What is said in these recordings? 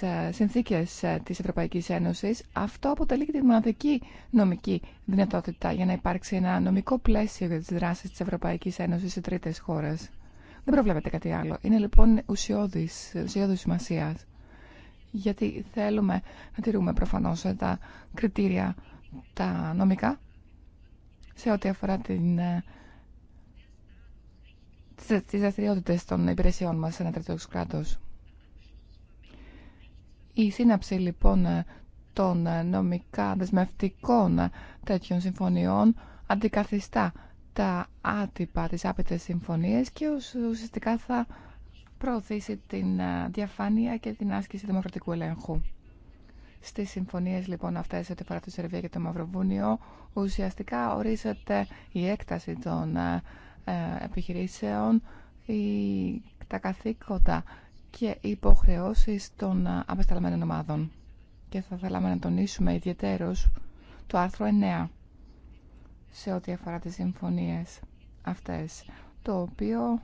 Ε, συνθήκες ε, της Ευρωπαϊκής Ένωσης, αυτό αποτελεί και τη μοναδική νομική δυνατότητα για να υπάρξει ένα νομικό πλαίσιο για τις δράσεις της Ευρωπαϊκής Ένωσης σε τρίτες χώρες. Δεν προβλέπεται κάτι άλλο. Είναι λοιπόν ουσιώδης, ουσιώδης σημασία. Γιατί θέλουμε να τηρούμε προφανώς ε, τα κριτήρια τα νομικά σε ό,τι αφορά την τις δραστηριότητε των υπηρεσιών μας σε ένα τρίτο κράτος. Η σύναψη λοιπόν ε, των ε, νομικά δεσμευτικών ε, τέτοιων συμφωνιών αντικαθιστά τα άτυπα της άπειτες συμφωνίες και ουσιαστικά θα προωθήσει την διαφάνεια και την άσκηση δημοκρατικού ελέγχου. Στις συμφωνίες λοιπόν αυτές ότι αφορά τη Σερβία και το Μαυροβούνιο ουσιαστικά ορίζεται η έκταση των επιχειρήσεων, η, τα καθήκοντα και υποχρεώσεις των απεσταλμένων ομάδων. Και θα θέλαμε να τονίσουμε ιδιαίτερως το άρθρο 9 σε ό,τι αφορά τι συμφωνίες αυτές, το οποίο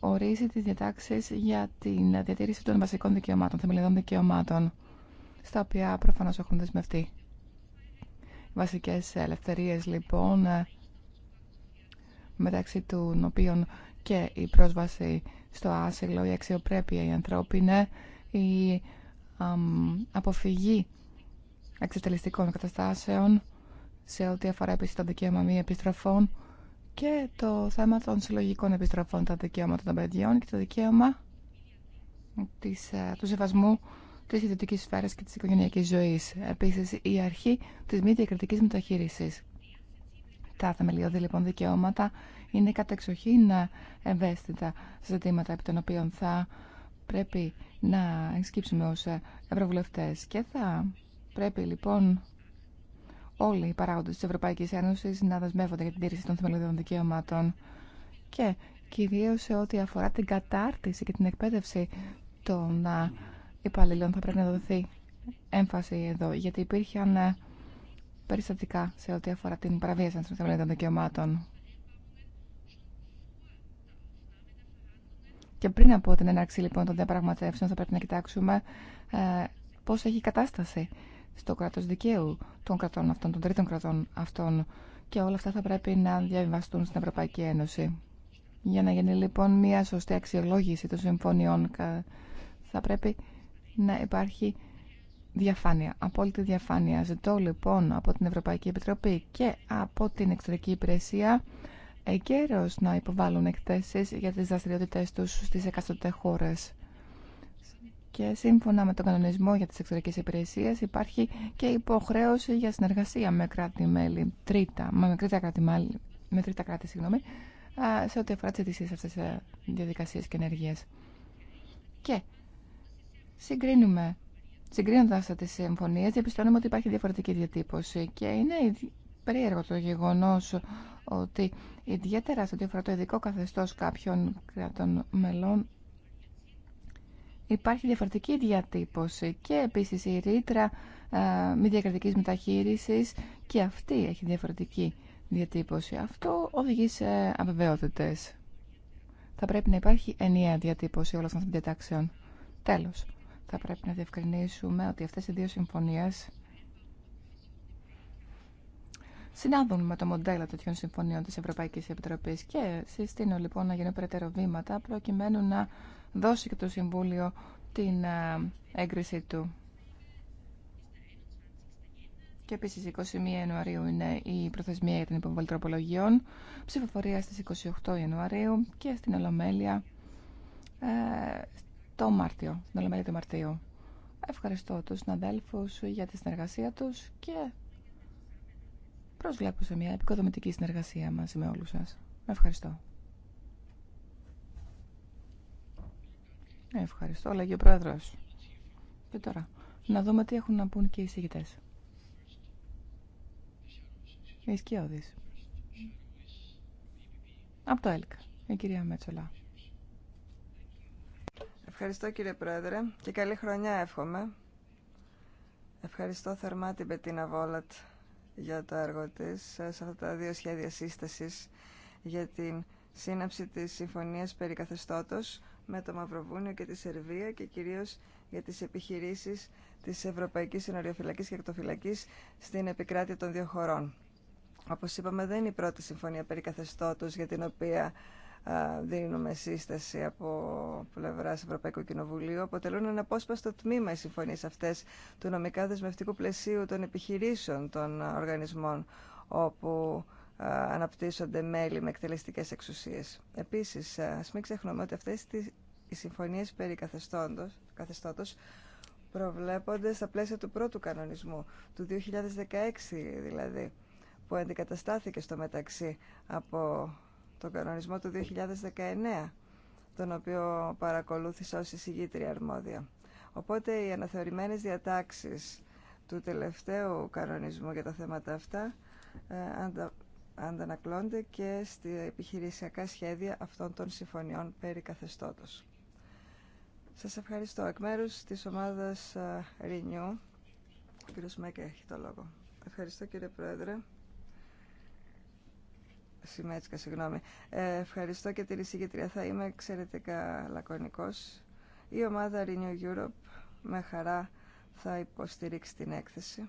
ορίζει τις διατάξεις για την διατήρηση των βασικών δικαιωμάτων, θεμελιωδών δικαιωμάτων, στα οποία προφανώ έχουν δεσμευτεί. Οι βασικές ελευθερίες, λοιπόν, μεταξύ των οποίων και η πρόσβαση στο άσυλο, η αξιοπρέπεια, η ανθρώπινη, η αποφυγή εξετελιστικών καταστάσεων σε ό,τι αφορά επίσης τα δικαίωμα μη επιστροφών και το θέμα των συλλογικών επιστροφών, τα δικαιώματα των παιδιών και το δικαίωμα της, ε, του σεβασμού τη ιδιωτική σφαίρα και τη οικογενειακή ζωή. Επίση, η αρχή τη μη διακριτική μεταχείριση. Τα θεμελιώδη λοιπόν δικαιώματα είναι κατεξοχήν ευαίσθητα ζητήματα επί των οποίων θα πρέπει να εξκύψουμε ως ευρωβουλευτές και θα πρέπει λοιπόν όλοι οι παράγοντες της Ευρωπαϊκής Ένωσης να δεσμεύονται για την τήρηση των θεμελιωδών δικαιωμάτων και κυρίως σε ό,τι αφορά την κατάρτιση και την εκπαίδευση των υπαλλήλων θα πρέπει να δοθεί έμφαση εδώ γιατί υπήρχαν περιστατικά σε ό,τι αφορά την παραβίαση των θεμελιωδών δικαιωμάτων Και πριν από την έναρξη λοιπόν των διαπραγματεύσεων θα πρέπει να κοιτάξουμε ε, πώς έχει κατάσταση στο κράτος δικαίου των κρατών αυτών, των τρίτων κρατών αυτών και όλα αυτά θα πρέπει να διαβιβαστούν στην Ευρωπαϊκή Ένωση. Για να γίνει λοιπόν μια σωστή αξιολόγηση των συμφωνιών θα πρέπει να υπάρχει διαφάνεια, απόλυτη διαφάνεια. Ζητώ λοιπόν από την Ευρωπαϊκή Επιτροπή και από την Εξωτερική Υπηρεσία εγκαίρως να υποβάλουν εκθέσει για τις δραστηριότητε τους στις εκάστοτε χώρε. Και σύμφωνα με τον κανονισμό για τις εξωτερικές υπηρεσίες υπάρχει και υποχρέωση για συνεργασία με κράτη-μέλη τρίτα, με τρίτα κράτη, με τρίτα κράτη συγγνώμη, σε ό,τι αφορά τις αιτήσεις αυτές τις ε, διαδικασίες και ενεργείες. Και συγκρίνουμε Συγκρίνοντα τι συμφωνίε, διαπιστώνουμε ότι υπάρχει διαφορετική διατύπωση και είναι περίεργο το γεγονός ότι ιδιαίτερα στο αφορά το ειδικό καθεστώς κάποιων κρατών μελών υπάρχει διαφορετική διατύπωση και επίσης η ρήτρα α, ε, μη διακριτικής μεταχείρισης και αυτή έχει διαφορετική διατύπωση. Αυτό οδηγεί σε αβεβαιότητες. Θα πρέπει να υπάρχει ενιαία διατύπωση όλων των διατάξεων. Τέλος, θα πρέπει να διευκρινίσουμε ότι αυτές οι δύο συμφωνίες συνάδουν με το μοντέλο τέτοιων συμφωνίων της Ευρωπαϊκής Επιτροπής και συστήνω λοιπόν να γίνουν περαιτέρω βήματα προκειμένου να δώσει και το Συμβούλιο την ε, έγκρισή του. Και επίση 21 Ιανουαρίου είναι η προθεσμία για την υποβολή τροπολογιών. Ψηφοφορία στις 28 Ιανουαρίου και στην Ολομέλεια ε, το Μάρτιο. του Μαρτίου. Ευχαριστώ τους συναδέλφους για τη συνεργασία τους και προσβλέπω σε μια επικοδομητική συνεργασία μαζί με όλους σας. Ευχαριστώ. Ευχαριστώ, λέγει ο Πρόεδρος. Και τώρα, να δούμε τι έχουν να πούν και οι εισηγητές. Οι σκιώδεις. Από το ΕΛΚ, η κυρία Μέτσολα. Ευχαριστώ κύριε Πρόεδρε και καλή χρονιά εύχομαι. Ευχαριστώ θερμά την Πετίνα Βόλατ για το έργο τη. σε αυτά τα δύο σχέδια σύστασης για την σύναψη της Συμφωνίας περί με το Μαυροβούνιο και τη Σερβία και κυρίως για τις επιχειρήσεις της Ευρωπαϊκής Συνοριοφυλακής και Εκτοφυλακής στην επικράτεια των δύο χωρών. Όπως είπαμε, δεν είναι η πρώτη συμφωνία περί για την οποία δίνουμε σύσταση από πλευρά Ευρωπαϊκού Κοινοβουλίου αποτελούν ένα απόσπαστο τμήμα οι συμφωνίε αυτέ του νομικά δεσμευτικού πλαισίου των επιχειρήσεων των οργανισμών όπου αναπτύσσονται μέλη με εκτελεστικέ εξουσίε. Επίση, α μην ξεχνούμε ότι αυτέ οι συμφωνίε περί καθεστώτο προβλέπονται στα πλαίσια του πρώτου κανονισμού, του 2016 δηλαδή, που αντικαταστάθηκε στο μεταξύ από τον κανονισμό του 2019, τον οποίο παρακολούθησα ως εισηγήτρια αρμόδια. Οπότε οι αναθεωρημένες διατάξεις του τελευταίου κανονισμού για τα θέματα αυτά ε, αντα, αντανακλώνται και στα επιχειρησιακά σχέδια αυτών των συμφωνιών περί καθεστώτος. Σας ευχαριστώ. Εκ μέρους της ομάδας ΡΙΝΙΟΥ. Ε, ο κ. έχει το λόγο. Ευχαριστώ κύριε Πρόεδρε συγγνώμη. Ε, ευχαριστώ και την εισηγητρία. Θα είμαι εξαιρετικά λακωνικό. Η ομάδα Renew Europe με χαρά θα υποστηρίξει την έκθεση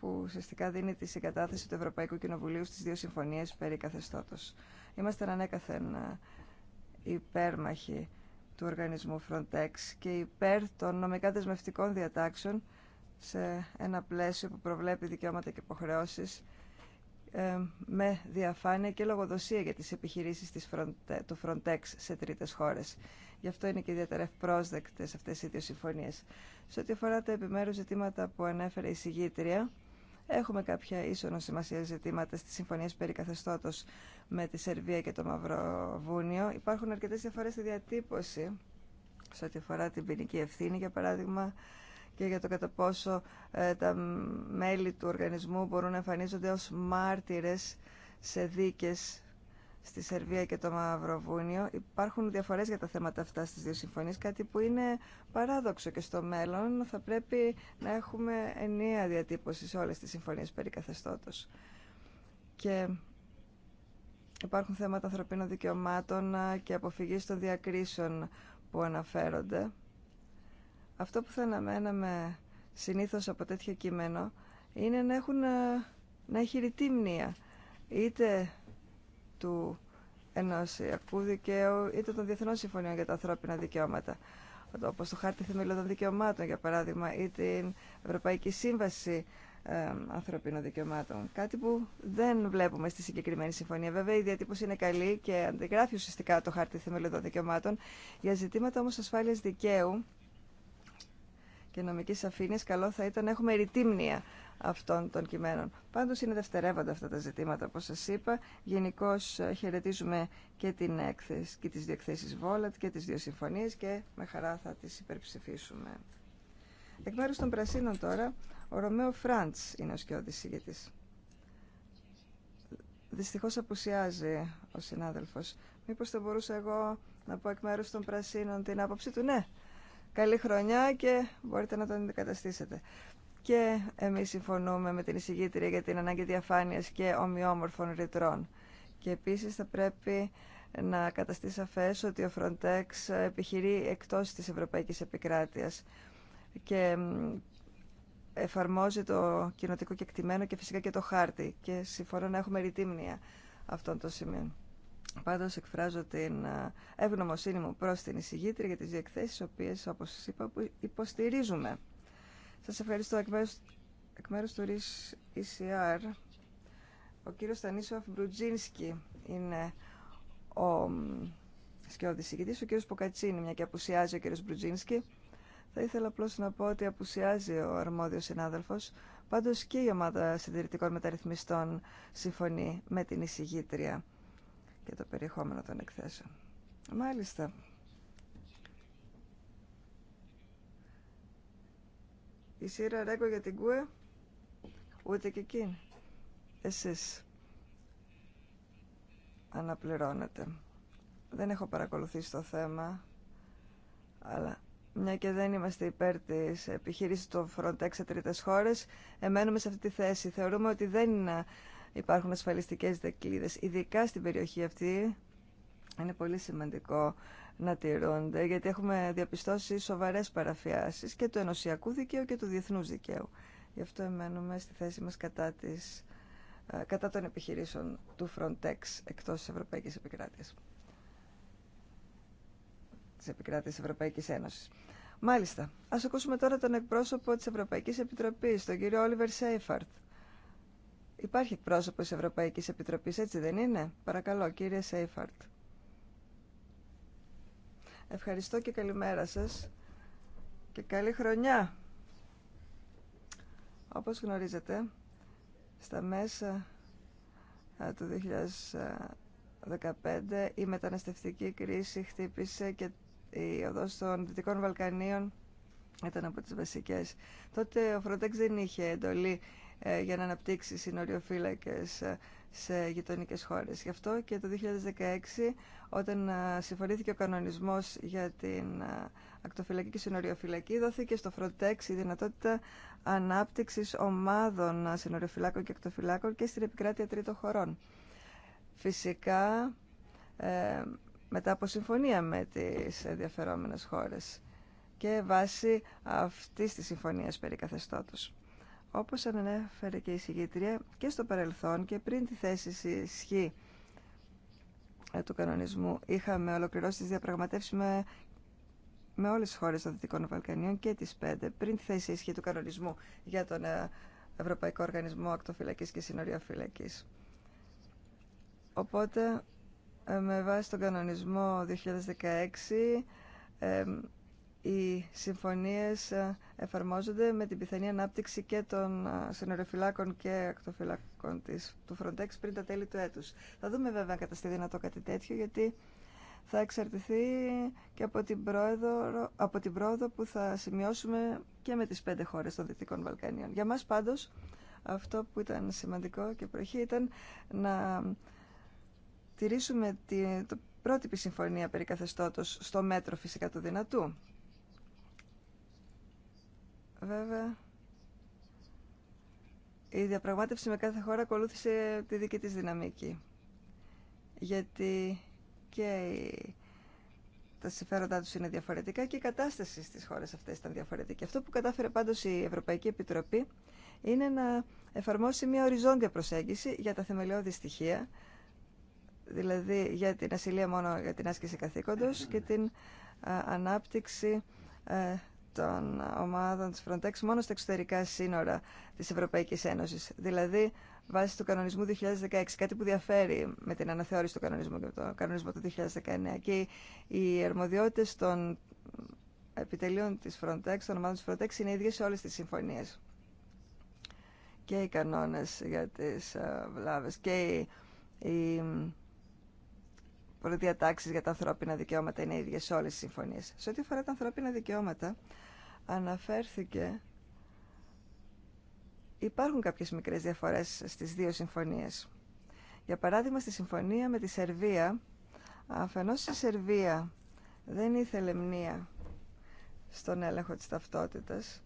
που ουσιαστικά δίνει τη συγκατάθεση του Ευρωπαϊκού Κοινοβουλίου στις δύο συμφωνίες περί καθεστώτος. Είμαστε ανέκαθεν ε, υπέρμαχοι του οργανισμού Frontex και υπέρ των νομικά δεσμευτικών διατάξεων σε ένα πλαίσιο που προβλέπει δικαιώματα και υποχρεώσεις ε, με διαφάνεια και λογοδοσία για τις επιχειρήσεις της του Frontex σε τρίτες χώρες. Γι' αυτό είναι και ιδιαίτερα ευπρόσδεκτες αυτές οι δύο συμφωνίες. Σε ό,τι αφορά τα επιμέρους ζητήματα που ανέφερε η συγγήτρια, έχουμε κάποια ίσονο σημασία ζητήματα στις συμφωνίες περί καθεστώτος με τη Σερβία και το Μαυροβούνιο. Υπάρχουν αρκετές διαφορές στη διατύπωση σε ό,τι αφορά την ποινική ευθύνη, για παράδειγμα, και για το κατά πόσο ε, τα μέλη του οργανισμού μπορούν να εμφανίζονται ως μάρτυρες σε δίκες στη Σερβία και το Μαυροβούνιο. Υπάρχουν διαφορές για τα θέματα αυτά στις δύο συμφωνίες, κάτι που είναι παράδοξο και στο μέλλον θα πρέπει να έχουμε ενιαία διατύπωση σε όλες τις συμφωνίες περί καθεστώτος. Και υπάρχουν θέματα ανθρωπίνων δικαιωμάτων ε, και αποφυγής των διακρίσεων που αναφέρονται αυτό που θα αναμέναμε συνήθως από τέτοιο κείμενο είναι να, έχουν, ε, να έχει ρητή μνήα είτε του ενωσιακού δικαίου είτε των διεθνών συμφωνιών για τα ανθρώπινα δικαιώματα όπω το Χάρτη Θεμελιωδών Δικαιωμάτων, για παράδειγμα, ή την Ευρωπαϊκή Σύμβαση ε, Ανθρωπίνων Δικαιωμάτων. Κάτι που δεν βλέπουμε στη συγκεκριμένη συμφωνία. Βέβαια, η διατύπωση είναι καλή και αντιγράφει ουσιαστικά το Χάρτη Θεμελιωδών Δικαιωμάτων. Για ζητήματα όμω ασφάλεια δικαίου, και νομική σαφήνεια, καλό θα ήταν να έχουμε ρητήμνια αυτών των κειμένων. Πάντω είναι δευτερεύοντα αυτά τα ζητήματα, όπω σα είπα. Γενικώ ε, χαιρετίζουμε και, την έκθεση, και τι δύο εκθέσει Βόλατ και τι δύο συμφωνίε και με χαρά θα τι υπερψηφίσουμε. Εκ μέρου των Πρασίνων τώρα, ο Ρωμαίο Φραντ είναι ο σκιώδη ηγετή. Δυστυχώ απουσιάζει ο συνάδελφο. Μήπω θα μπορούσα εγώ να πω εκ μέρου των Πρασίνων την άποψή του, ναι. Καλή χρονιά και μπορείτε να τον αντικαταστήσετε. Και εμείς συμφωνούμε με την εισηγήτρια για την ανάγκη διαφάνειας και ομοιόμορφων ρητρών. Και επίσης θα πρέπει να καταστεί σαφές ότι ο Frontex επιχειρεί εκτός της Ευρωπαϊκής Επικράτειας και εφαρμόζει το κοινοτικό κεκτημένο και φυσικά και το χάρτη και συμφωνώ να έχουμε ρητήμνια αυτών των σημείων. Πάντως εκφράζω την ε, ευγνωμοσύνη μου προς την εισηγήτρια για τις διεκθέσεις, οποίες, όπως σας είπα, υποστηρίζουμε. Σας ευχαριστώ εκ μέρους, εκ μέρους του ΡΙΣ ECR. Ο κύριος Στανίσοφ Μπρουτζίνσκι είναι ο σκιώδης εισηγητής, ο κύριος Ποκατσίνη, μια και απουσιάζει ο κύριος Μπρουτζίνσκι. Θα ήθελα απλώ να πω ότι απουσιάζει ο αρμόδιος συνάδελφος, πάντως και η ομάδα συντηρητικών μεταρρυθμιστών συμφωνεί με την εισηγήτρια και το περιεχόμενο των εκθέσεων. Μάλιστα. Η σειρά Ρέγκο για την ΚΟΕ, ούτε και εκείνη. Εσείς αναπληρώνετε. Δεν έχω παρακολουθήσει το θέμα, αλλά μια και δεν είμαστε υπέρ τη επιχείρηση των Frontex σε τρίτε χώρε, εμένουμε σε αυτή τη θέση. Θεωρούμε ότι δεν είναι υπάρχουν ασφαλιστικές δεκλίδες. Ειδικά στην περιοχή αυτή είναι πολύ σημαντικό να τηρούνται, γιατί έχουμε διαπιστώσει σοβαρές παραφιάσεις και του ενωσιακού δικαίου και του διεθνούς δικαίου. Γι' αυτό εμένουμε στη θέση μας κατά, ε, κατά των επιχειρήσεων του Frontex εκτός της Ευρωπαϊκής Επικράτειας. Της Επικράτειας Ευρωπαϊκής Ένωσης. Μάλιστα, ας ακούσουμε τώρα τον εκπρόσωπο της Ευρωπαϊκής Επιτροπής, τον κύριο Όλιβερ Σέιφαρτ. Υπάρχει εκπρόσωπο τη Ευρωπαϊκή Επιτροπή, έτσι δεν είναι. Παρακαλώ, κύριε Σέιφαρτ. Ευχαριστώ και καλημέρα σα και καλή χρονιά. Όπω γνωρίζετε, στα μέσα ε, του 2015 η μεταναστευτική κρίση χτύπησε και η οδός των Δυτικών Βαλκανίων ήταν από τις βασικές. Τότε ο Φροντέξ δεν είχε εντολή ε, για να αναπτύξει συνοριοφύλακες ε, σε γειτονικές χώρες. Γι' αυτό και το 2016 όταν ε, συμφωνήθηκε ο κανονισμός για την ακτοφυλακή και συνοριοφυλακή δόθηκε στο Frontex η δυνατότητα ανάπτυξης ομάδων συνοριοφυλάκων και ακτοφυλάκων και στην επικράτεια τρίτων χωρών. Φυσικά μετά από συμφωνία με τις ενδιαφερόμενες χώρες και βάσει αυτής της συμφωνίας περί καθεστώτος. Όπως ανέφερε και η συγκήτρια και στο παρελθόν και πριν τη θέση ισχύ ε, του κανονισμού είχαμε ολοκληρώσει τις διαπραγματεύσεις με, με όλες τις χώρες των Δυτικών Βαλκανίων και τις πέντε πριν τη θέση ισχύ του κανονισμού για τον ε, Ευρωπαϊκό Οργανισμό Ακτοφυλακής και Συνοριοφυλακής. Οπότε ε, με βάση τον κανονισμό 2016 οι συμφωνίες ε, εφαρμόζονται με την πιθανή ανάπτυξη και των ε, συνοριοφυλάκων και ακτοφυλάκων της, του Frontex πριν τα τέλη του έτους. Θα δούμε βέβαια κατά στη δυνατό κάτι τέτοιο γιατί θα εξαρτηθεί και από την, πρόοδο, από την που θα σημειώσουμε και με τις πέντε χώρες των Δυτικών Βαλκανίων. Για μας πάντως αυτό που ήταν σημαντικό και προχή ήταν να τηρήσουμε την, πρότυπη συμφωνία περί καθεστώτος στο μέτρο φυσικά του δυνατού. Βέβαια, η διαπραγμάτευση με κάθε χώρα ακολούθησε τη δική της δυναμική. Γιατί και τα συμφέροντά τους είναι διαφορετικά και η κατάσταση στις χώρες αυτές ήταν διαφορετική. Αυτό που κατάφερε πάντως η Ευρωπαϊκή Επιτροπή είναι να εφαρμόσει μια οριζόντια προσέγγιση για τα θεμελιώδη στοιχεία, δηλαδή για την ασυλία μόνο για την άσκηση καθήκοντος και την ε, ανάπτυξη ε, των ομάδων της Frontex μόνο στα εξωτερικά σύνορα της Ευρωπαϊκής Ένωσης. Δηλαδή, βάσει του κανονισμού 2016, κάτι που διαφέρει με την αναθεώρηση του κανονισμού και τον κανονισμό του 2019. Και οι αρμοδιότητες των επιτελείων της Frontex, των ομάδων της Frontex, είναι ίδιες σε όλες τις συμφωνίες. Και οι κανόνες για τις ε, βλάβες και οι, οι για τα ανθρώπινα δικαιώματα είναι ίδιες σε όλες τις συμφωνίε. Σε ό,τι αφορά τα ανθρώπινα δικαιώματα, αναφέρθηκε, υπάρχουν κάποιες μικρές διαφορές στις δύο συμφωνίες. Για παράδειγμα, στη συμφωνία με τη Σερβία, αφενός η Σερβία δεν ήθελε μνήα στον έλεγχο της ταυτότητας,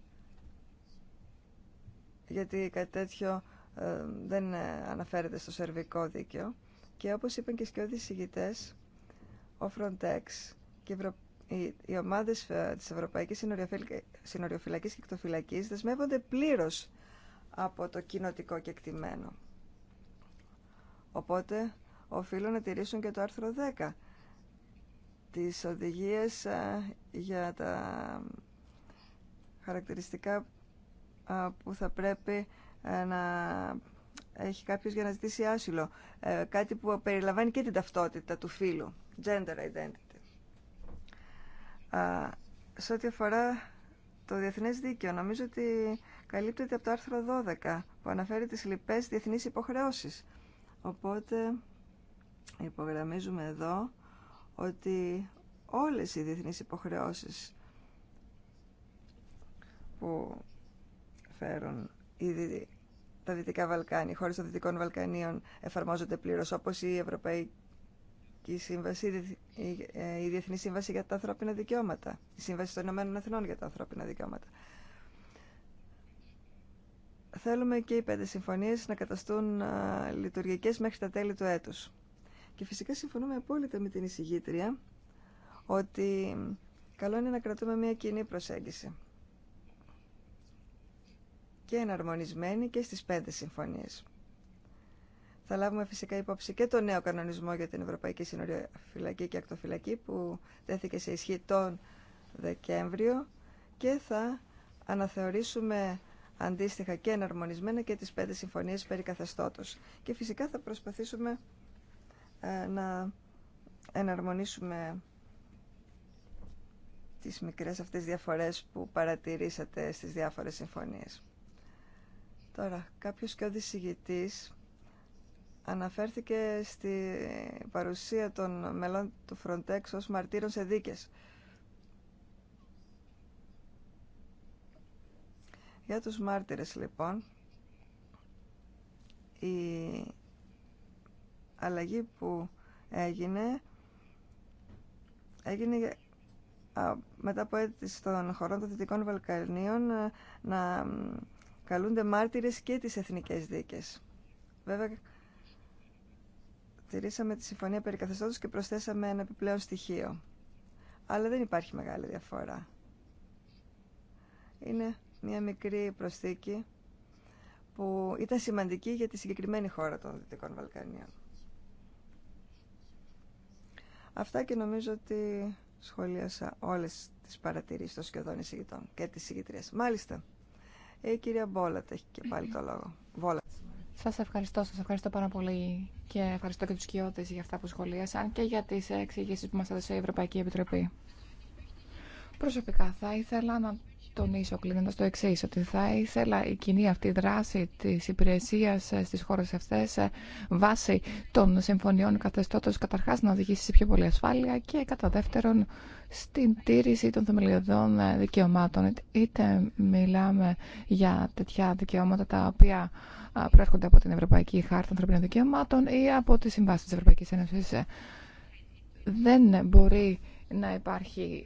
γιατί κάτι τέτοιο ε, δεν αναφέρεται στο σερβικό δίκαιο. Και όπως είπαν και οι σκιώδεις ο Frontex και η Ευρωπαϊκή οι ομάδες ε, τη Ευρωπαϊκή Συνοριοφυλακή και Εκτοφυλακή δεσμεύονται πλήρω από το κοινοτικό κεκτημένο. Οπότε οφείλουν να τηρήσουν και το άρθρο 10 τις οδηγίες ε, για τα χαρακτηριστικά ε, που θα πρέπει να έχει κάποιος για να ζητήσει άσυλο. Κάτι που περιλαμβάνει και την ταυτότητα του φίλου, gender identity σε ό,τι αφορά το διεθνές δίκαιο, νομίζω ότι καλύπτεται από το άρθρο 12 που αναφέρει τις λοιπές διεθνείς υποχρεώσεις. Οπότε υπογραμμίζουμε εδώ ότι όλες οι διεθνείς υποχρεώσεις που φέρουν ήδη τα Δυτικά Βαλκάνια, οι χώρες των Δυτικών Βαλκανίων εφαρμόζονται πλήρως όπως η Ευρωπαϊκή η, σύμβαση, ε, η Διεθνή Σύμβαση για τα Ανθρώπινα Δικαιώματα, η Σύμβαση των Ηνωμένων Εθνών για τα Ανθρώπινα Δικαιώματα. Θέλουμε και οι πέντε συμφωνίες να καταστούν λειτουργικές μέχρι τα τέλη του έτους. Και φυσικά συμφωνούμε απόλυτα με την εισηγήτρια ότι καλό είναι να κρατούμε μια κοινή προσέγγιση και εναρμονισμένη και στις πέντε συμφωνίες. Θα λάβουμε φυσικά υπόψη και το νέο κανονισμό για την Ευρωπαϊκή Φυλακή και Ακτοφυλακή που τέθηκε σε ισχύ τον Δεκέμβριο και θα αναθεωρήσουμε αντίστοιχα και εναρμονισμένα και τις πέντε συμφωνίες περί καθεστώτος. Και φυσικά θα προσπαθήσουμε ε, να εναρμονίσουμε τις μικρές αυτές διαφορές που παρατηρήσατε στις διάφορες συμφωνίες. Τώρα, κάποιος και ο αναφέρθηκε στη παρουσία των μελών του Frontex ως μαρτύρων σε δίκες. Για τους μάρτυρες λοιπόν, η αλλαγή που έγινε, έγινε μετά από αίτηση των χωρών των Δυτικών Βαλκανίων ε, να καλούνται μάρτυρες και τις εθνικές δίκες. Βέβαια, Παρατηρήσαμε τη συμφωνία περί και προσθέσαμε ένα επιπλέον στοιχείο. Αλλά δεν υπάρχει μεγάλη διαφορά. Είναι μια μικρή προσθήκη που ήταν σημαντική για τη συγκεκριμένη χώρα των Δυτικών Βαλκανίων. Αυτά και νομίζω ότι σχολίασα όλες τις παρατηρήσεις των σχεδόν εισηγητών και της εισηγητρίας. Μάλιστα, η κυρία Μπόλατ έχει και πάλι το λόγο. Βόλατ. Σα ευχαριστώ, Σα ευχαριστώ πάρα πολύ και ευχαριστώ και του κοιότε για αυτά που σχολίασαν και για τι εξήγησει που μα έδωσε η Ευρωπαϊκή Επιτροπή. Προσωπικά θα ήθελα να τονίσω κλείνοντα το εξή ότι θα ήθελα η κοινή αυτή δράση τη υπηρεσία ε, στι χώρε αυτέ ε, βάσει των συμφωνιών καθεστώτο καταρχά να οδηγήσει σε πιο πολύ ασφάλεια και κατά δεύτερον στην τήρηση των θεμελιωδών ε, δικαιωμάτων. Είτε μιλάμε για τέτοια δικαιώματα τα οποία προέρχονται από την Ευρωπαϊκή Χάρτα Ανθρωπίνων Δικαιωμάτων ή από τις συμβάσεις της Ευρωπαϊκής Ένωσης. Δεν μπορεί να υπάρχει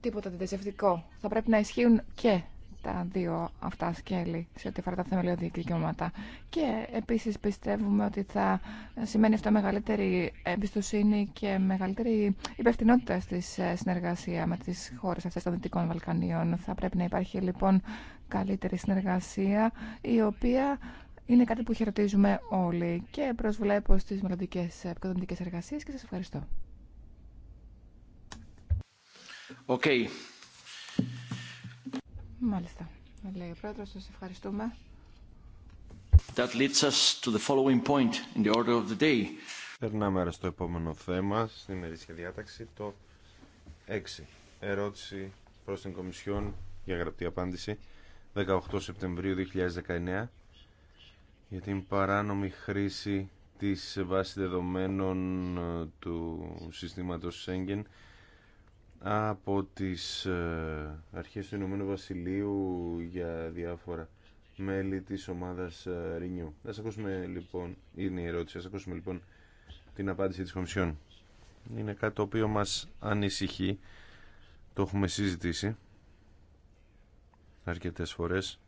τίποτα αντιδεσμευτικό. Θα πρέπει να ισχύουν και τα δύο αυτά σκέλη σε ό,τι αφορά τα θεμελιώδη δικαιώματα. Και επίσης πιστεύουμε ότι θα σημαίνει αυτό μεγαλύτερη εμπιστοσύνη και μεγαλύτερη υπευθυνότητα στη ε, συνεργασία με τις χώρες αυτές των Δυτικών Βαλκανίων. Θα πρέπει να υπάρχει λοιπόν καλύτερη συνεργασία η οποία είναι κάτι που χαιρετίζουμε όλοι και προσβλέπω στις μελλοντικές ε, επικοδομητικές εργασίες και σας ευχαριστώ. Okay. Μάλιστα. Λέει ο Πρόεδρος, σας ευχαριστούμε. That leads us to the following point in the order of the day. Περνάμε στο επόμενο θέμα, στην ημερήσια διάταξη, το 6. Ερώτηση προς την Κομισιόν για γραπτή απάντηση, 18 Σεπτεμβρίου 2019 για την παράνομη χρήση της βάσης δεδομένων ε, του συστήματος Σέγγεν από τις ε, αρχές του Ηνωμένου Βασιλείου για διάφορα μέλη της ομάδας ΡΙΝΙΟΥ. Ε, σας ακούσουμε λοιπόν, είναι η ερώτηση, ας ακούσουμε λοιπόν την απάντηση της Κομισιόν. Είναι κάτι το οποίο μας ανησυχεί, το έχουμε συζητήσει αρκετές φορές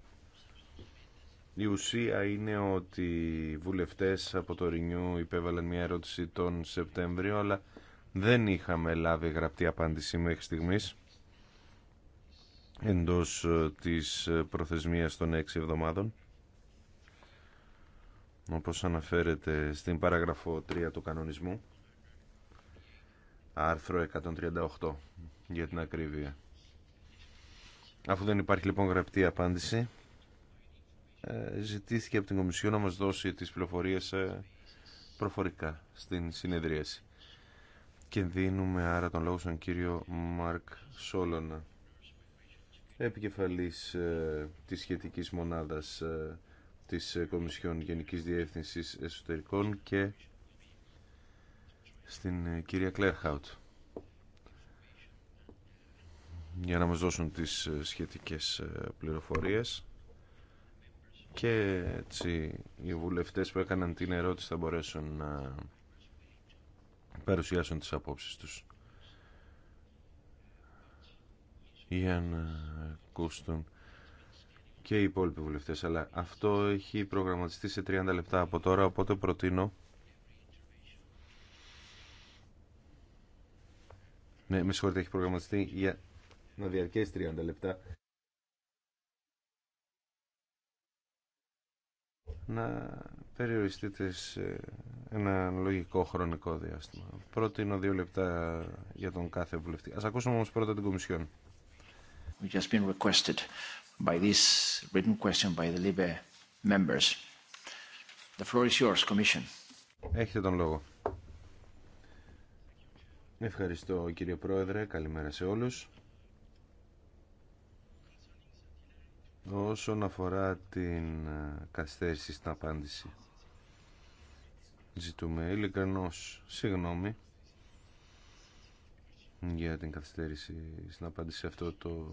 η ουσία είναι ότι οι βουλευτές από το Ρινιού υπέβαλαν μια ερώτηση τον Σεπτέμβριο, αλλά δεν είχαμε λάβει γραπτή απάντηση μέχρι στιγμής εντός ε, της ε, προθεσμίας των έξι εβδομάδων. Όπως αναφέρεται στην παράγραφο 3 του κανονισμού, άρθρο 138 για την ακρίβεια. Αφού δεν υπάρχει λοιπόν γραπτή απάντηση, ε, ζητήθηκε από την Κομισιόν να μας δώσει τις πληροφορίες ε, προφορικά στην συνεδρίαση. Και δίνουμε άρα τον λόγο στον κύριο Μάρκ Σόλωνα, επικεφαλής ε, της σχετικής μονάδας της Κομισιόν Γενικής Διεύθυνσης Εσωτερικών και στην κυρία Κλέρχαουτ για να μας δώσουν τις σχετικές πληροφορίες και έτσι οι βουλευτές που έκαναν την ερώτηση θα μπορέσουν να παρουσιάσουν τις απόψεις τους για να ακούσουν και οι υπόλοιποι βουλευτές αλλά αυτό έχει προγραμματιστεί σε 30 λεπτά από τώρα οπότε προτείνω ναι με συγχωρείτε έχει προγραμματιστεί για να διαρκέσει 30 λεπτά να περιοριστείτε σε ένα λογικό χρονικό διάστημα. Πρότεινω δύο λεπτά για τον κάθε βουλευτή. Ας ακούσουμε όμως πρώτα την Κομισιόν. requested by this written question by the LIBE members. The Commission. Έχετε τον λόγο. Ευχαριστώ κύριε Πρόεδρε, καλημέρα σε όλους. όσον αφορά την ε, καθυστέρηση στην απάντηση. Ζητούμε ειλικρινώς συγγνώμη για την καθυστέρηση στην απάντηση σε αυτό το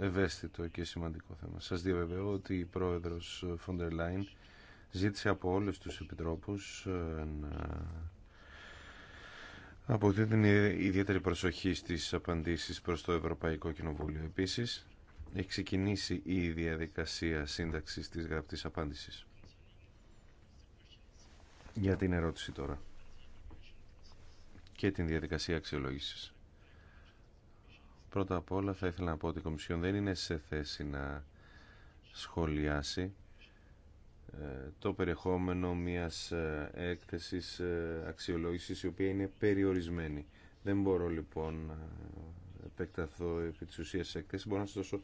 ευαίσθητο και σημαντικό θέμα. Σας διαβεβαιώ ότι η πρόεδρος Φοντερ Λάιν ζήτησε από όλους τους επιτρόπους ε, να την ιδιαίτερη προσοχή στις απαντήσεις προς το Ευρωπαϊκό Κοινοβούλιο. Επίσης, έχει ξεκινήσει η διαδικασία σύνταξης της γραπτής απάντησης. Για την ερώτηση τώρα και την διαδικασία αξιολόγησης. Πρώτα απ' όλα θα ήθελα να πω ότι η Κομισιόν δεν είναι σε θέση να σχολιάσει ε, το περιεχόμενο μιας ε, έκθεσης ε, αξιολόγησης η οποία είναι περιορισμένη. Δεν μπορώ λοιπόν να επεκταθώ επί της ουσίας έκθεσης. Μπορώ να σας δώσω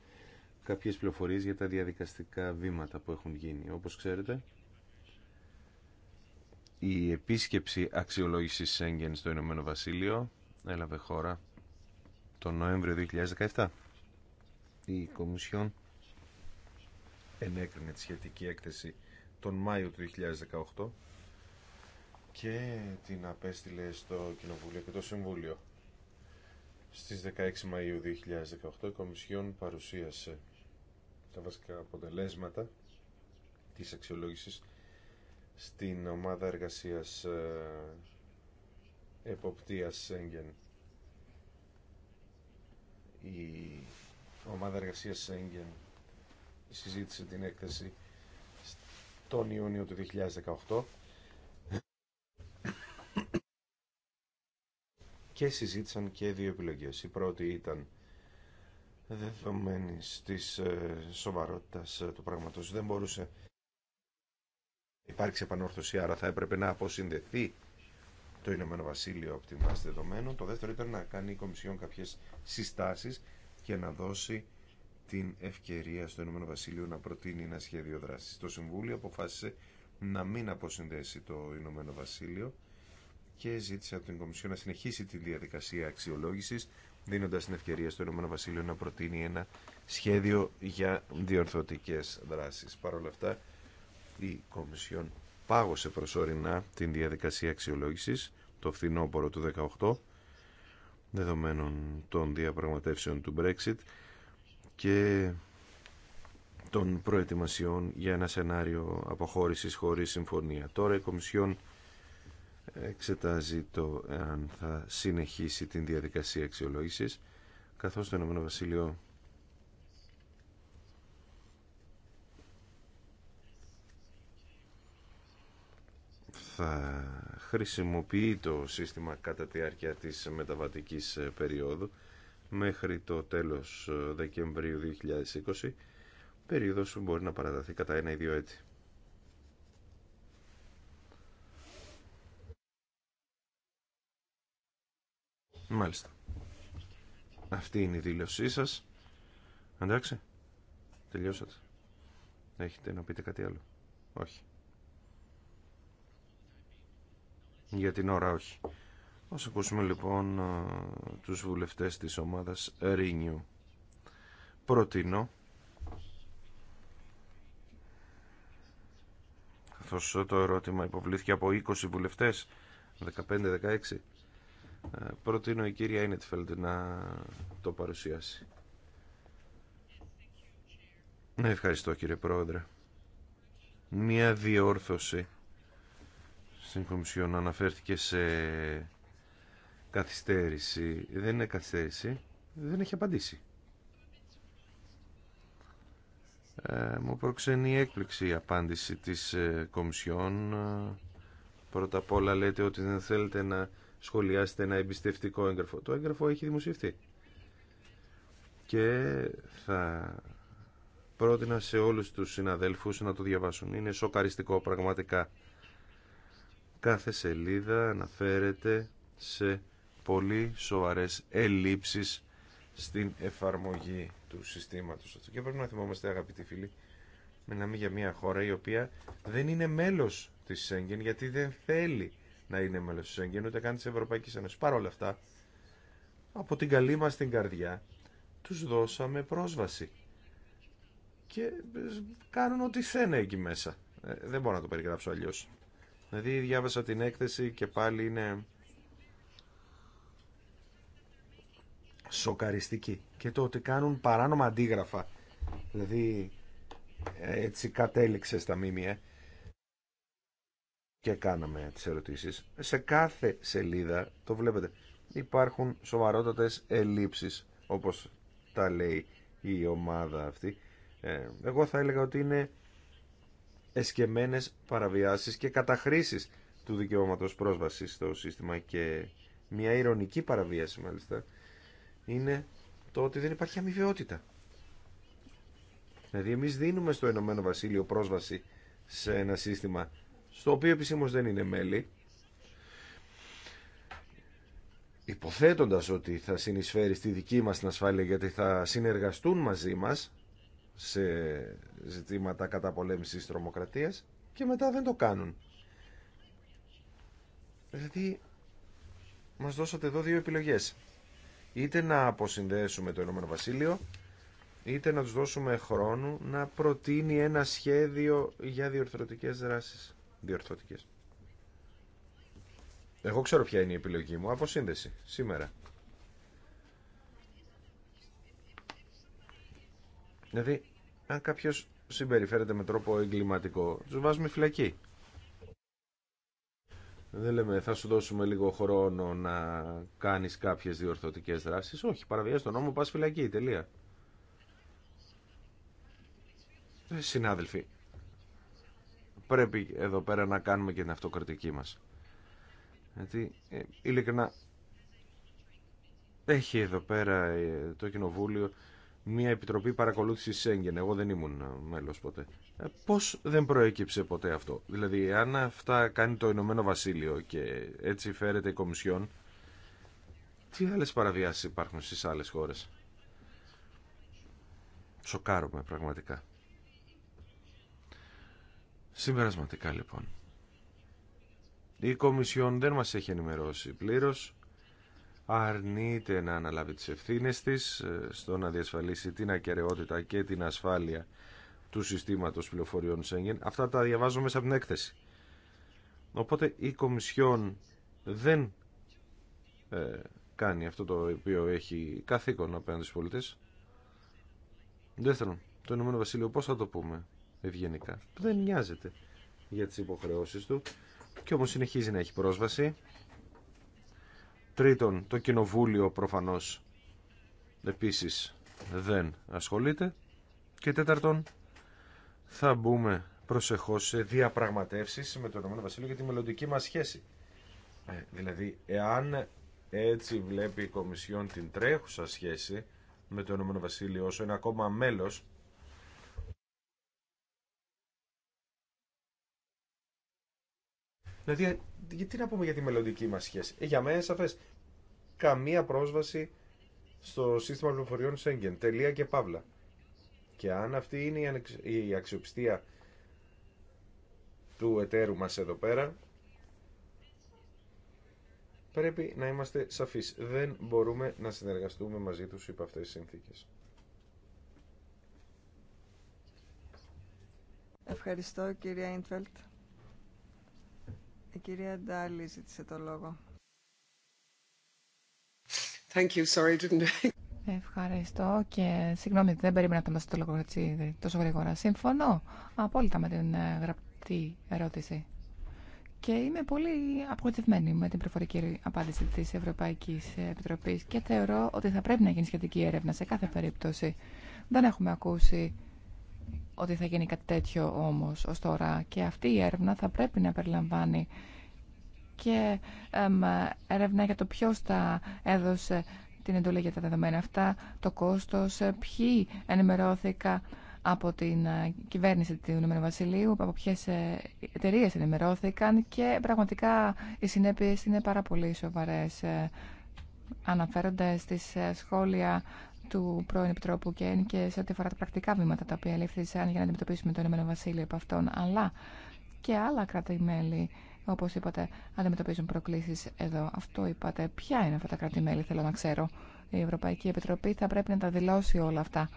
κάποιες πληροφορίες για τα διαδικαστικά βήματα που έχουν γίνει. Όπως ξέρετε, η επίσκεψη αξιολόγησης Σέγγεν στο Ηνωμένο Βασίλειο έλαβε χώρα τον Νοέμβριο 2017. Η Κομισιόν ενέκρινε τη σχετική έκθεση τον Μάιο του 2018 και την απέστειλε στο Κοινοβούλιο και το Συμβούλιο. Στις 16 Μαΐου 2018 η Κομισιόν παρουσίασε τα βασικά αποτελέσματα της αξιολόγησης στην ομάδα εργασίας ε, εποπτείας Σέγγεν. Η ομάδα εργασίας Σέγγεν συζήτησε την έκθεση τον Ιούνιο του 2018 και συζήτησαν και δύο επιλογές. Η πρώτη ήταν δεδομένης της ε, σοβαρότητας ε, του πράγματος. Δεν μπορούσε υπάρξει επανόρθωση, άρα θα έπρεπε να αποσυνδεθεί το Ηνωμένο Βασίλειο από την βάση δεδομένων. Το δεύτερο ήταν να κάνει η Κομισιόν κάποιες συστάσεις και να δώσει την ευκαιρία στο Ηνωμένο Βασίλειο να προτείνει ένα σχέδιο δράση. Το Συμβούλιο αποφάσισε να μην αποσυνδέσει το Ηνωμένο Βασίλειο και ζήτησε από την Κομισιόν να συνεχίσει τη διαδικασία αξιολόγησης δίνοντας την ευκαιρία στο Ηνωμένο Βασίλειο να προτείνει ένα σχέδιο για διορθωτικές δράσεις. Παρ' όλα αυτά, η Κομισιόν πάγωσε προσωρινά την διαδικασία αξιολόγησης το φθινόπωρο του 2018 δεδομένων των διαπραγματεύσεων του Brexit και των προετοιμασιών για ένα σενάριο αποχώρησης χωρίς συμφωνία. Τώρα η Κομισιόν εξετάζει το αν θα συνεχίσει την διαδικασία αξιολόγησης καθώς το Ηνωμένο Βασίλειο θα χρησιμοποιεί το σύστημα κατά τη διάρκεια της μεταβατικής περίοδου μέχρι το τέλος Δεκεμβρίου 2020 περίοδος που μπορεί να παραταθεί κατά ένα ή δύο έτη. Μάλιστα. Αυτή είναι η δήλωσή σας. Εντάξει. Τελειώσατε. Έχετε να πείτε κάτι άλλο. Όχι. Για την ώρα όχι. Ας ακούσουμε λοιπόν τους βουλευτές της ομάδας Ρίνιου. Προτείνω καθώς το ερώτημα υποβλήθηκε από 20 βουλευτές 15-16 ε, προτείνω η κυρία Ίνετφελντ να το παρουσιάσει. Ναι, ευχαριστώ κύριε Πρόεδρε. Μία διόρθωση στην Κομισιόν αναφέρθηκε σε καθυστέρηση. Δεν είναι καθυστέρηση, δεν έχει απαντήσει. Ε, μου προξενεί έκπληξη η απάντηση της ε, Κομισιόν. Ε, πρώτα απ' όλα λέτε ότι δεν θέλετε να σχολιάσετε ένα εμπιστευτικό έγγραφο. Το έγγραφο έχει δημοσιευτεί. Και θα πρότεινα σε όλους τους συναδέλφους να το διαβάσουν. Είναι σοκαριστικό πραγματικά. Κάθε σελίδα αναφέρεται σε πολύ σοβαρές ελλείψεις στην εφαρμογή του συστήματος Και πρέπει να θυμόμαστε αγαπητοί φίλοι, να μην για μια χώρα η οποία δεν είναι μέλος της Σέγγεν γιατί δεν θέλει να είναι μέλο τη Σέγγεν, ούτε καν τη Ευρωπαϊκή Ένωση. Παρ' όλα αυτά, από την καλή μα την καρδιά, του δώσαμε πρόσβαση. Και ε, κάνουν ό,τι θένε εκεί μέσα. Ε, δεν μπορώ να το περιγράψω αλλιώ. Δηλαδή, διάβασα την έκθεση και πάλι είναι. σοκαριστική. Και το ότι κάνουν παράνομα αντίγραφα. Δηλαδή, ε, έτσι κατέληξε στα μήμια και κάναμε τις ερωτήσεις. Σε κάθε σελίδα, το βλέπετε, υπάρχουν σοβαρότατες ελλείψεις, όπως τα λέει η ομάδα αυτή. Ε, εγώ θα έλεγα ότι είναι εσκεμμένες παραβιάσεις και καταχρήσεις του δικαιώματος πρόσβασης στο σύστημα και μια ηρωνική παραβίαση μάλιστα είναι το ότι δεν υπάρχει αμοιβαιότητα. Δηλαδή εμείς δίνουμε στο Ηνωμένο Βασίλειο πρόσβαση σε ένα σύστημα στο οποίο επισήμως δεν είναι μέλη, υποθέτοντας ότι θα συνεισφέρει στη δική μας την ασφάλεια γιατί θα συνεργαστούν μαζί μας σε ζητήματα καταπολέμησης τρομοκρατίας και μετά δεν το κάνουν. Δηλαδή, μας δώσατε εδώ δύο επιλογές. Είτε να αποσυνδέσουμε το Ηνωμένο Βασίλειο, είτε να τους δώσουμε χρόνο να προτείνει ένα σχέδιο για διορθωτικές δράσεις διορθωτικές. Εγώ ξέρω ποια είναι η επιλογή μου. Αποσύνδεση. Σήμερα. Δηλαδή, αν κάποιο συμπεριφέρεται με τρόπο εγκληματικό, του βάζουμε φυλακή. Δεν λέμε θα σου δώσουμε λίγο χρόνο να κάνεις κάποιες διορθωτικές δράσεις. Όχι, παραβιάζει τον νόμο, πα φυλακή, τελεία. Ε, συνάδελφοι, πρέπει εδώ πέρα να κάνουμε και την αυτοκριτική μας. Γιατί, ε, ειλικρινά, έχει εδώ πέρα ε, το Κοινοβούλιο μια επιτροπή παρακολούθηση Σέγγεν. Εγώ δεν ήμουν ε, μέλος ποτέ. Ε, πώς δεν προέκυψε ποτέ αυτό. Δηλαδή, αν αυτά κάνει το Ηνωμένο Βασίλειο και έτσι φέρεται η Κομισιόν, τι άλλες παραβιάσεις υπάρχουν στις άλλε χώρε. Σοκάρομαι πραγματικά. Συμπερασματικά λοιπόν. Η Κομισιόν δεν μας έχει ενημερώσει πλήρως. Αρνείται να αναλάβει τις ευθύνες της ε, στο να διασφαλίσει την ακαιρεότητα και την ασφάλεια του συστήματος πληροφοριών Σέγγεν. Αυτά τα διαβάζω μέσα από την έκθεση. Οπότε η Κομισιόν δεν ε, κάνει αυτό το οποίο έχει καθήκον απέναντι στους πολίτες. Δεύτερον, το Ηνωμένο Βασίλειο πώς θα το πούμε ευγενικά, δεν νοιάζεται για τις υποχρεώσεις του και όμως συνεχίζει να έχει πρόσβαση. Τρίτον, το κοινοβούλιο προφανώς επίσης δεν ασχολείται. Και τέταρτον, θα μπούμε προσεχώς σε διαπραγματεύσεις με το ΕΒ Βασίλειο για τη μελλοντική μας σχέση. Ε, δηλαδή, εάν έτσι βλέπει η Κομισιόν την τρέχουσα σχέση με το ΕΒ Βασίλειο όσο ένα ακόμα μέλος Δηλαδή, τι να πούμε για τη μελλοντική μας σχέση. Ε, για μένα Καμία πρόσβαση στο σύστημα πληροφοριών Σέγγεν. Τελεία και παύλα. Και αν αυτή είναι η αξιοπιστία του εταίρου μας εδώ πέρα, πρέπει να είμαστε σαφείς. Δεν μπορούμε να συνεργαστούμε μαζί τους υπό αυτές τις συνθήκες. Ευχαριστώ κυρία Ιντφελτ. Η κυρία Ντάλη ζήτησε το λόγο. Thank you. Sorry, didn't... Ευχαριστώ και συγγνώμη, δεν περίμενα να δώσω το λόγο τόσο γρήγορα. Συμφωνώ απόλυτα με την ε, γραπτή ερώτηση. Και είμαι πολύ απογοητευμένη με την προφορική απάντηση τη Ευρωπαϊκή Επιτροπή και θεωρώ ότι θα πρέπει να γίνει σχετική έρευνα σε κάθε περίπτωση. Δεν έχουμε ακούσει ότι θα γίνει κάτι τέτοιο όμως ως τώρα και αυτή η έρευνα θα πρέπει να περιλαμβάνει και έρευνα για το ποιος τα έδωσε την εντολή για τα δεδομένα αυτά, το κόστος, ποιοι ενημερώθηκα από την ε, κυβέρνηση του Ηνωμένου Βασιλείου, από ποιε εταιρείε ενημερώθηκαν και πραγματικά οι συνέπειε είναι πάρα πολύ σοβαρέ. Ε, αναφέρονται στις ε, σχόλια του πρώην Επιτρόπου Κέν και σε ό,τι αφορά τα πρακτικά βήματα τα οποία λήφθησαν για να αντιμετωπίσουμε το Ηνωμένο Βασίλειο από αυτόν, αλλά και άλλα κράτη-μέλη, όπω είπατε, αντιμετωπίζουν προκλήσει εδώ. Αυτό είπατε. Ποια είναι αυτά τα κράτη-μέλη, θέλω να ξέρω. Η Ευρωπαϊκή Επιτροπή θα πρέπει να τα δηλώσει όλα αυτά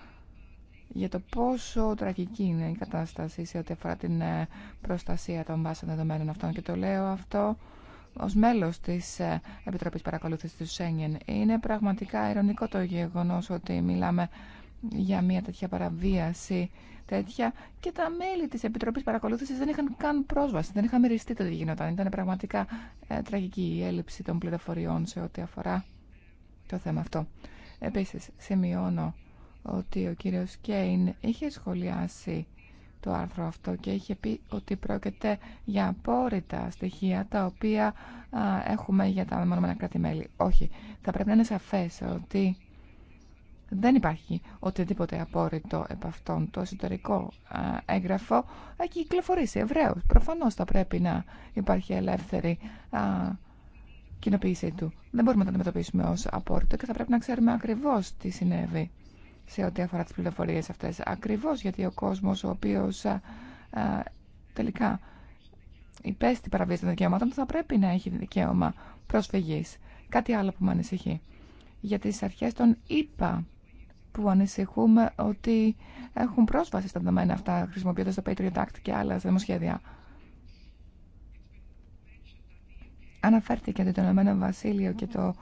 για το πόσο τραγική είναι η κατάσταση σε ό,τι αφορά την ε, προστασία των βάσεων δεδομένων αυτών. Και το λέω αυτό ως μέλος της ε, Επιτροπής Παρακολούθησης του Σέγγεν. Είναι πραγματικά ειρωνικό το γεγονός ότι μιλάμε για μια τέτοια παραβίαση τέτοια και τα μέλη της Επιτροπής Παρακολούθησης δεν είχαν καν πρόσβαση, δεν είχαν μυριστεί το τι γινόταν. Ήταν πραγματικά ε, τραγική η έλλειψη των πληροφοριών σε ό,τι αφορά το θέμα αυτό. Επίσης, σημειώνω ότι ο κύριος Κέιν είχε σχολιάσει το άρθρο αυτό και είχε πει ότι πρόκειται για απόρριτα στοιχεία τα οποία έχουμε για τα μεμονωμένα κράτη-μέλη. Όχι. Θα πρέπει να είναι σαφές ότι δεν υπάρχει οτιδήποτε απόρριτο επ' αυτόν. Το εσωτερικό α, έγγραφο έχει κυκλοφορήσει ευρέω. Προφανώς θα πρέπει να υπάρχει ελεύθερη κοινοποίησή του. Δεν μπορούμε να το αντιμετωπίσουμε ως απόρριτο και θα πρέπει να ξέρουμε ακριβώς τι συνέβη σε ό,τι αφορά τις πληροφορίες αυτές. Ακριβώς γιατί ο κόσμος ο οποίος α, α, τελικά υπέστη παραβίαση των δικαιωμάτων θα πρέπει να έχει δικαίωμα προσφυγής. Κάτι άλλο που με ανησυχεί. Για τις αρχές των ΙΠΑ που ανησυχούμε ότι έχουν πρόσβαση στα δεδομένα αυτά χρησιμοποιώντας το Patriot Act και άλλα δημοσχέδια. Αναφέρθηκε ότι το Ηνωμένο Βασίλειο και το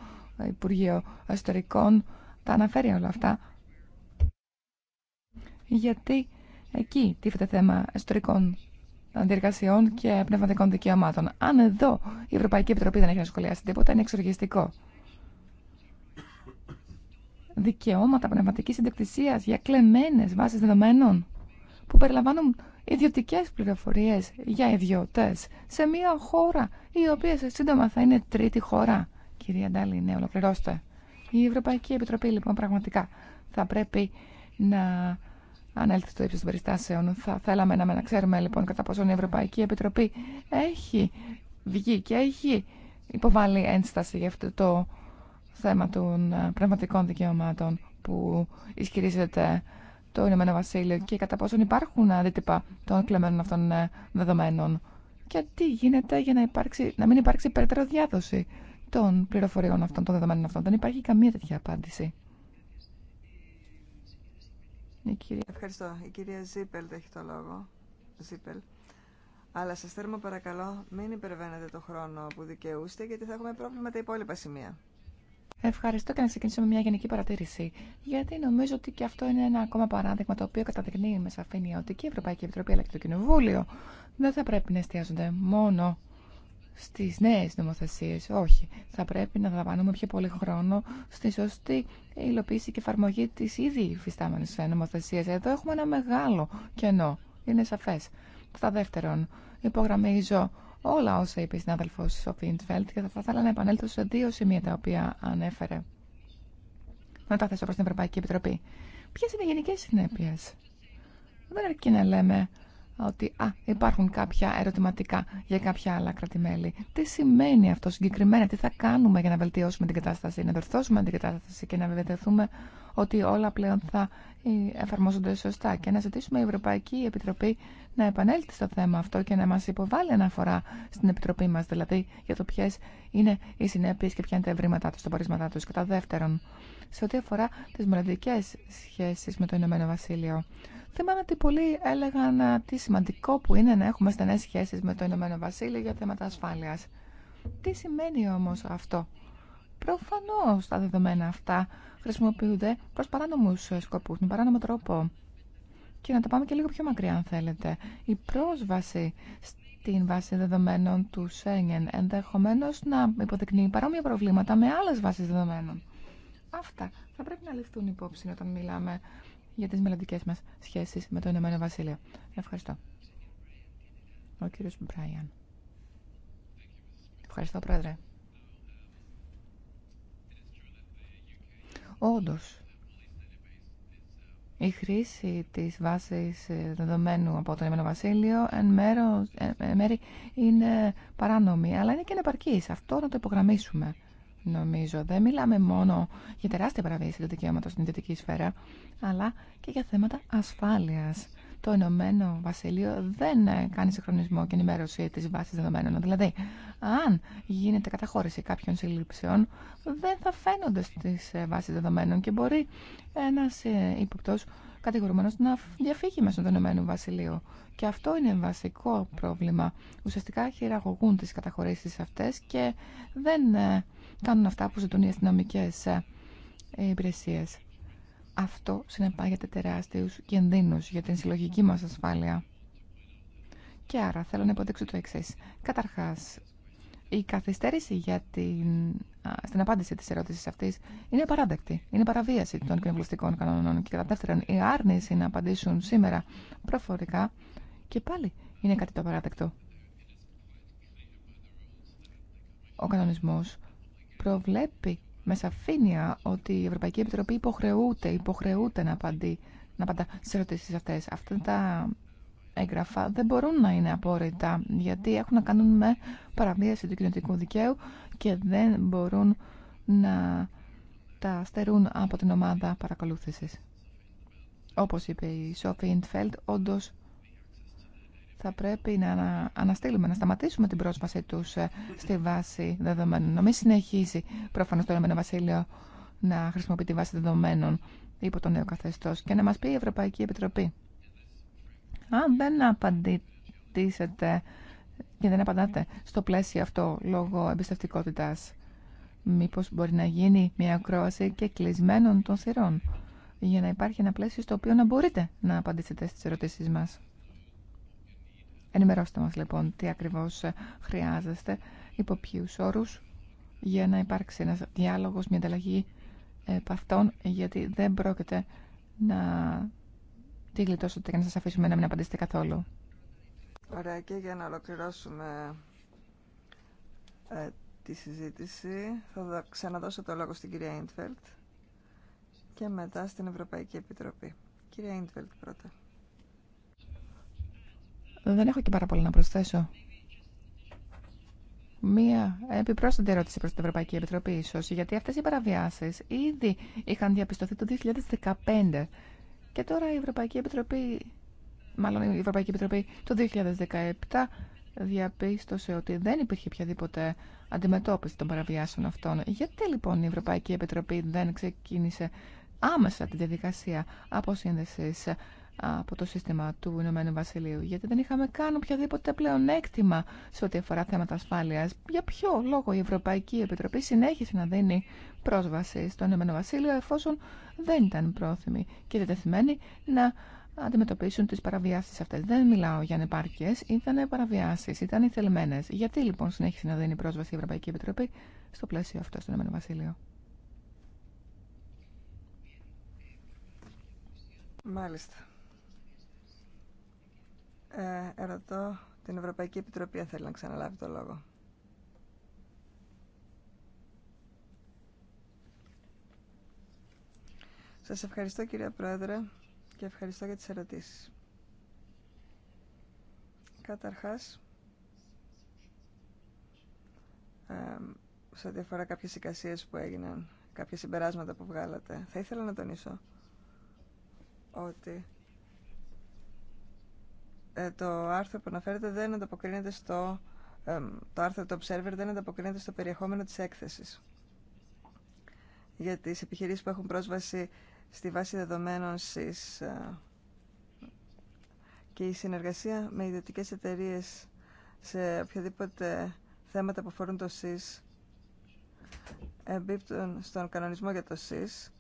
Υπουργείο Εσωτερικών, τα αναφέρει όλα αυτά γιατί εκεί τίθεται θέμα ιστορικών διεργασιών και πνευματικών δικαιωμάτων. Αν εδώ η Ευρωπαϊκή Επιτροπή δεν έχει να σχολιάσει τίποτα, είναι εξοργιστικό. Δικαιώματα πνευματική ιδιοκτησία για κλεμμένε βάσει δεδομένων που περιλαμβάνουν ιδιωτικέ πληροφορίε για ιδιώτε σε μια χώρα η οποία σε σύντομα θα είναι τρίτη χώρα. Κυρία Ντάλη, ναι, ολοκληρώστε. Η Ευρωπαϊκή Επιτροπή λοιπόν πραγματικά θα πρέπει να ανέλθει στο ύψο των περιστάσεων. Θα θέλαμε να, να ξέρουμε λοιπόν κατά πόσον η Ευρωπαϊκή Επιτροπή έχει βγει και έχει υποβάλει ένσταση για αυτό το θέμα των ε, πνευματικών δικαιωμάτων που ισχυρίζεται το Ηνωμένο Βασίλειο και κατά πόσον υπάρχουν αντίτυπα των κλεμμένων αυτών ε, δεδομένων και τι γίνεται για να, υπάρξει, να μην υπάρξει περαιτέρω διάδοση των πληροφοριών αυτών, των δεδομένων αυτών. Δεν υπάρχει καμία τέτοια απάντηση. Ναι, Ευχαριστώ. Η κυρία Ζίπελ έχει το λόγο. Ζίπελ. Αλλά σας θέλουμε παρακαλώ μην υπερβαίνετε το χρόνο που δικαιούστε γιατί θα έχουμε πρόβλημα τα υπόλοιπα σημεία. Ευχαριστώ και να ξεκινήσω με μια γενική παρατήρηση. Γιατί νομίζω ότι και αυτό είναι ένα ακόμα παράδειγμα το οποίο καταδεικνύει με σαφήνεια ότι και η Ευρωπαϊκή Επιτροπή αλλά και το Κοινοβούλιο δεν θα πρέπει να εστιάζονται μόνο Στι νέε νομοθεσίε. Όχι. Θα πρέπει να δαπανούμε πιο πολύ χρόνο στη σωστή υλοποίηση και εφαρμογή τη ήδη υφιστάμενη νομοθεσία. Εδώ έχουμε ένα μεγάλο κενό. Είναι σαφέ. Τα δεύτερον, υπογραμμίζω όλα όσα είπε η συνάδελφο Σοφίντφελτ και θα ήθελα να επανέλθω σε δύο σημεία τα οποία ανέφερε. Να τα θέσω προ την Ευρωπαϊκή Επιτροπή. Ποιε είναι οι γενικέ συνέπειε. Δεν αρκεί να λέμε ότι α, υπάρχουν κάποια ερωτηματικά για κάποια άλλα κρατημέλη. Τι σημαίνει αυτό συγκεκριμένα, τι θα κάνουμε για να βελτιώσουμε την κατάσταση, να διορθώσουμε την κατάσταση και να βεβαιωθούμε ότι όλα πλέον θα ε, εφαρμόζονται σωστά και να ζητήσουμε η Ευρωπαϊκή Επιτροπή να επανέλθει στο θέμα αυτό και να μας υποβάλει αναφορά στην Επιτροπή μας, δηλαδή για το ποιε είναι οι συνέπειες και ποια είναι τα ευρήματά τους, τα παρίσματά τους. Κατά δεύτερον, σε ό,τι αφορά τις μοναδικές σχέσεις με το Ηνωμένο Βασίλειο. Θυμάμαι ότι πολλοί έλεγαν τι σημαντικό που είναι να έχουμε στενές σχέσεις με το Ηνωμένο Βασίλειο για θέματα ασφάλειας. Τι σημαίνει όμως αυτό. Προφανώς τα δεδομένα αυτά χρησιμοποιούνται προ παράνομου σκοπού, με παράνομο τρόπο. Και να τα πάμε και λίγο πιο μακριά, αν θέλετε. Η πρόσβαση στην βάση δεδομένων του Σέγγεν ενδεχομένω να υποδεικνύει παρόμοια προβλήματα με άλλε βάσει δεδομένων. Αυτά θα πρέπει να ληφθούν υπόψη όταν μιλάμε για τις μελλοντικέ μας σχέσεις με το Ηνωμένο Βασίλειο. Ευχαριστώ. Ο κύριος Μπράιαν. Ευχαριστώ, Πρόεδρε. Όντως, η χρήση της βάσης ε, δεδομένου από το Ηνωμένο Βασίλειο ε, εν, μέρη είναι παράνομη, αλλά είναι και ανεπαρκής. Αυτό να το υπογραμμίσουμε, νομίζω. Δεν μιλάμε μόνο για τεράστια παραβίαση του δικαιώματος στην ιδιωτική σφαίρα, αλλά και για θέματα ασφάλειας το Ηνωμένο Βασίλειο δεν κάνει συγχρονισμό και ενημέρωση τη βάση δεδομένων. Δηλαδή, αν γίνεται καταχώρηση κάποιων συλλήψεων, δεν θα φαίνονται στι ε, βάσει δεδομένων και μπορεί ένα υποπτό ε, κατηγορούμενο να διαφύγει μέσω του Ηνωμένου Βασιλείου. Και αυτό είναι βασικό πρόβλημα. Ουσιαστικά χειραγωγούν τι καταχωρήσει αυτέ και δεν ε, κάνουν αυτά που ζητούν οι αστυνομικέ υπηρεσίε. Αυτό συνεπάγεται τεράστιους κινδύνους για την συλλογική μας ασφάλεια. Και άρα θέλω να υποδείξω το εξή. Καταρχάς, η καθυστέρηση για την, στην απάντηση της ερώτησης αυτής είναι παράδεκτη. Είναι παραβίαση των κοινοβουλευτικών κανόνων. Και κατά δεύτερον, η άρνηση να απαντήσουν σήμερα προφορικά και πάλι είναι κάτι το παράδεκτο. Ο κανονισμός προβλέπει με σαφήνεια ότι η Ευρωπαϊκή Επιτροπή υποχρεούται, υποχρεούται να απαντεί να απαντά σε ερωτήσεις αυτές. Αυτά τα έγγραφα δεν μπορούν να είναι απόρριτα γιατί έχουν να κάνουν με παραβίαση του κοινωτικού δικαίου και δεν μπορούν να τα στερούν από την ομάδα παρακολούθησης. Όπως είπε η Σόφι Ιντφέλτ, όντως θα πρέπει να αναστείλουμε, να σταματήσουμε την πρόσβαση του ε, στη βάση δεδομένων. Να μην συνεχίσει προφανώ το Ηνωμένο Βασίλειο να χρησιμοποιεί τη βάση δεδομένων υπό το νέο καθεστώ και να μα πει η Ευρωπαϊκή Επιτροπή. Αν δεν απαντήσετε και δεν απαντάτε στο πλαίσιο αυτό λόγω εμπιστευτικότητα. Μήπω μπορεί να γίνει μια ακρόαση και κλεισμένων των θυρών για να υπάρχει ένα πλαίσιο στο οποίο να μπορείτε να απαντήσετε στις ερωτήσεις μας. Ενημερώστε μας λοιπόν τι ακριβώς ε, χρειάζεστε, υπό ποιους όρους, για να υπάρξει ένας διάλογος, μια ανταλλαγή ε, επ' γιατί δεν πρόκειται να τη γλιτώσετε και να σας αφήσουμε να μην απαντήσετε καθόλου. Ωραία και για να ολοκληρώσουμε ε, τη συζήτηση θα ξαναδώσω το λόγο στην κυρία Ιντφελτ και μετά στην Ευρωπαϊκή Επιτροπή. Κυρία Ιντφελτ πρώτα. Δεν έχω και πάρα πολλά να προσθέσω. Μία επιπρόσθετη ερώτηση προ την Ευρωπαϊκή Επιτροπή ίσω, γιατί αυτές οι παραβιάσεις ήδη είχαν διαπιστωθεί το 2015 και τώρα η Ευρωπαϊκή Επιτροπή, μάλλον η Ευρωπαϊκή Επιτροπή το 2017 διαπίστωσε ότι δεν υπήρχε οποιαδήποτε αντιμετώπιση των παραβιάσεων αυτών. Γιατί λοιπόν η Ευρωπαϊκή Επιτροπή δεν ξεκίνησε άμεσα τη διαδικασία αποσύνδεση από το σύστημα του Ηνωμένου Βασιλείου, γιατί δεν είχαμε καν οποιαδήποτε πλεονέκτημα σε ό,τι αφορά θέματα ασφάλεια. Για ποιο λόγο η Ευρωπαϊκή Επιτροπή συνέχισε να δίνει πρόσβαση στο Ηνωμένο Βασίλειο, εφόσον δεν ήταν πρόθυμοι και δεδεθμένοι να αντιμετωπίσουν τι παραβιάσει αυτέ. Δεν μιλάω για ανεπάρκειε, ήταν παραβιάσει, ήταν ηθελμένε. Γιατί λοιπόν συνέχισε να δίνει πρόσβαση η Ευρωπαϊκή Επιτροπή στο πλαίσιο αυτό στο Ηνωμένο Βασίλειο. Μάλιστα. Ε, ερωτώ την Ευρωπαϊκή Επιτροπή αν θέλει να ξαναλάβει το λόγο. Σας ευχαριστώ κυρία Πρόεδρε και ευχαριστώ για τις ερωτήσεις. Καταρχάς, σε ό,τι αφορά κάποιες εικασίες που έγιναν, κάποια συμπεράσματα που βγάλατε, θα ήθελα να τονίσω ότι ε, το άρθρο που αναφέρεται δεν ανταποκρίνεται στο το άρθρο του Observer δεν ανταποκρίνεται στο περιεχόμενο της έκθεσης για τις επιχειρήσεις που έχουν πρόσβαση στη βάση δεδομένων ΣΥΣ ε, και η συνεργασία με ιδιωτικέ εταιρείε σε οποιαδήποτε θέματα που αφορούν το ΣΥΣ εμπίπτουν στον κανονισμό για το ΣΥΣ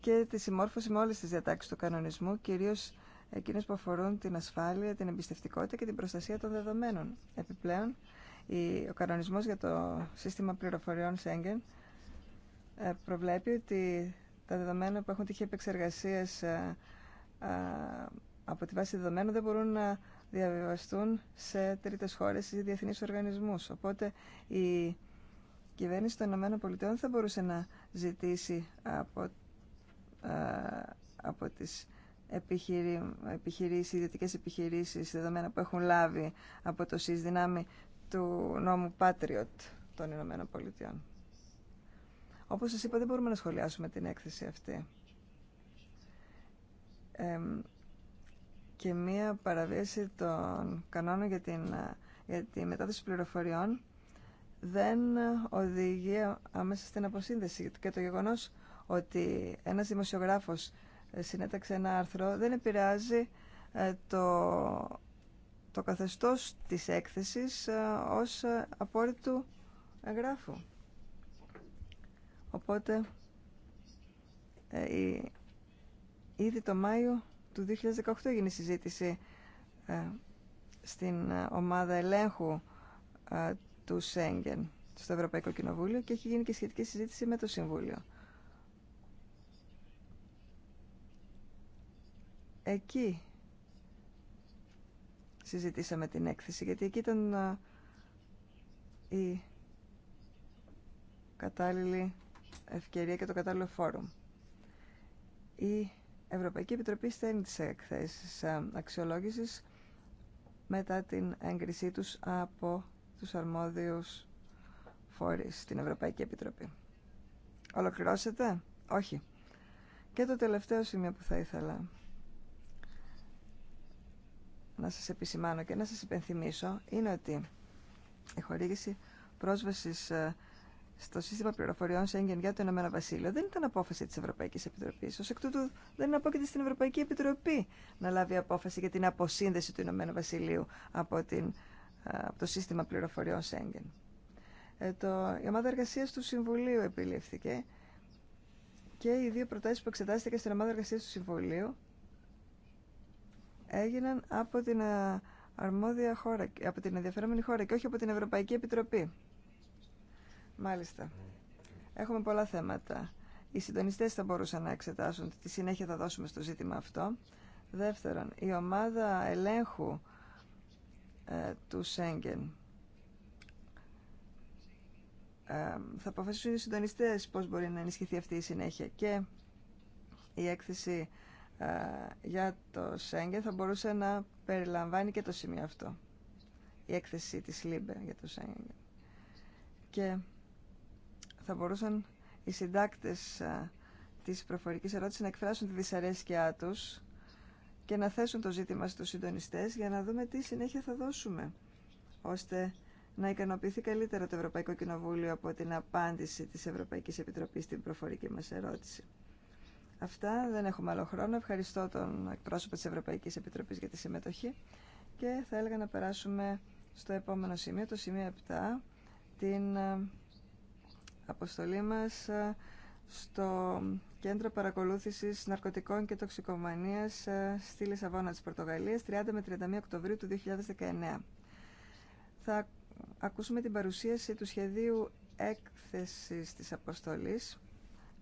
και τη συμμόρφωση με όλες τις διατάξεις του κανονισμού, κυρίως Εκείνε που αφορούν την ασφάλεια, την εμπιστευτικότητα και την προστασία των δεδομένων. Επιπλέον, ο κανονισμό για το σύστημα πληροφοριών Schengen ε, προβλέπει ότι τα δεδομένα που έχουν τύχει επεξεργασία ε, ε, από τη βάση δεδομένων δεν μπορούν να διαβιβαστούν σε τρίτες χώρες ή διεθνείς οργανισμούς. Οπότε η διεθνει οργανισμους οποτε η κυβερνηση των ΗΠΑ θα μπορούσε να ζητήσει από, από τις επιχειρήσει, ιδιωτικές επιχειρήσεις, δεδομένα που έχουν λάβει από το ΣΥΣ δυνάμει του νόμου Patriot των Ηνωμένων Πολιτειών. Όπως σας είπα, δεν μπορούμε να σχολιάσουμε την έκθεση αυτή. και μία παραβίαση των κανόνων για, την, για τη μετάδοση πληροφοριών δεν οδηγεί άμεσα στην αποσύνδεση. Και το γεγονός ότι ένας δημοσιογράφος συνέταξε ένα άρθρο, δεν επηρεάζει ε, το, το καθεστώς της έκθεσης ε, ως ε, απόρριτου εγγράφου. Οπότε, ήδη το Μάιο του 2018 έγινε συζήτηση στην ομάδα ελέγχου του Σέγγεν στο Ευρωπαϊκό Κοινοβούλιο και έχει γίνει και σχετική συζήτηση με το Συμβούλιο. εκεί συζητήσαμε την έκθεση, γιατί εκεί ήταν η κατάλληλη ευκαιρία και το κατάλληλο φόρουμ. Η Ευρωπαϊκή Επιτροπή στέλνει τις εκθέσεις αξιολόγησης μετά την έγκρισή τους από τους αρμόδιους φορείς στην Ευρωπαϊκή Επιτροπή. Ολοκληρώσετε? Όχι. Και το τελευταίο σημείο που θα ήθελα να σας επισημάνω και να σας υπενθυμίσω είναι ότι η χορήγηση πρόσβασης ε, στο σύστημα πληροφοριών Σέγγεν για το Ηνωμένο Βασίλειο δεν ήταν απόφαση τη Ευρωπαϊκή Επιτροπή. Ω εκ τούτου, δεν απόκειται στην Ευρωπαϊκή Επιτροπή να λάβει απόφαση για την αποσύνδεση του Ηνωμένου Βασιλείου από, την, ε, το σύστημα πληροφοριών Σέγγεν. Ε, το, η ομάδα εργασία του Συμβουλίου επιλήφθηκε και οι δύο προτάσει που εξετάστηκαν στην ομάδα εργασία του Συμβουλίου έγιναν από την ε, αρμόδια χώρα, από την ενδιαφερόμενη χώρα και όχι από την Ευρωπαϊκή Επιτροπή. Μάλιστα. Έχουμε πολλά θέματα. Οι συντονιστές θα μπορούσαν να εξετάσουν τη συνέχεια θα δώσουμε στο ζήτημα αυτό. Δεύτερον, η ομάδα ελέγχου ε, του Σέγγεν. Ε, θα αποφασίσουν οι συντονιστές πώς μπορεί να ενισχυθεί αυτή η συνέχεια και η έκθεση για το Σέγγεν θα μπορούσε να περιλαμβάνει και το σημείο αυτό. Η έκθεση της ΛΥΜΠΕ για το Σέγγεν. Και θα μπορούσαν οι συντάκτες της προφορικής ερώτησης να εκφράσουν τη δυσαρέσκειά τους και να θέσουν το ζήτημα στους συντονιστές για να δούμε τι συνέχεια θα δώσουμε ώστε να ικανοποιηθεί καλύτερα το Ευρωπαϊκό Κοινοβούλιο από την απάντηση της Ευρωπαϊκής Επιτροπής στην προφορική μας ερώτηση. Αυτά δεν έχουμε άλλο χρόνο. Ευχαριστώ τον εκπρόσωπο της Ευρωπαϊκής Επιτροπής για τη συμμετοχή και θα έλεγα να περάσουμε στο επόμενο σημείο, το σημείο 7, την ε, αποστολή μας ε, στο Κέντρο Παρακολούθησης Ναρκωτικών και Τοξικομανίας ε, στη Λισαβόνα της Πορτογαλίας, 30 με 31 Οκτωβρίου του 2019. Θα ακούσουμε την παρουσίαση του σχεδίου έκθεσης της αποστολής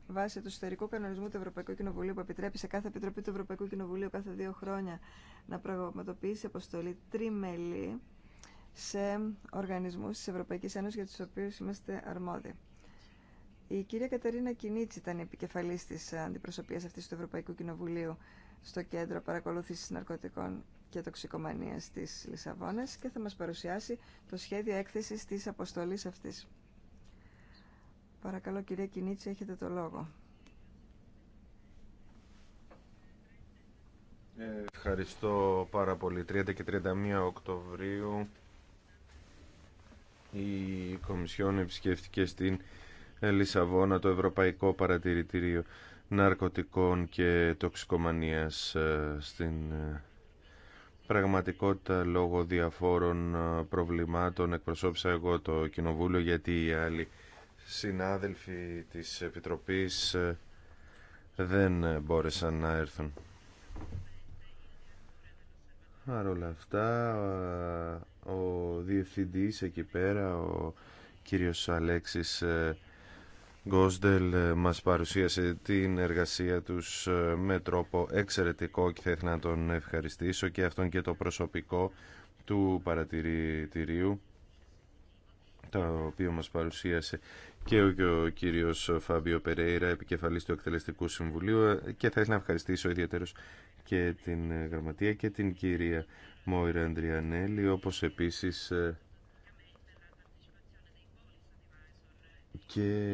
βάσει του ιστορικού κανονισμού του Ευρωπαϊκού Κοινοβουλίου που επιτρέπει σε κάθε επιτροπή του Ευρωπαϊκού Κοινοβουλίου κάθε δύο χρόνια να πραγματοποιήσει αποστολή τριμελή σε οργανισμού τη Ευρωπαϊκή Ένωση για του οποίου είμαστε αρμόδιοι. Η κυρία Κατερίνα Κινίτση ήταν η επικεφαλής της αντιπροσωπείας αυτής του Ευρωπαϊκού Κοινοβουλίου στο Κέντρο παρακολούθηση Ναρκωτικών και Τοξικομανία τη Λισαβόνα και θα μα παρουσιάσει το σχέδιο έκθεση τη αποστολή αυτή. Παρακαλώ κυρία Κινίτση, έχετε το λόγο. Ε, ευχαριστώ πάρα πολύ. 30 και 31 Οκτωβρίου η Κομισιόν επισκέφθηκε στην Λισαβόνα το Ευρωπαϊκό Παρατηρητήριο Ναρκωτικών και Τοξικομανίας ε, στην ε, πραγματικότητα λόγω διαφόρων προβλημάτων εκπροσώπησα εγώ το Κοινοβούλιο γιατί οι άλλοι συνάδελφοι της Επιτροπής ε, δεν μπόρεσαν να έρθουν. Άρα όλα αυτά, ε, ο διευθυντής εκεί πέρα, ο κύριος Αλέξης ε, Γκόσντελ μας παρουσίασε την εργασία τους με τρόπο εξαιρετικό και θα ήθελα να τον ευχαριστήσω και αυτόν και το προσωπικό του παρατηρητηρίου το οποίο μας παρουσίασε και ο, κύριος Φαβιο Περέιρα, επικεφαλής του Εκτελεστικού Συμβουλίου ε, και θα ήθελα να ευχαριστήσω ιδιαίτερος και την ε, Γραμματεία και την κυρία Μόιρα Αντριανέλη, όπως επίσης ε, και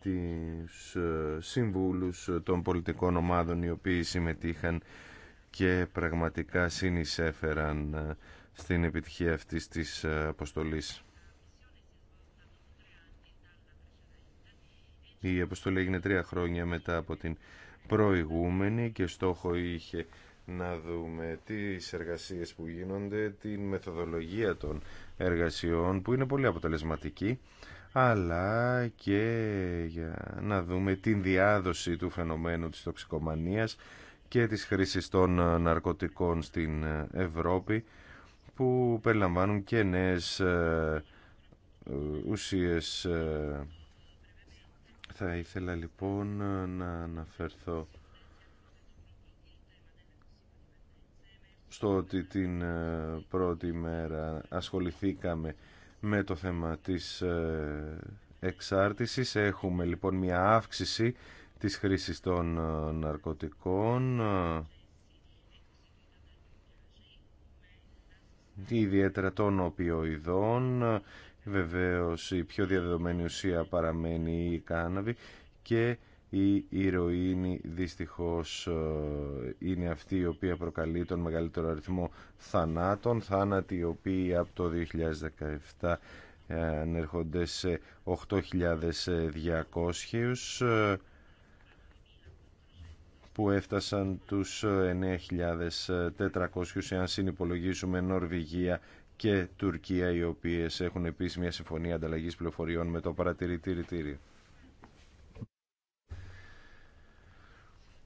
τις συμβούλους των πολιτικών ομάδων οι οποίοι συμμετείχαν και πραγματικά συνεισέφεραν στην επιτυχία αυτής της αποστολής. Η αποστολή έγινε τρία χρόνια μετά από την προηγούμενη και στόχο είχε να δούμε τις εργασίες που γίνονται, την μεθοδολογία των εργασιών που είναι πολύ αποτελεσματική, αλλά και να δούμε την διάδοση του φαινομένου της τοξικομανίας και της χρήσης των ναρκωτικών στην Ευρώπη που περιλαμβάνουν και νέες ε, ουσίες ε, θα ήθελα λοιπόν να αναφερθώ στο ότι την ε, πρώτη μέρα ασχοληθήκαμε με το θέμα της ε, εξάρτησης. Έχουμε λοιπόν μια αύξηση της χρήσης των ε, ναρκωτικών. ιδιαίτερα των οπιοειδών Βεβαίως η πιο διαδεδομένη ουσία παραμένει η κάναβη και η ηρωίνη δυστυχώς ε, είναι αυτή η οποία προκαλεί τον μεγαλύτερο αριθμό θανάτων, θάνατοι οι οποίοι από το 2017 ε, ανέρχονται σε 8.200 ε, που έφτασαν τους 9.400 εάν συνυπολογίσουμε Νορβηγία, και Τουρκία οι οποίε έχουν επίση μια συμφωνία ανταλλαγή πληροφοριών με το παρατηρητήριο.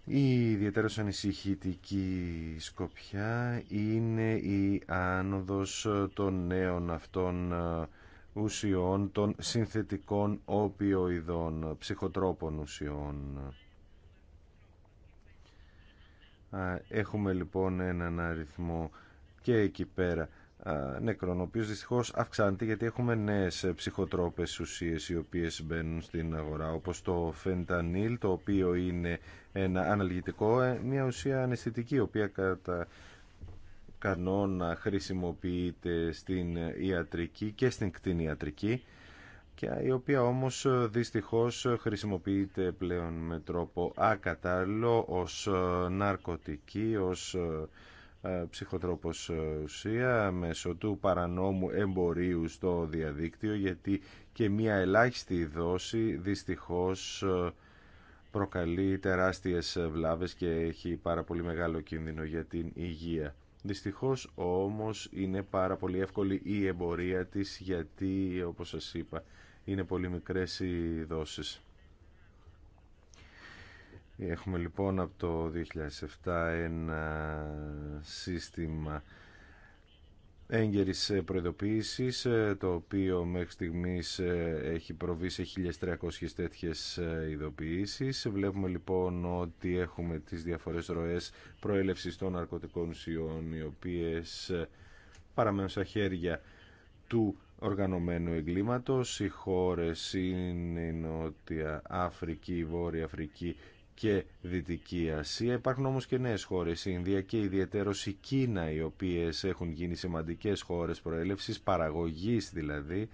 Η ιδιαίτερα ανησυχητική σκοπιά είναι η άνοδος των νέων αυτών ε, ουσιών, των συνθετικών όπιοειδών, ψυχοτρόπων ουσιών. Έχουμε λοιπόν έναν αριθμό και εκεί πέρα νεκρών, ο οποίο δυστυχώς αυξάνεται γιατί έχουμε νέε ε, ψυχοτρόπες ουσίες οι οποίες μπαίνουν στην αγορά, όπως το φεντανίλ, το οποίο είναι ένα αναλγητικό, ε, μια ουσία αναισθητική, η οποία κατά κανόνα χρησιμοποιείται στην ιατρική και στην κτηνιατρική, και η οποία όμως ε, δυστυχώς χρησιμοποιείται πλέον με τρόπο ακατάλληλο ως ναρκωτική, ως ε, ψυχοτρόπος ε, ουσία μέσω του παρανόμου εμπορίου στο διαδίκτυο γιατί και μια ελάχιστη δόση δυστυχώς ε, προκαλεί τεράστιες βλάβες και έχει πάρα πολύ μεγάλο κίνδυνο για την υγεία. Δυστυχώς όμως είναι πάρα πολύ εύκολη η εμπορία της γιατί όπως σας είπα είναι πολύ μικρές οι δόσεις. Έχουμε λοιπόν από το 2007 ένα σύστημα έγκαιρης προειδοποίησης ε, το οποίο μέχρι στιγμής ε, έχει προβεί σε 1300 τέτοιες ε, ειδοποιήσεις. Βλέπουμε λοιπόν ότι έχουμε τις διαφορές ροές προέλευσης των ναρκωτικών ουσιών οι οποίες παραμένουν στα χέρια του οργανωμένου εγκλήματος. Οι χώρες είναι η Νότια Αφρική, η Βόρεια Αφρική, και Δυτική Ασία. Υπάρχουν όμως και νέες χώρες, η Ινδία και ιδιαίτερο η Κίνα, οι οποίες έχουν γίνει σημαντικές χώρες προέλευσης, παραγωγής δηλαδή,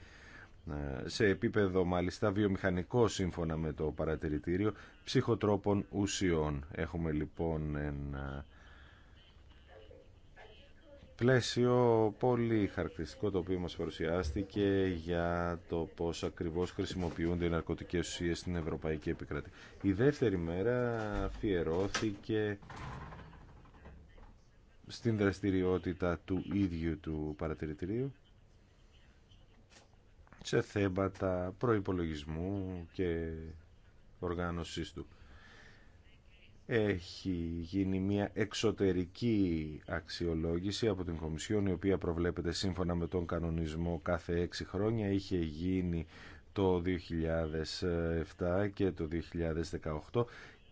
ε, σε επίπεδο μάλιστα βιομηχανικό σύμφωνα με το παρατηρητήριο ψυχοτρόπων ουσιών. Έχουμε λοιπόν ένα πλαίσιο πολύ χαρακτηριστικό το οποίο μας παρουσιάστηκε για το πώς ακριβώς χρησιμοποιούνται οι ναρκωτικές ουσίες στην Ευρωπαϊκή Επικράτη. Η δεύτερη μέρα αφιερώθηκε στην δραστηριότητα του ίδιου του παρατηρητηρίου σε θέματα προϋπολογισμού και οργάνωσής του έχει γίνει μια εξωτερική αξιολόγηση από την Κομισιόν η οποία προβλέπεται σύμφωνα με τον κανονισμό κάθε έξι χρόνια είχε γίνει το 2007 και το 2018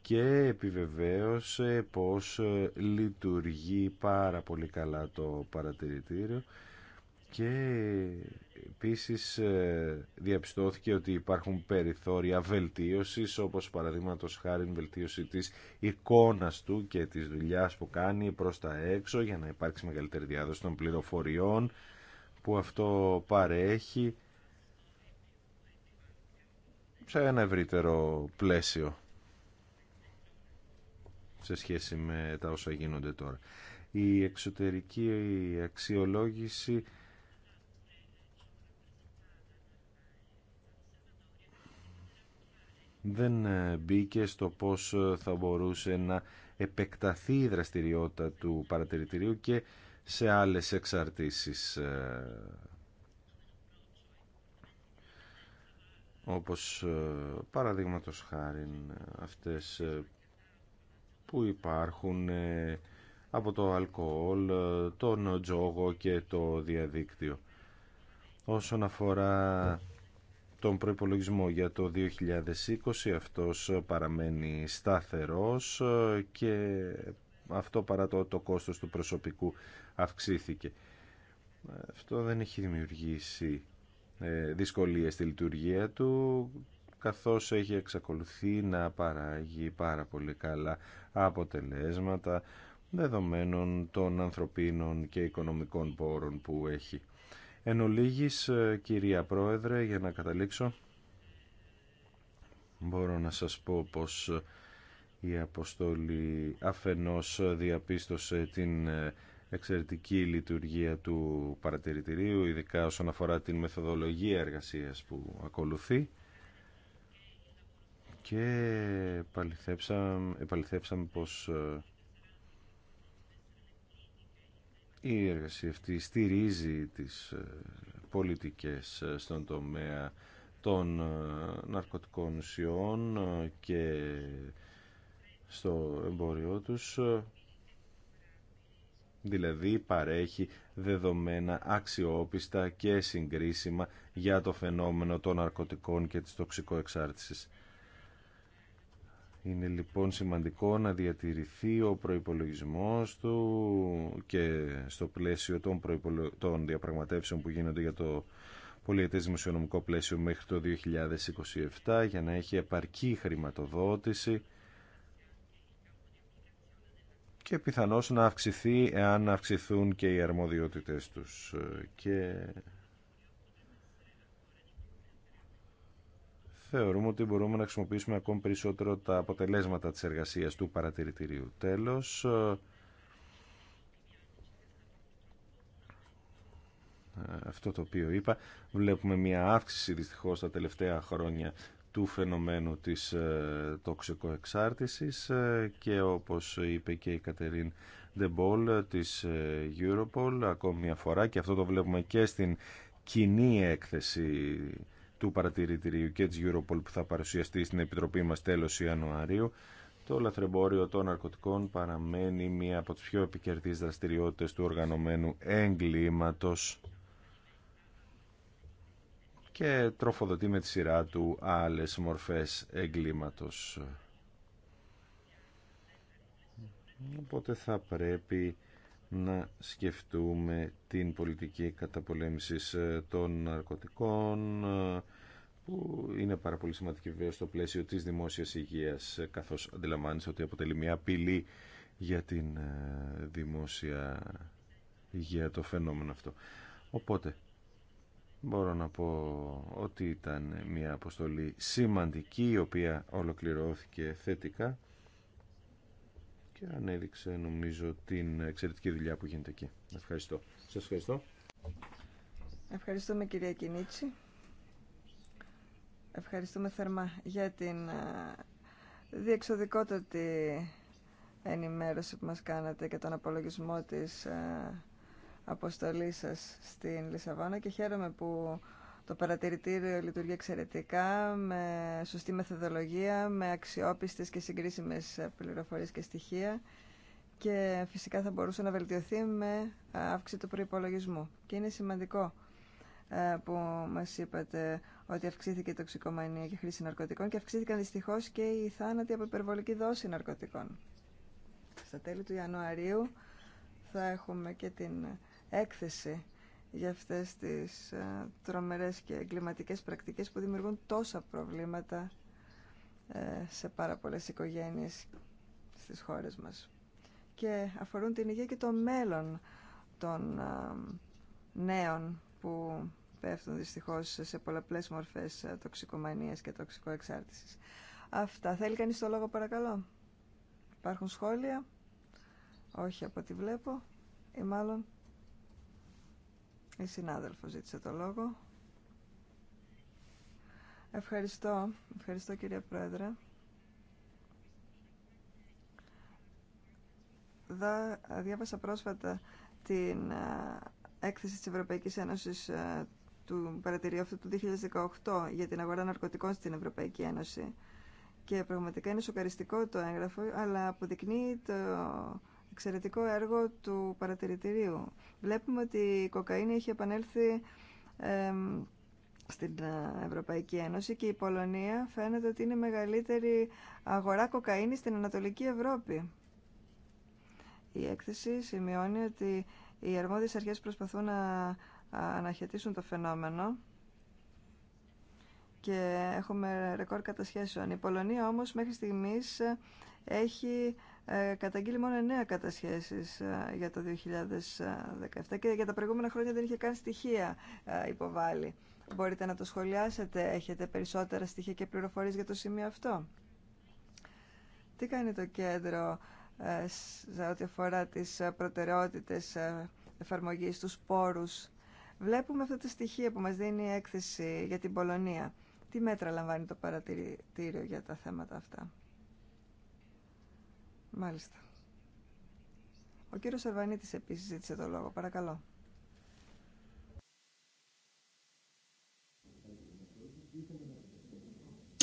και επιβεβαίωσε πως ε, λειτουργεί πάρα πολύ καλά το παρατηρητήριο και Επίσης ε, διαπιστώθηκε ότι υπάρχουν περιθώρια βελτίωσης όπως παραδείγματος χάρη βελτίωση της εικόνας του και της δουλειάς που κάνει προς τα έξω για να υπάρξει μεγαλύτερη διάδοση των πληροφοριών που αυτό παρέχει σε ένα ευρύτερο πλαίσιο σε σχέση με τα όσα γίνονται τώρα. Η εξωτερική αξιολόγηση δεν ε, μπήκε στο πώς ε, θα μπορούσε να επεκταθεί η δραστηριότητα του παρατηρητηρίου και σε άλλες εξαρτήσεις ε. όπως παραδείγματος χάρη αυτές που υπάρχουν από το αλκοόλ, τον τζόγο και το διαδίκτυο. Όσον αφορά τον προϋπολογισμό για το 2020 αυτός παραμένει σταθερός και αυτό παρά το το κόστος του προσωπικού αυξήθηκε. Αυτό δεν έχει δημιουργήσει ε, δυσκολίες στη λειτουργία του καθώς έχει εξακολουθεί να παράγει πάρα πολύ καλά αποτελέσματα δεδομένων των ανθρωπίνων και οικονομικών πόρων που έχει. Εν ολίγης, ε, κυρία Πρόεδρε, για να καταλήξω, μπορώ να σας πω πως ε, η Αποστόλη αφενός διαπίστωσε την ε, εξαιρετική λειτουργία του παρατηρητηρίου, ειδικά όσον αφορά την μεθοδολογία εργασίας που ακολουθεί και επαληθέψαμε, επαληθέψαμε πως Η εργασία αυτή στηρίζει τις ε, πολιτικές ε, στον τομέα των ε, ναρκωτικών ουσιών και στο εμπόριό τους δηλαδή παρέχει δεδομένα αξιόπιστα και συγκρίσιμα για το φαινόμενο των ναρκωτικών και της τοξικοεξάρτησης. Είναι λοιπόν σημαντικό να διατηρηθεί ο προϋπολογισμός του και στο πλαίσιο των, διαπραγματεύσεων που γίνονται για το πολιετές δημοσιονομικό πλαίσιο μέχρι το 2027 για να έχει επαρκή χρηματοδότηση και πιθανώς να αυξηθεί εάν αυξηθούν και οι αρμοδιότητες τους. Και θεωρούμε ότι μπορούμε να χρησιμοποιήσουμε ακόμη περισσότερο τα αποτελέσματα της εργασίας του παρατηρητηρίου. Τέλος, ε, αυτό το οποίο είπα, βλέπουμε μια αύξηση δυστυχώς τα τελευταία χρόνια του φαινομένου της ε, τοξικοεξάρτησης ε, και όπως είπε και η Κατερίν Ντεμπόλ της Europol ακόμη μια φορά και αυτό το βλέπουμε και στην κοινή έκθεση του παρατηρητηρίου και της Europol που θα παρουσιαστεί στην Επιτροπή μας τέλος Ιανουαρίου, το λαθρεμπόριο των ναρκωτικών παραμένει μία από τις πιο επικερδείς δραστηριότητες του οργανωμένου εγκλήματος και τροφοδοτεί με τη σειρά του άλλες μορφές εγκλήματος. Οπότε θα πρέπει να σκεφτούμε την πολιτική καταπολέμησης ε, των ναρκωτικών ε, που είναι πάρα πολύ σημαντική βέβαια στο πλαίσιο της δημόσιας υγείας ε, καθώς αντιλαμβάνεσαι ότι αποτελεί μια απειλή για την δημόσια υγεία το φαινόμενο αυτό. Οπότε μπορώ να πω ότι ήταν μια αποστολή σημαντική η οποία ολοκληρώθηκε θετικά και ανέδειξε νομίζω την εξαιρετική δουλειά που γίνεται εκεί. Ευχαριστώ. Σας ευχαριστώ. Ευχαριστούμε κυρία Κινίτσι. Ευχαριστούμε θερμά για την διεξοδικότατη ενημέρωση που μας κάνατε και τον απολογισμό της αποστολής σας στην Λισαβόνα και χαίρομαι που το παρατηρητήριο λειτουργεί εξαιρετικά, με σωστή μεθοδολογία, με αξιόπιστες και συγκρίσιμες πληροφορίες και στοιχεία και φυσικά θα μπορούσε να βελτιωθεί με αύξηση του προϋπολογισμού. Και είναι σημαντικό ε, που μας είπατε ότι αυξήθηκε η τοξικομανία και χρήση ναρκωτικών και αυξήθηκαν δυστυχώς και οι θάνατοι από υπερβολική δόση ναρκωτικών. Στα τέλη του Ιανουαρίου θα έχουμε και την έκθεση για αυτές τις ε, τρομερές και εγκληματικές πρακτικές που δημιουργούν τόσα προβλήματα ε, σε πάρα πολλές οικογένειες στις χώρες μας. Και αφορούν την υγεία και το μέλλον των ε, νέων που πέφτουν δυστυχώς σε πολλαπλές μορφές τοξικομανίας και τοξικοεξάρτησης. Αυτά. Θέλει κανείς το λόγο παρακαλώ. Υπάρχουν σχόλια. Όχι από ό,τι βλέπω. Ή μάλλον η συνάδελφος ζήτησε το λόγο. Ευχαριστώ. Ευχαριστώ κύριε Πρόεδρε. Δα, διάβασα πρόσφατα την ε, έκθεση της Ευρωπαϊκής Ένωσης ε, του παρατηρίου αυτού του 2018 για την αγορά ναρκωτικών στην Ευρωπαϊκή Ένωση. Και πραγματικά είναι σοκαριστικό το έγγραφο, αλλά αποδεικνύει το εξαιρετικό έργο του παρατηρητηρίου. Βλέπουμε ότι η κοκαίνη έχει επανέλθει στην ε, Ευρωπαϊκή Ένωση και η Πολωνία φαίνεται ότι είναι η μεγαλύτερη αγορά κοκαίνης στην Ανατολική Ευρώπη. Η έκθεση σημειώνει ότι οι αρμόδιες αρχές προσπαθούν να αναχαιτήσουν το φαινόμενο και έχουμε ρεκόρ κατασχέσεων. Η Πολωνία όμως μέχρι στιγμής έχει ε, καταγγείλει μόνο εννέα κατασχέσεις ε, για το 2017 και για τα προηγούμενα χρόνια δεν είχε καν στοιχεία ε, υποβάλει. Μπορείτε να το σχολιάσετε, έχετε περισσότερα στοιχεία και πληροφορίες για το σημείο αυτό. Τι κάνει το κέντρο σε ό,τι αφορά τις προτεραιότητες εφαρμογής, τους πόρους. Βλέπουμε αυτά τα στοιχεία που μας δίνει η έκθεση για την Πολωνία. Τι μέτρα λαμβάνει το παρατηρητήριο για τα θέματα αυτά. Μάλιστα. Ο κύριος Σερβανίτης επίσης ζήτησε το λόγο. Παρακαλώ.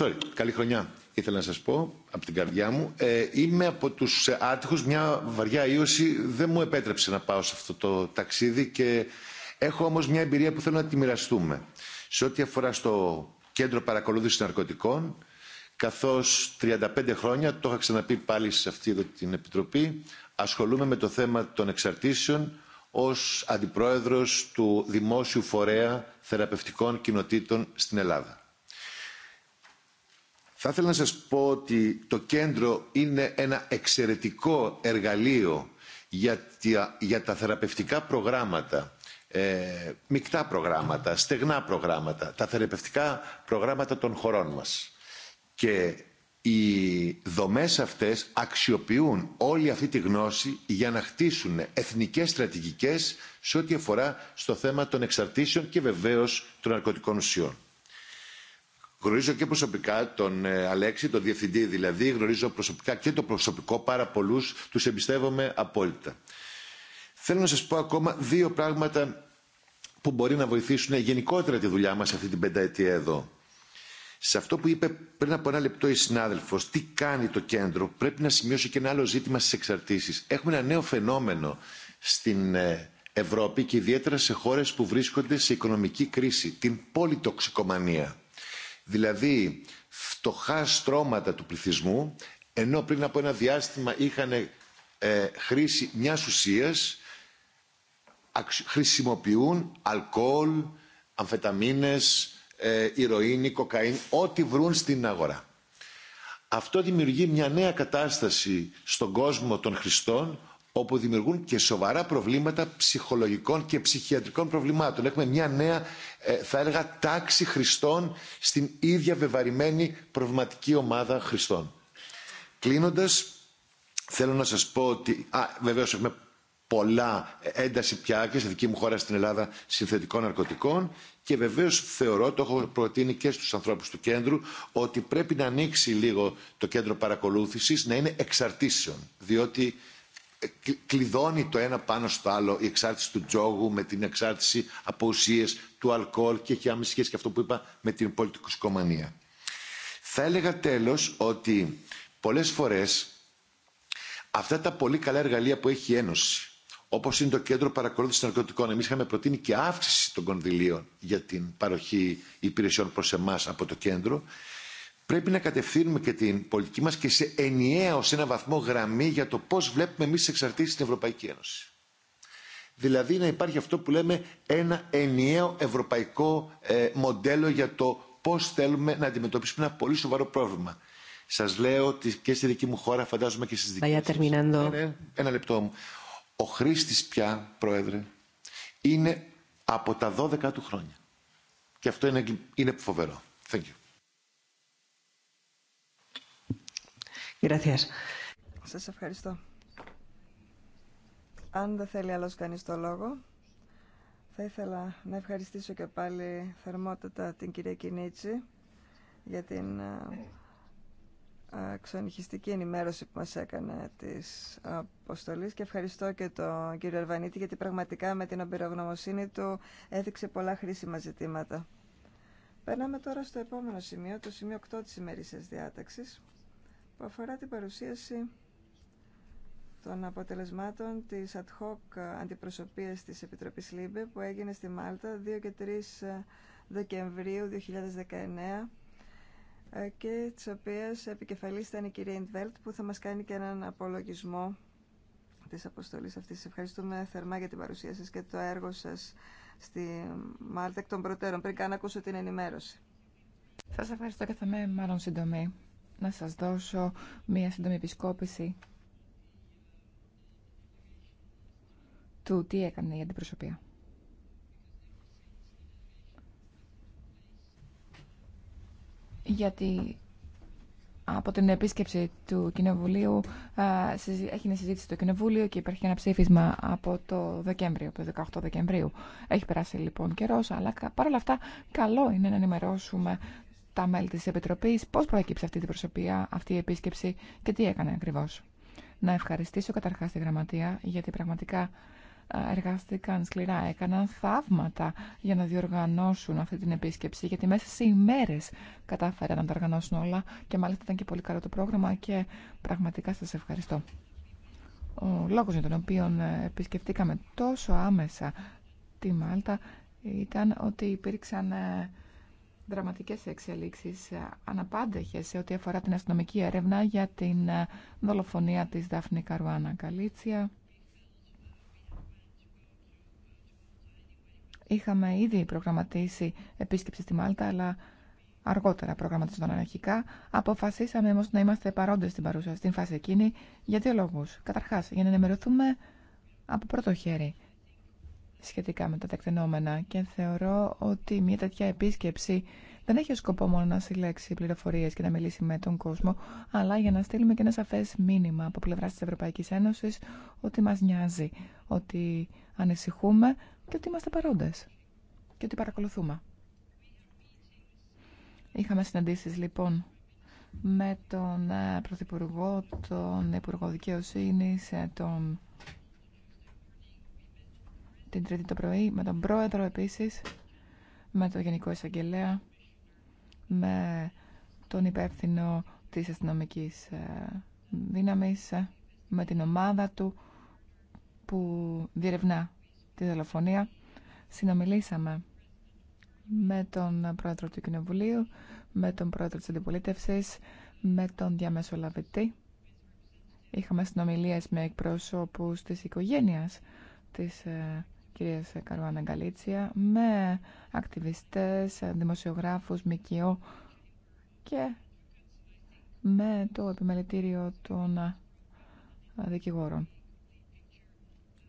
Sorry, καλή χρονιά. Ήθελα να σας πω από την καρδιά μου. Ε, είμαι από τους ε, άτυχους. Μια βαριά ίωση δεν μου επέτρεψε να πάω σε αυτό το ταξίδι και έχω όμως μια εμπειρία που θέλω να τη μοιραστούμε. Σε ό,τι αφορά στο κέντρο παρακολούθησης ναρκωτικών, καθώς 35 χρόνια, το είχα ξαναπεί πάλι σε αυτή την Επιτροπή, ασχολούμαι με το θέμα των εξαρτήσεων ως Αντιπρόεδρος του Δημόσιου Φορέα Θεραπευτικών Κοινοτήτων στην Ελλάδα. Θα ήθελα να σας πω ότι το κέντρο είναι ένα εξαιρετικό εργαλείο για τα θεραπευτικά προγράμματα ε, μεικτά προγράμματα, στεγνά προγράμματα, τα θεραπευτικά προγράμματα των χωρών μας και οι δομές αυτές αξιοποιούν όλη αυτή τη γνώση για να χτίσουν εθνικές στρατηγικές σε ό,τι αφορά στο θέμα των εξαρτήσεων και βεβαίως των ναρκωτικών ουσιών. Γνωρίζω και προσωπικά τον ε, Αλέξη, τον διευθυντή δηλαδή, γνωρίζω προσωπικά και το προσωπικό πάρα πολλού, τους εμπιστεύομαι απόλυτα. Θέλω να σας πω ακόμα δύο πράγματα που μπορεί να βοηθήσουν γενικότερα τη δουλειά μας αυτή την πενταετία εδώ. Σε αυτό που είπε πριν από ένα λεπτό η συνάδελφο, τι κάνει το κέντρο, πρέπει να σημειώσω και ένα άλλο ζήτημα στι εξαρτήσει. Έχουμε ένα νέο φαινόμενο στην ε, Ευρώπη και ιδιαίτερα σε χώρε που βρίσκονται σε οικονομική κρίση, την πολυτοξικομανία. Δηλαδή, φτωχά στρώματα του πληθυσμού, ενώ πριν από ένα διάστημα είχαν ε, χρήση μια ουσία, χρησιμοποιούν αλκοόλ, αμφεταμίνες, ε, ηρωίνη, κοκαίνη, ό,τι βρουν στην αγορά. Αυτό δημιουργεί μια νέα κατάσταση στον κόσμο των χρηστών όπου δημιουργούν και σοβαρά προβλήματα ψυχολογικών και ψυχιατρικών προβλημάτων. Έχουμε μια νέα, ε, θα έλεγα, τάξη χρηστών στην ίδια βεβαρημένη προβληματική ομάδα χρηστών. Κλείνοντας, θέλω να σας πω ότι... Α, βεβαίως έχουμε πολλά ένταση πια και στη δική μου χώρα στην Ελλάδα συνθετικών ναρκωτικών και βεβαίως θεωρώ, το έχω προτείνει και στους ανθρώπους του κέντρου, ότι πρέπει να ανοίξει λίγο το κέντρο παρακολούθησης, να είναι εξαρτήσεων, διότι ε, κλειδώνει το ένα πάνω στο άλλο η εξάρτηση του τζόγου με την εξάρτηση από ουσίες του αλκοόλ και έχει άμεση σχέση και αυτό που είπα με την πολιτικοσκομανία. Θα έλεγα τέλος ότι πολλές φορές αυτά τα πολύ καλά εργαλεία που έχει η Ένωση όπω είναι το Κέντρο Παρακολούθηση Ναρκωτικών. Εμεί είχαμε προτείνει και αύξηση των κονδυλίων για την παροχή υπηρεσιών προ εμά από το κέντρο. Πρέπει να κατευθύνουμε και την πολιτική μα και σε ενιαίο, σε ένα βαθμό γραμμή για το πώ βλέπουμε εμεί τι εξαρτήσει στην Ευρωπαϊκή Ένωση. Δηλαδή να υπάρχει αυτό που λέμε ένα ενιαίο ευρωπαϊκό ε, μοντέλο για το πώ θέλουμε να αντιμετωπίσουμε ένα πολύ σοβαρό πρόβλημα. Σα λέω ότι και στη δική μου χώρα, φαντάζομαι και στι δικέ. Ναι, ναι, ένα λεπτό μου ο Χρήστης πια, Πρόεδρε, είναι από τα 12 του χρόνια. Και αυτό είναι, είναι φοβερό. Thank you. Σας ευχαριστώ. Αν δεν θέλει άλλος κανείς το λόγο, θα ήθελα να ευχαριστήσω και πάλι θερμότατα την κυρία Κινίτσι για την ε, εξονυχιστική ενημέρωση που μας έκανε της αποστολής και ευχαριστώ και τον κύριο Ερβανίτη γιατί πραγματικά με την εμπειρογνωμοσύνη του έδειξε πολλά χρήσιμα ζητήματα. Περνάμε τώρα στο επόμενο σημείο, το σημείο 8 της ημερήσιας διάταξης που αφορά την παρουσίαση των αποτελεσμάτων της ad hoc αντιπροσωπείας της Επιτροπής ΛΥΜΠΕ που έγινε στη Μάλτα 2 και 3 Δεκεμβρίου 2019 ε, και της οποίας επικεφαλής ήταν η κυρία Ιντβέλτ που θα μας κάνει και έναν απολογισμό της αποστολής αυτής. Σας ευχαριστούμε θερμά για την παρουσία σας και το έργο σας στη Μάλτα εκ των προτέρων πριν καν ακούσω την ενημέρωση. Σας ευχαριστώ και θα είμαι μάλλον σύντομη να σας δώσω μία σύντομη επισκόπηση του τι έκανε η αντιπροσωπεία. γιατί από την επίσκεψη του Κοινοβουλίου ε, έχει συζήτηση το Κοινοβούλιο και υπάρχει ένα ψήφισμα από το Δεκέμβριο, το 18 Δεκεμβρίου. Έχει περάσει λοιπόν καιρός, αλλά παρόλα αυτά καλό είναι να ενημερώσουμε τα μέλη της Επιτροπής πώς προέκυψε αυτή η προσωπία, αυτή η επίσκεψη και τι έκανε ακριβώς. Να ευχαριστήσω καταρχάς τη Γραμματεία γιατί πραγματικά εργάστηκαν σκληρά, έκαναν θαύματα για να διοργανώσουν αυτή την επίσκεψη, γιατί μέσα σε ημέρες κατάφεραν να τα οργανώσουν όλα και μάλιστα ήταν και πολύ καλό το πρόγραμμα και πραγματικά σας ευχαριστώ. Ο λόγος για τον οποίο ε, επισκεφτήκαμε τόσο άμεσα τη Μάλτα ήταν ότι υπήρξαν ε, δραματικές εξελίξεις ε, αναπάντεχες σε ό,τι αφορά την αστυνομική έρευνα για την δολοφονία της Δάφνη Καρουάνα Καλίτσια Είχαμε ήδη προγραμματίσει επίσκεψη στη Μάλτα, αλλά αργότερα προγραμματιζόταν αρχικά. Αποφασίσαμε όμω να είμαστε παρόντε στην παρούσα, στην φάση εκείνη, για δύο λόγου. Καταρχά, για να ενημερωθούμε από πρώτο χέρι σχετικά με τα τεκτενόμενα και θεωρώ ότι μια τέτοια επίσκεψη δεν έχει σκοπό μόνο να συλλέξει πληροφορίε και να μιλήσει με τον κόσμο, αλλά για να στείλουμε και ένα σαφέ μήνυμα από πλευρά τη Ευρωπαϊκή Ένωση ότι μα νοιάζει, ότι ανησυχούμε και ότι είμαστε παρόντες και ότι παρακολουθούμε. Είχαμε συναντήσεις λοιπόν με τον ε, Πρωθυπουργό, τον Υπουργό Δικαιοσύνη, τον... την Τρίτη το πρωί, με τον Πρόεδρο επίσης, με τον Γενικό Εισαγγελέα, με τον υπεύθυνο της αστυνομική ε, δύναμης, ε, με την ομάδα του που διερευνά τη δολοφονία συνομιλήσαμε με τον πρόεδρο του Κοινοβουλίου, με τον πρόεδρο της Αντιπολίτευσης, με τον διαμεσολαβητή. Είχαμε συνομιλίες με εκπρόσωπους της οικογένειας της ε, κυρίας Καρουάνα Γκαλίτσια, με ακτιβιστές, δημοσιογράφους, ΜΚΟ και με το επιμελητήριο των ε, δικηγόρων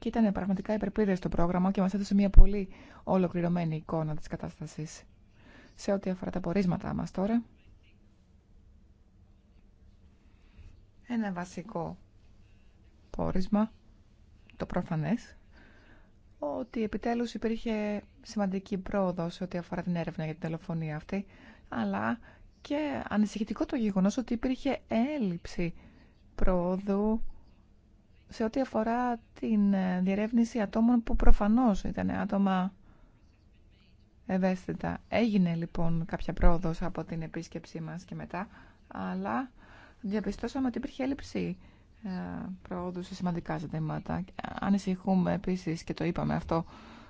και ήταν πραγματικά υπερπίδες το πρόγραμμα και μας έδωσε μια πολύ ολοκληρωμένη εικόνα της κατάστασης. Σε ό,τι αφορά τα πορίσματά μας τώρα, ένα βασικό πόρισμα, το προφανές, ότι επιτέλους υπήρχε σημαντική πρόοδο σε ό,τι αφορά την έρευνα για την τηλεφωνία αυτή, αλλά και ανησυχητικό το γεγονός ότι υπήρχε έλλειψη πρόοδου σε ό,τι αφορά την ε, διερεύνηση ατόμων που προφανώς ήταν άτομα ευαίσθητα. Έγινε λοιπόν κάποια πρόοδος από την επίσκεψή μας και μετά, αλλά διαπιστώσαμε ότι υπήρχε έλλειψη ε, πρόοδου σε σημαντικά ζητήματα. Ανησυχούμε επίσης και το είπαμε αυτό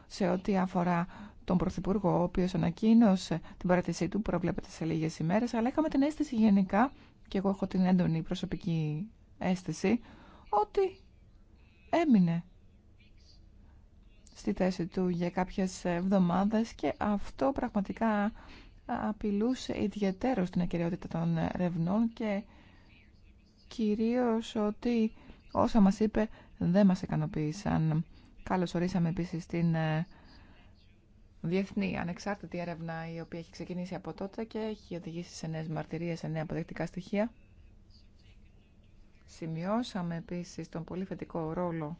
σε ό,τι αφορά τον Πρωθυπουργό, ο οποίος ανακοίνωσε την παρατησή του, προβλέπεται σε λίγες ημέρες, αλλά είχαμε την αίσθηση γενικά, και εγώ έχω την έντονη προσωπική αίσθηση, ότι έμεινε στη θέση του για κάποιες εβδομάδες και αυτό πραγματικά απειλούσε ιδιαίτερο στην ακυριότητα των ερευνών και κυρίως ότι όσα μας είπε δεν μας ικανοποίησαν. Καλώς ορίσαμε επίσης την ε, διεθνή ανεξάρτητη έρευνα η οποία έχει ξεκινήσει από τότε και έχει οδηγήσει σε νέες μαρτυρίες, σε νέα αποδεκτικά στοιχεία. Σημειώσαμε επίσης τον πολύ θετικό ρόλο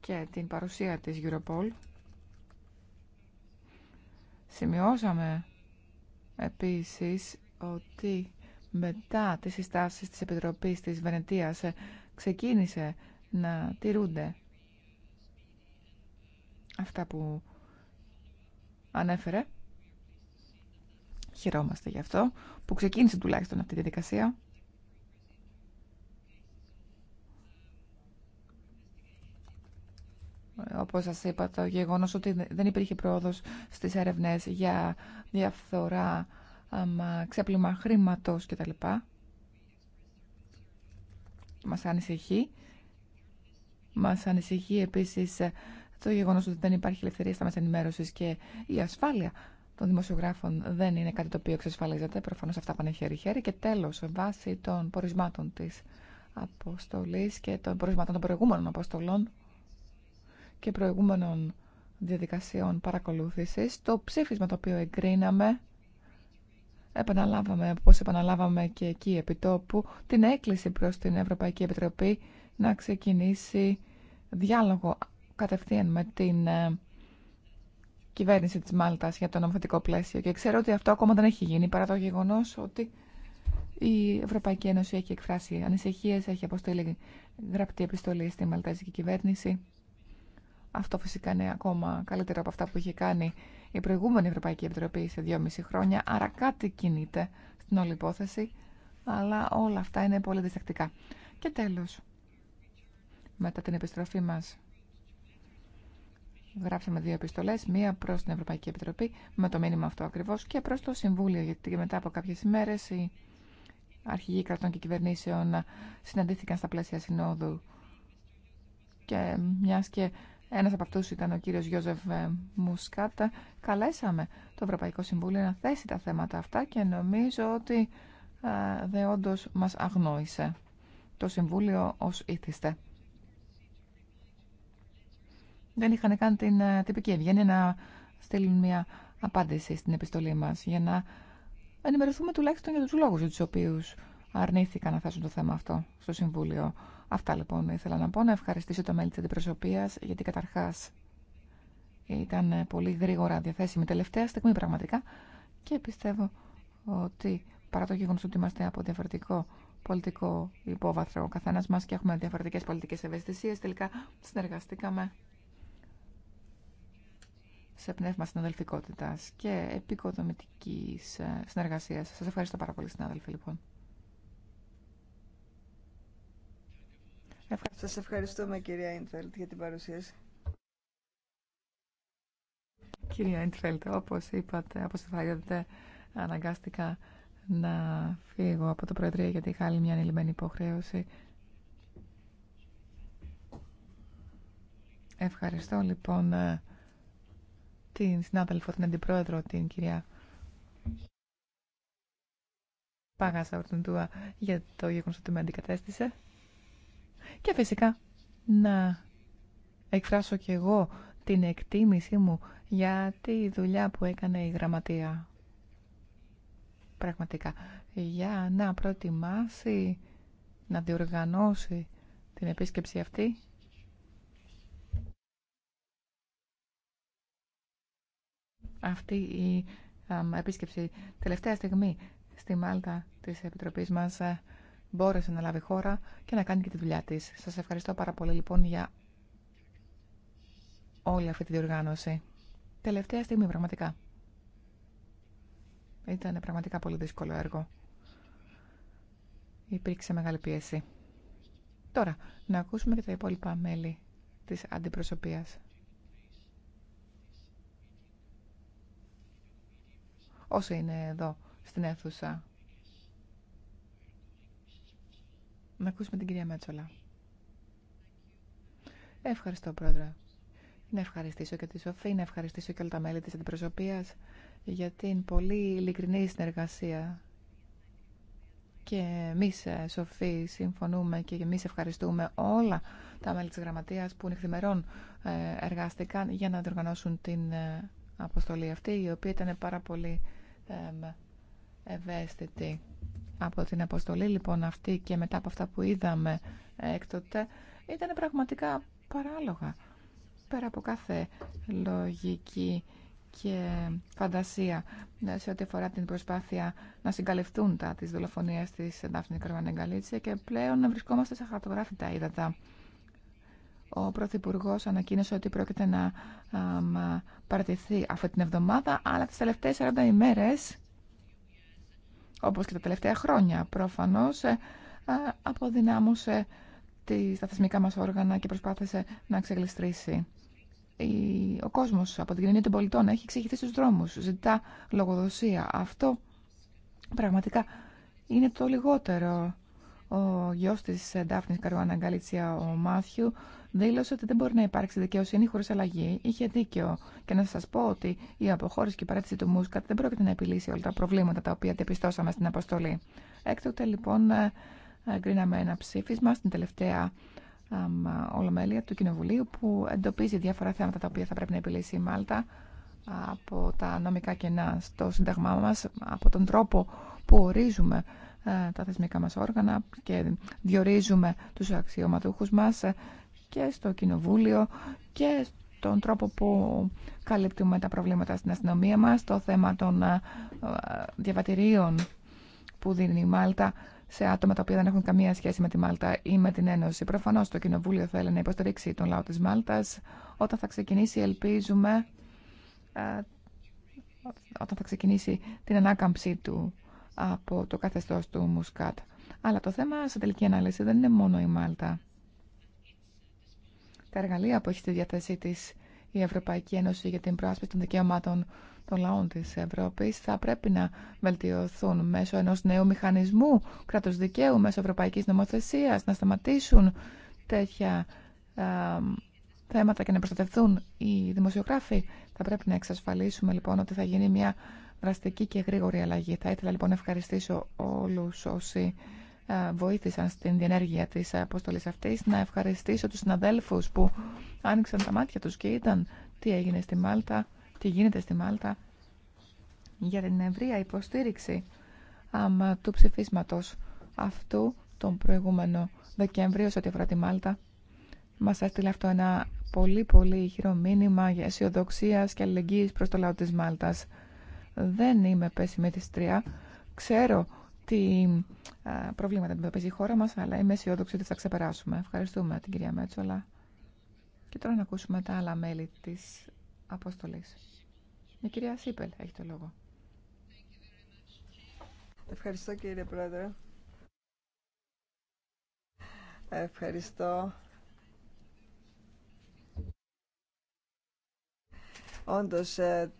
και την παρουσία της Europol. Σημειώσαμε επίσης ότι μετά τις συστάσεις της Επιτροπής της Βενετίας ε, ξεκίνησε να τηρούνται αυτά που ανέφερε. Χαιρόμαστε γι' αυτό που ξεκίνησε τουλάχιστον αυτή τη δικασία. όπως σας είπα, το γεγονός ότι δεν υπήρχε πρόοδος στις έρευνες για διαφθορά, ξέπλυμα χρήματος κτλ. Μας ανησυχεί. Μας ανησυχεί επίσης το γεγονός ότι δεν υπάρχει ελευθερία στα μέσα ενημέρωση και η ασφάλεια των δημοσιογράφων δεν είναι κάτι το οποίο εξασφαλίζεται. Προφανώς αυτά πάνε χέρι-χέρι. Και τέλος, βάσει των πορισμάτων της αποστολής και των πορισμάτων των προηγούμενων αποστολών, και προηγούμενων διαδικασιών παρακολούθησης. Το ψήφισμα το οποίο εγκρίναμε, επαναλάβαμε, όπως επαναλάβαμε και εκεί επί τόπου, την έκκληση προς την Ευρωπαϊκή Επιτροπή να ξεκινήσει διάλογο κατευθείαν με την ε, κυβέρνηση της Μάλτας για το νομοθετικό πλαίσιο. Και ξέρω ότι αυτό ακόμα δεν έχει γίνει, παρά το γεγονό ότι η Ευρωπαϊκή Ένωση έχει εκφράσει ανησυχίες, έχει αποστείλει γραπτή επιστολή στη Μαλταζική κυβέρνηση αυτό φυσικά είναι ακόμα καλύτερο από αυτά που είχε κάνει η προηγούμενη Ευρωπαϊκή Επιτροπή σε δυόμιση χρόνια. Άρα κάτι κινείται στην όλη υπόθεση, αλλά όλα αυτά είναι πολύ διστακτικά. Και τέλος, μετά την επιστροφή μας Γράψαμε δύο επιστολές. μία προς την Ευρωπαϊκή Επιτροπή με το μήνυμα αυτό ακριβώς και προς το Συμβούλιο, γιατί μετά από κάποιε ημέρε οι αρχηγοί κρατών και κυβερνήσεων συναντήθηκαν στα πλαίσια συνόδου. Και μιας και ένας από αυτούς ήταν ο κύριος Γιώζεφ ε, Μουσκάτα, καλέσαμε το Ευρωπαϊκό Συμβούλιο να θέσει τα θέματα αυτά και νομίζω ότι ε, δεν όντως μας αγνόησε το Συμβούλιο ως ήθιστε. Δεν είχαν καν την ε, τυπική ευγένεια να στείλουν μια απάντηση στην επιστολή μας για να ενημερωθούμε τουλάχιστον για τους λόγους για τους οποίους αρνήθηκαν να θέσουν το θέμα αυτό στο Συμβούλιο. Αυτά λοιπόν ήθελα να πω. Να ευχαριστήσω τα μέλη τη αντιπροσωπεία, γιατί καταρχά. ήταν πολύ γρήγορα διαθέσιμη τελευταία στιγμή πραγματικά και πιστεύω ότι παρά το γεγονό ότι είμαστε από διαφορετικό πολιτικό υπόβαθρο ο καθένας μας και έχουμε διαφορετικές πολιτικές ευαισθησίες, τελικά συνεργαστήκαμε σε πνεύμα συναδελφικότητας και επικοδομητικής συνεργασίας. Σας ευχαριστώ πάρα πολύ συνάδελφοι λοιπόν. Ευχαριστώ. Σας ευχαριστούμε κυρία Ιντφελτ για την παρουσίαση. Κυρία Ιντφελτ, όπως είπατε, όπως φάγατε, αναγκάστηκα να φύγω από το Προεδρείο γιατί είχα άλλη μια ανηλυμένη υποχρέωση. Ευχαριστώ λοιπόν την συνάδελφο, την αντιπρόεδρο, την κυρία Πάγασα Σαουρτουντούα για το γεγονό ότι με αντικατέστησε. Και φυσικά να εκφράσω κι εγώ την εκτίμησή μου για τη δουλειά που έκανε η γραμματεία. Πραγματικά. Για να προετοιμάσει, να διοργανώσει την επίσκεψη αυτή. Αυτή η επίσκεψη τελευταία στιγμή στη Μάλτα της Επιτροπής μας ε, μπόρεσε να λάβει χώρα και να κάνει και τη δουλειά της. Σας ευχαριστώ πάρα πολύ λοιπόν για όλη αυτή τη διοργάνωση. Τελευταία στιγμή πραγματικά. Ήταν πραγματικά πολύ δύσκολο έργο. Υπήρξε μεγάλη πίεση. Τώρα, να ακούσουμε και τα υπόλοιπα μέλη της αντιπροσωπείας. Όσοι είναι εδώ στην αίθουσα, Να ακούσουμε την κυρία Μέτσολα. Ευχαριστώ, Πρόεδρε. Να ευχαριστήσω και τη Σοφή, να ευχαριστήσω και όλα τα μέλη της αντιπροσωπείας για την πολύ ειλικρινή συνεργασία. Και εμεί, ε, Σοφή, συμφωνούμε και εμεί ευχαριστούμε όλα τα μέλη της Γραμματείας που νυχθημερών ε, εργάστηκαν για να διοργανώσουν την ε, αποστολή αυτή, η οποία ήταν πάρα πολύ ευαίσθητη. Από την αποστολή λοιπόν αυτή και μετά από αυτά που είδαμε έκτοτε ήταν πραγματικά παράλογα. Πέρα από κάθε λογική και φαντασία ε, σε ό,τι αφορά την προσπάθεια να συγκαλυφθούν τα της δολοφονίας της Ντάφνη Καρβανεγκαλίτσια και πλέον να βρισκόμαστε σε χαρτογράφητα είδατα. Ο Πρωθυπουργό ανακοίνωσε ότι πρόκειται να παρατηθεί αυτή την εβδομάδα, αλλά τις τελευταίες 40 ημέρες όπως και τα τελευταία χρόνια. Προφανώς ε, αποδυνάμωσε τα θεσμικά μας όργανα και προσπάθησε να ξεγλιστρήσει. Ο κόσμος από την κοινωνία των πολιτών έχει εξηγηθεί στους δρόμους, ζητά λογοδοσία. Αυτό πραγματικά είναι το λιγότερο. Ο γιος της ε, Ντάφνης Καρουάνα Γκαλίτσια, ο Μάθιου, δήλωσε ότι δεν μπορεί να υπάρξει δικαιοσύνη χωρί αλλαγή. Είχε δίκιο. Και να σα πω ότι η αποχώρηση και η παρέτηση του Μούσκατ δεν πρόκειται να επιλύσει όλα τα προβλήματα τα οποία διαπιστώσαμε στην αποστολή. Έκτοτε λοιπόν ε, εγκρίναμε ένα ψήφισμα στην τελευταία ολομέλεια του Κοινοβουλίου που εντοπίζει διάφορα θέματα τα οποία θα πρέπει να επιλύσει η Μάλτα από τα νομικά κενά στο Σύνταγμά μας, από τον τρόπο που ορίζουμε ε, τα θεσμικά μας όργανα και διορίζουμε τους αξιωματούχους μας ε, και στο Κοινοβούλιο και τον τρόπο που καλύπτουμε τα προβλήματα στην αστυνομία μας, το θέμα των ε, διαβατηρίων που δίνει η Μάλτα σε άτομα τα οποία δεν έχουν καμία σχέση με τη Μάλτα ή με την Ένωση. Προφανώς το Κοινοβούλιο θέλει να υποστηρίξει τον λαό της Μάλτας. Όταν θα ξεκινήσει, ελπίζουμε, ε, όταν θα ξεκινήσει την ανάκαμψή του από το καθεστώς του Μουσκάτ. Αλλά το θέμα σε τελική ανάλυση δεν είναι μόνο η Μάλτα τα εργαλεία που έχει στη διάθεσή τη, η Ευρωπαϊκή Ένωση για την προάσπιση των δικαιωμάτων των λαών της Ευρώπης θα πρέπει να βελτιωθούν μέσω ενό νέου μηχανισμού κράτου δικαίου, μέσω ευρωπαϊκής νομοθεσίας, να σταματήσουν τέτοια θέματα και να προστατευτούν οι δημοσιογράφοι. Θα πρέπει να εξασφαλίσουμε λοιπόν ότι θα γίνει μια δραστική και γρήγορη αλλαγή. Θα ήθελα λοιπόν να ευχαριστήσω όλους όσοι ε, βοήθησαν στην διενέργεια τη αποστολή αυτή Να ευχαριστήσω τους συναδέλφου που άνοιξαν τα μάτια τους και ήταν τι έγινε στη Μάλτα, τι γίνεται στη Μάλτα για την ευρεία υποστήριξη του ψηφίσματο αυτού τον προηγούμενο Δεκέμβριο σε ό,τι αφορά τη Μάλτα. Μας έστειλε αυτό ένα πολύ πολύ ηχηρό μήνυμα για αισιοδοξία και αλληλεγγύη προ το λαό τη Μάλτα. Δεν είμαι πεσημετιστρία. Ξέρω τι προβλήματα αντιμετωπίζει η χώρα μα, αλλά είμαι αισιόδοξη ότι θα ξεπεράσουμε. Ευχαριστούμε την κυρία Μέτσολα. Και τώρα να ακούσουμε τα άλλα μέλη τη αποστολή. Η κυρία Σίπελ έχει το λόγο. Ευχαριστώ κύριε Πρόεδρε. Ευχαριστώ. Όντως ε,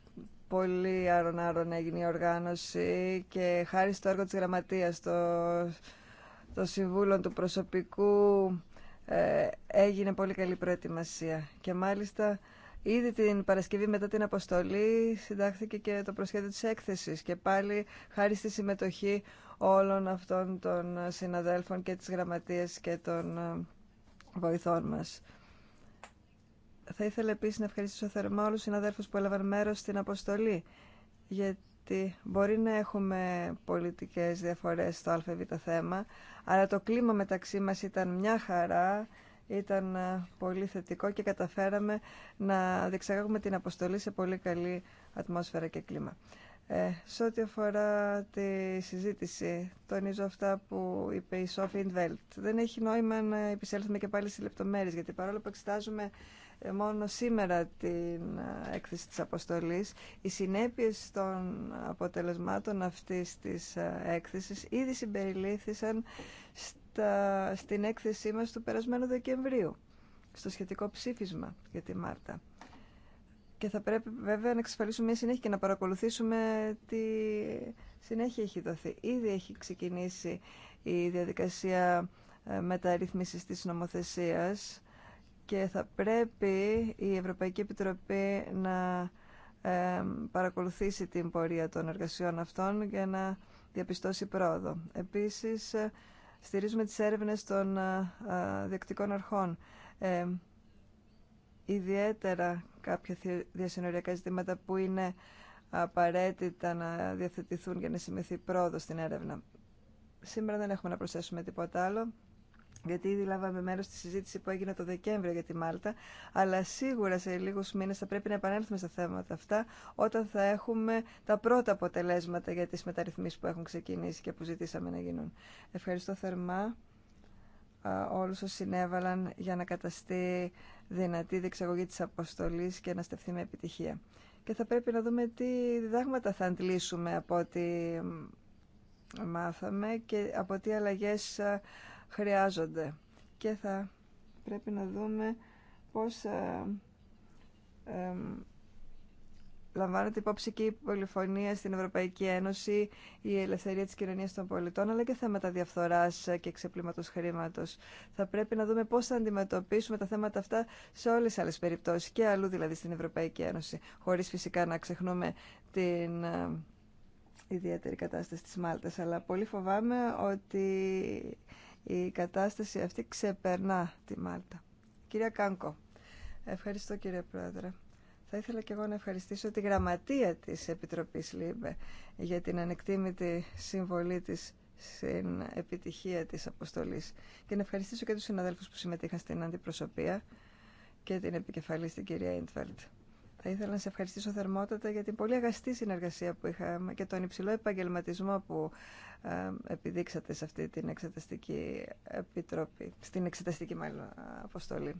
πολύ άρον-άρον έγινε η οργάνωση και χάρη στο έργο της γραμματείας, το, το συμβούλων του προσωπικού ε, έγινε πολύ καλή προετοιμασία. Και μάλιστα ήδη την Παρασκευή μετά την αποστολή συντάχθηκε και το προσχέδιο της έκθεσης και πάλι χάρη στη συμμετοχή όλων αυτών των συναδέλφων και της γραμματείας και των ε, βοηθών μας. Θα ήθελα επίση να ευχαριστήσω θερμά όλου του συναδέλφου που έλαβαν μέρο στην αποστολή, γιατί μπορεί να έχουμε πολιτικέ διαφορέ στο ΑΒ θέμα, αλλά το κλίμα μεταξύ μα ήταν μια χαρά, ήταν ε, πολύ θετικό και καταφέραμε να διεξαγάγουμε την αποστολή σε πολύ καλή ατμόσφαιρα και κλίμα. Ε, σε ό,τι αφορά τη συζήτηση, τονίζω αυτά που είπε η Σόφιν Βέλτ. Δεν έχει νόημα να επισέλθουμε και πάλι σε λεπτομέρειες, γιατί παρόλο που εξετάζουμε ε, μόνο σήμερα την ε, έκθεση της αποστολής. Οι συνέπειες των αποτελεσμάτων αυτής της ε, έκθεσης ήδη συμπεριλήθησαν στα, στην έκθεσή μας του περασμένου Δεκεμβρίου, στο σχετικό ψήφισμα για τη Μάρτα. Και θα πρέπει βέβαια να εξασφαλίσουμε μια συνέχεια και να παρακολουθήσουμε τι συνέχεια έχει δοθεί. Ήδη έχει ξεκινήσει η διαδικασία μεταρρύθμισης της νομοθεσίας και θα πρέπει η Ευρωπαϊκή Επιτροπή να παρακολουθήσει την πορεία των εργασιών αυτών για να διαπιστώσει πρόοδο. Επίσης, ε, στηρίζουμε τις έρευνες των ε, ε, διεκτικών αρχών. Ε, ιδιαίτερα κάποια διασυνοριακά ζητήματα που είναι απαραίτητα να διαθετηθούν για να σημειωθεί πρόοδο στην έρευνα. Σήμερα δεν έχουμε να προσθέσουμε τίποτα άλλο γιατί ήδη λάβαμε μέρο στη συζήτηση που έγινε το Δεκέμβριο για τη Μάλτα, αλλά σίγουρα σε λίγου μήνε θα πρέπει να επανέλθουμε στα θέματα αυτά, όταν θα έχουμε τα πρώτα αποτελέσματα για τι μεταρρυθμίσει που έχουν ξεκινήσει και που ζητήσαμε να γίνουν. Ευχαριστώ θερμά όλου όσοι συνέβαλαν για να καταστεί δυνατή διεξαγωγή τη αποστολή και να στεφθεί με επιτυχία. Και θα πρέπει να δούμε τι διδάγματα θα αντλήσουμε από ό,τι μάθαμε και από τι αλλαγέ χρειάζονται. Και θα πρέπει να δούμε πώς ε, ε, λαμβάνεται υπόψη και η πολυφωνία στην Ευρωπαϊκή Ένωση, η ελευθερία της κοινωνίας των πολιτών, αλλά και θέματα διαφθοράς και εξεπλήματος χρήματος. Θα πρέπει να δούμε πώς θα αντιμετωπίσουμε τα θέματα αυτά σε όλες τις άλλες περιπτώσεις και αλλού δηλαδή στην Ευρωπαϊκή Ένωση, χωρίς φυσικά να ξεχνούμε την ε, ιδιαίτερη κατάσταση της Μάλτας. Αλλά πολύ φοβάμαι ότι η κατάσταση αυτή ξεπερνά τη Μάλτα. Κυρία Κάνκο, ευχαριστώ κύριε Πρόεδρε. Θα ήθελα και εγώ να ευχαριστήσω τη γραμματεία της Επιτροπής ΛΥΜΠΕ για την ανεκτήμητη συμβολή της στην επιτυχία της αποστολής και να ευχαριστήσω και τους συναδέλφους που συμμετείχαν στην αντιπροσωπεία και την επικεφαλή στην κυρία Ίντβαλτ. Θα ήθελα να σε ευχαριστήσω θερμότατα για την πολύ αγαστή συνεργασία που είχαμε και τον υψηλό επαγγελματισμό που ε, επιδείξατε σε αυτή την εξεταστική επιτροπή, στην εξεταστική μάλλον ε, αποστολή.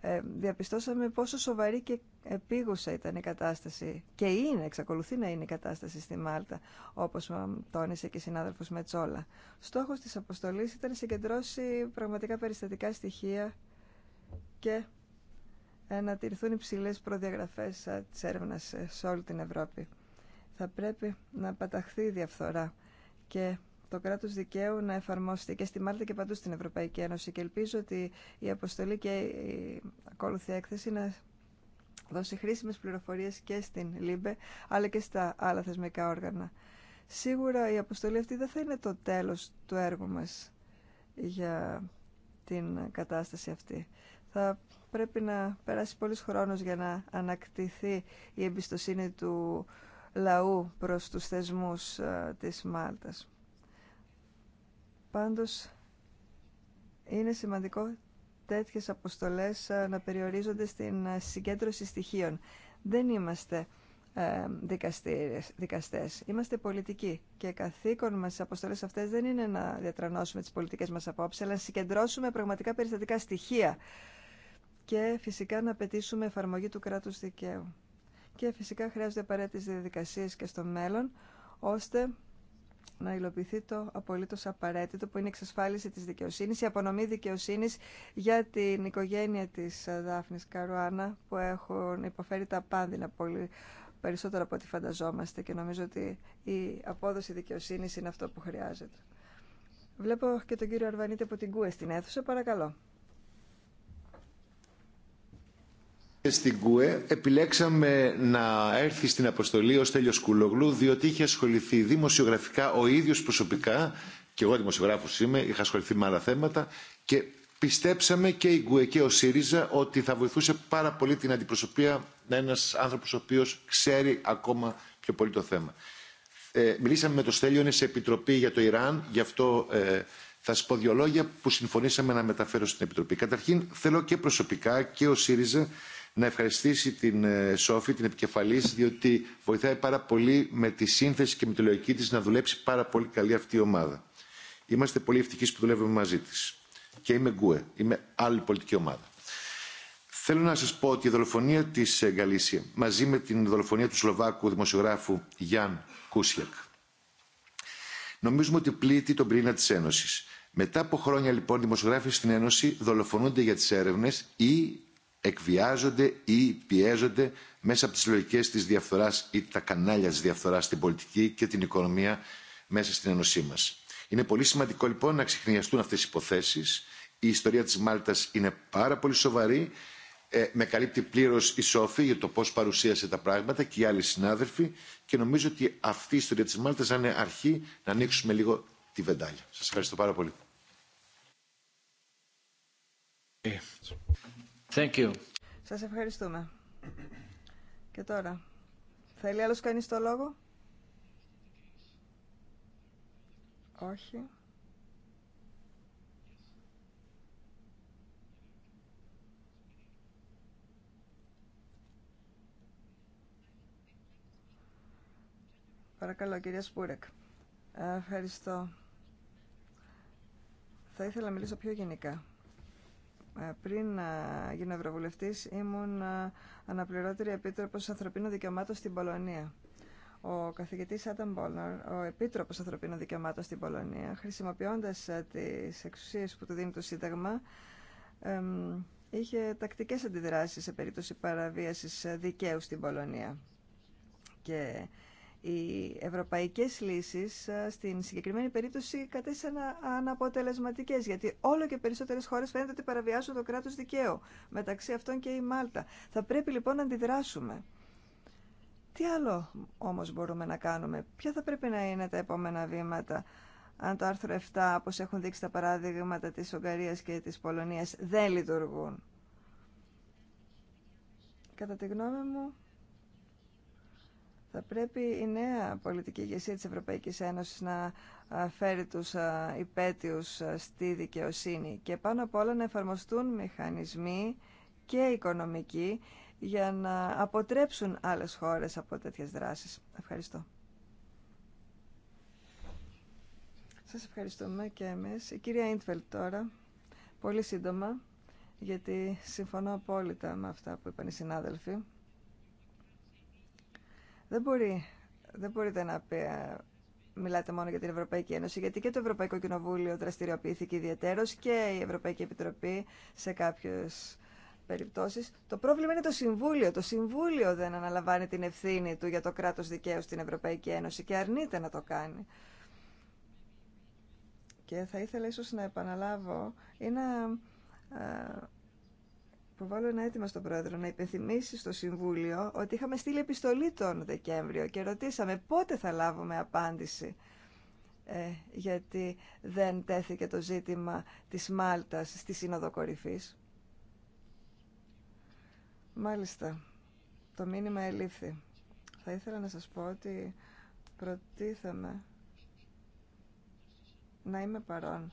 Ε, διαπιστώσαμε πόσο σοβαρή και επίγουσα ήταν η κατάσταση και είναι, εξακολουθεί να είναι η κατάσταση στη Μάλτα, όπως ε, τόνισε και η συνάδελφος Μετσόλα. Στόχος της αποστολής ήταν να συγκεντρώσει πραγματικά περιστατικά στοιχεία και ε, να τηρηθούν υψηλέ προδιαγραφές ε, της έρευνας ε, σε όλη την Ευρώπη. Θα πρέπει να παταχθεί η διαφθορά και το κράτο δικαίου να εφαρμόσει και στη Μάλτα και παντού στην Ευρωπαϊκή Ένωση. Και ελπίζω ότι η αποστολή και η ακόλουθη έκθεση να δώσει χρήσιμε πληροφορίε και στην ΛΥΜΠΕ, αλλά και στα άλλα θεσμικά όργανα. Σίγουρα η αποστολή αυτή δεν θα είναι το τέλο του έργου μα για την κατάσταση αυτή. Θα πρέπει να περάσει πολλής χρόνος για να ανακτηθεί η εμπιστοσύνη του λαού προς τους θεσμούς ε, της Μάλτας. Πάντως, είναι σημαντικό τέτοιες αποστολές ε, να περιορίζονται στην ε, συγκέντρωση στοιχείων. Δεν είμαστε δικαστές. Είμαστε πολιτικοί και καθήκον μας στις αποστολές αυτές δεν είναι να διατρανώσουμε τις πολιτικές μας απόψεις, αλλά να συγκεντρώσουμε πραγματικά περιστατικά στοιχεία και φυσικά να απαιτήσουμε εφαρμογή του κράτους δικαίου. Και φυσικά χρειάζονται απαραίτητες διαδικασίες και στο μέλλον, ώστε να υλοποιηθεί το απολύτως απαραίτητο που είναι η εξασφάλιση τη δικαιοσύνη, η απονομή δικαιοσύνη για την οικογένεια της Δάφνης Καρουάνα που έχουν υποφέρει τα πάνδυνα πολύ περισσότερο από ό,τι φανταζόμαστε και νομίζω ότι η απόδοση δικαιοσύνη είναι αυτό που χρειάζεται. Βλέπω και τον κύριο Αρβανίτη από την ΚΟΕ στην αίθουσα. Παρακαλώ. Στην ΚΟΕ επιλέξαμε να έρθει στην αποστολή ο Στέλιος Κουλογλού διότι είχε ασχοληθεί δημοσιογραφικά ο ίδιος προσωπικά και εγώ δημοσιογράφος είμαι, είχα ασχοληθεί με άλλα θέματα και πιστέψαμε και η ΚΟΕ και ο ΣΥΡΙΖΑ ότι θα βοηθούσε πάρα πολύ την αντιπροσωπεία να είναι ένας άνθρωπος ο οποίος ξέρει ακόμα πιο πολύ το θέμα. Ε, μιλήσαμε με το Στέλιο, είναι σε επιτροπή για το Ιράν, γι' αυτό ε, θα σα πω δύο λόγια που συμφωνήσαμε να μεταφέρω στην Επιτροπή. Καταρχήν, θέλω και προσωπικά και ο ΣΥΡΙΖΑ να ευχαριστήσει την ε, Σόφη, την επικεφαλή, διότι βοηθάει πάρα πολύ με τη σύνθεση και με τη λογική τη να δουλέψει πάρα πολύ καλή αυτή η ομάδα. Είμαστε πολύ ευτυχεί που δουλεύουμε μαζί τη. Και είμαι γκουε, είμαι άλλη πολιτική ομάδα. Θέλω να σα πω ότι η δολοφονία τη ε, Γκαλίσια μαζί με την δολοφονία του Σλοβάκου δημοσιογράφου Γιάν Κούσιακ νομίζουμε ότι πλήττει τον πυρήνα τη Ένωση. Μετά από χρόνια λοιπόν δημοσιογράφοι στην Ένωση δολοφονούνται για τι έρευνε ή εκβιάζονται ή πιέζονται μέσα από τις λογικές της διαφθοράς ή τα κανάλια της διαφθοράς στην πολιτική και την οικονομία μέσα στην Ένωσή μας. Είναι πολύ σημαντικό λοιπόν να ξεχνιαστούν αυτές οι υποθέσεις. Η ιστορία της Μάλτας είναι πάρα πολύ σοβαρή. Ε, με καλύπτει πλήρω η Σόφη για το πώ παρουσίασε τα πράγματα και οι άλλοι συνάδελφοι και νομίζω ότι αυτή η ιστορία τη Μάλτα θα είναι αρχή να ανοίξουμε λίγο τη βεντάλια. Σα ευχαριστώ πάρα πολύ. Ε, Thank you. Σας ευχαριστούμε. Και τώρα, θέλει άλλος κανείς το λόγο? Όχι. Παρακαλώ, κυρία Σπούρεκ. Ε, ευχαριστώ. Θα ήθελα να μιλήσω πιο γενικά. Ε, πριν να ε, γίνω ευρωβουλευτή, ήμουν ε, αναπληρώτηρη επίτροπος ανθρωπίνων δικαιωμάτων στην Πολωνία. Ο καθηγητής Άνταμ Μπόλναρ, ο επίτροπος ανθρωπίνων δικαιωμάτων στην Πολωνία, χρησιμοποιώντα τις εξουσίε που του δίνει το Σύνταγμα, είχε τακτικές αντιδράσεις σε περίπτωση παραβίαση δικαίου στην Πολωνία. Και οι ευρωπαϊκές λύσεις ε, στην συγκεκριμένη περίπτωση κατέστησαν αναποτελεσματικές, γιατί όλο και περισσότερες χώρες φαίνεται ότι παραβιάζουν το κράτος δικαίου, μεταξύ αυτών και η Μάλτα. Θα πρέπει λοιπόν να αντιδράσουμε. Τι άλλο όμως μπορούμε να κάνουμε, ποια θα πρέπει να είναι τα επόμενα βήματα, αν το άρθρο 7, όπως έχουν δείξει τα παράδειγματα της Ουγγαρίας και της Πολωνίας, δεν λειτουργούν. Κατά τη γνώμη μου, θα πρέπει η νέα πολιτική ηγεσία της Ευρωπαϊκής Ένωσης να φέρει τους υπέτειους στη δικαιοσύνη και πάνω απ' όλα να εφαρμοστούν μηχανισμοί και οικονομικοί για να αποτρέψουν άλλες χώρες από τέτοιες δράσεις. Ευχαριστώ. Σας ευχαριστούμε και εμείς. Η κυρία Ίντφελτ τώρα, πολύ σύντομα, γιατί συμφωνώ απόλυτα με αυτά που είπαν οι συνάδελφοι. Δεν, μπορεί, δεν μπορείτε να πει, ε, μιλάτε μόνο για την Ευρωπαϊκή Ένωση, γιατί και το Ευρωπαϊκό Κοινοβούλιο δραστηριοποιήθηκε ιδιαίτερος και η Ευρωπαϊκή Επιτροπή σε κάποιες περιπτώσεις. Το πρόβλημα είναι το Συμβούλιο. Το Συμβούλιο δεν αναλαμβάνει την ευθύνη του για το κράτος δικαίου στην Ευρωπαϊκή Ένωση και αρνείται να το κάνει. Και θα ήθελα ίσως να επαναλάβω ή να βάλω ένα αίτημα στον Πρόεδρο να υπενθυμίσει στο Συμβούλιο ότι είχαμε στείλει επιστολή τον Δεκέμβριο και ρωτήσαμε πότε θα λάβουμε απάντηση ε, γιατί δεν τέθηκε το ζήτημα της Μάλτας στη Σύνοδο Κορυφής. Μάλιστα, το μήνυμα ελήφθη. Θα ήθελα να σας πω ότι προτίθεμαι να είμαι παρόν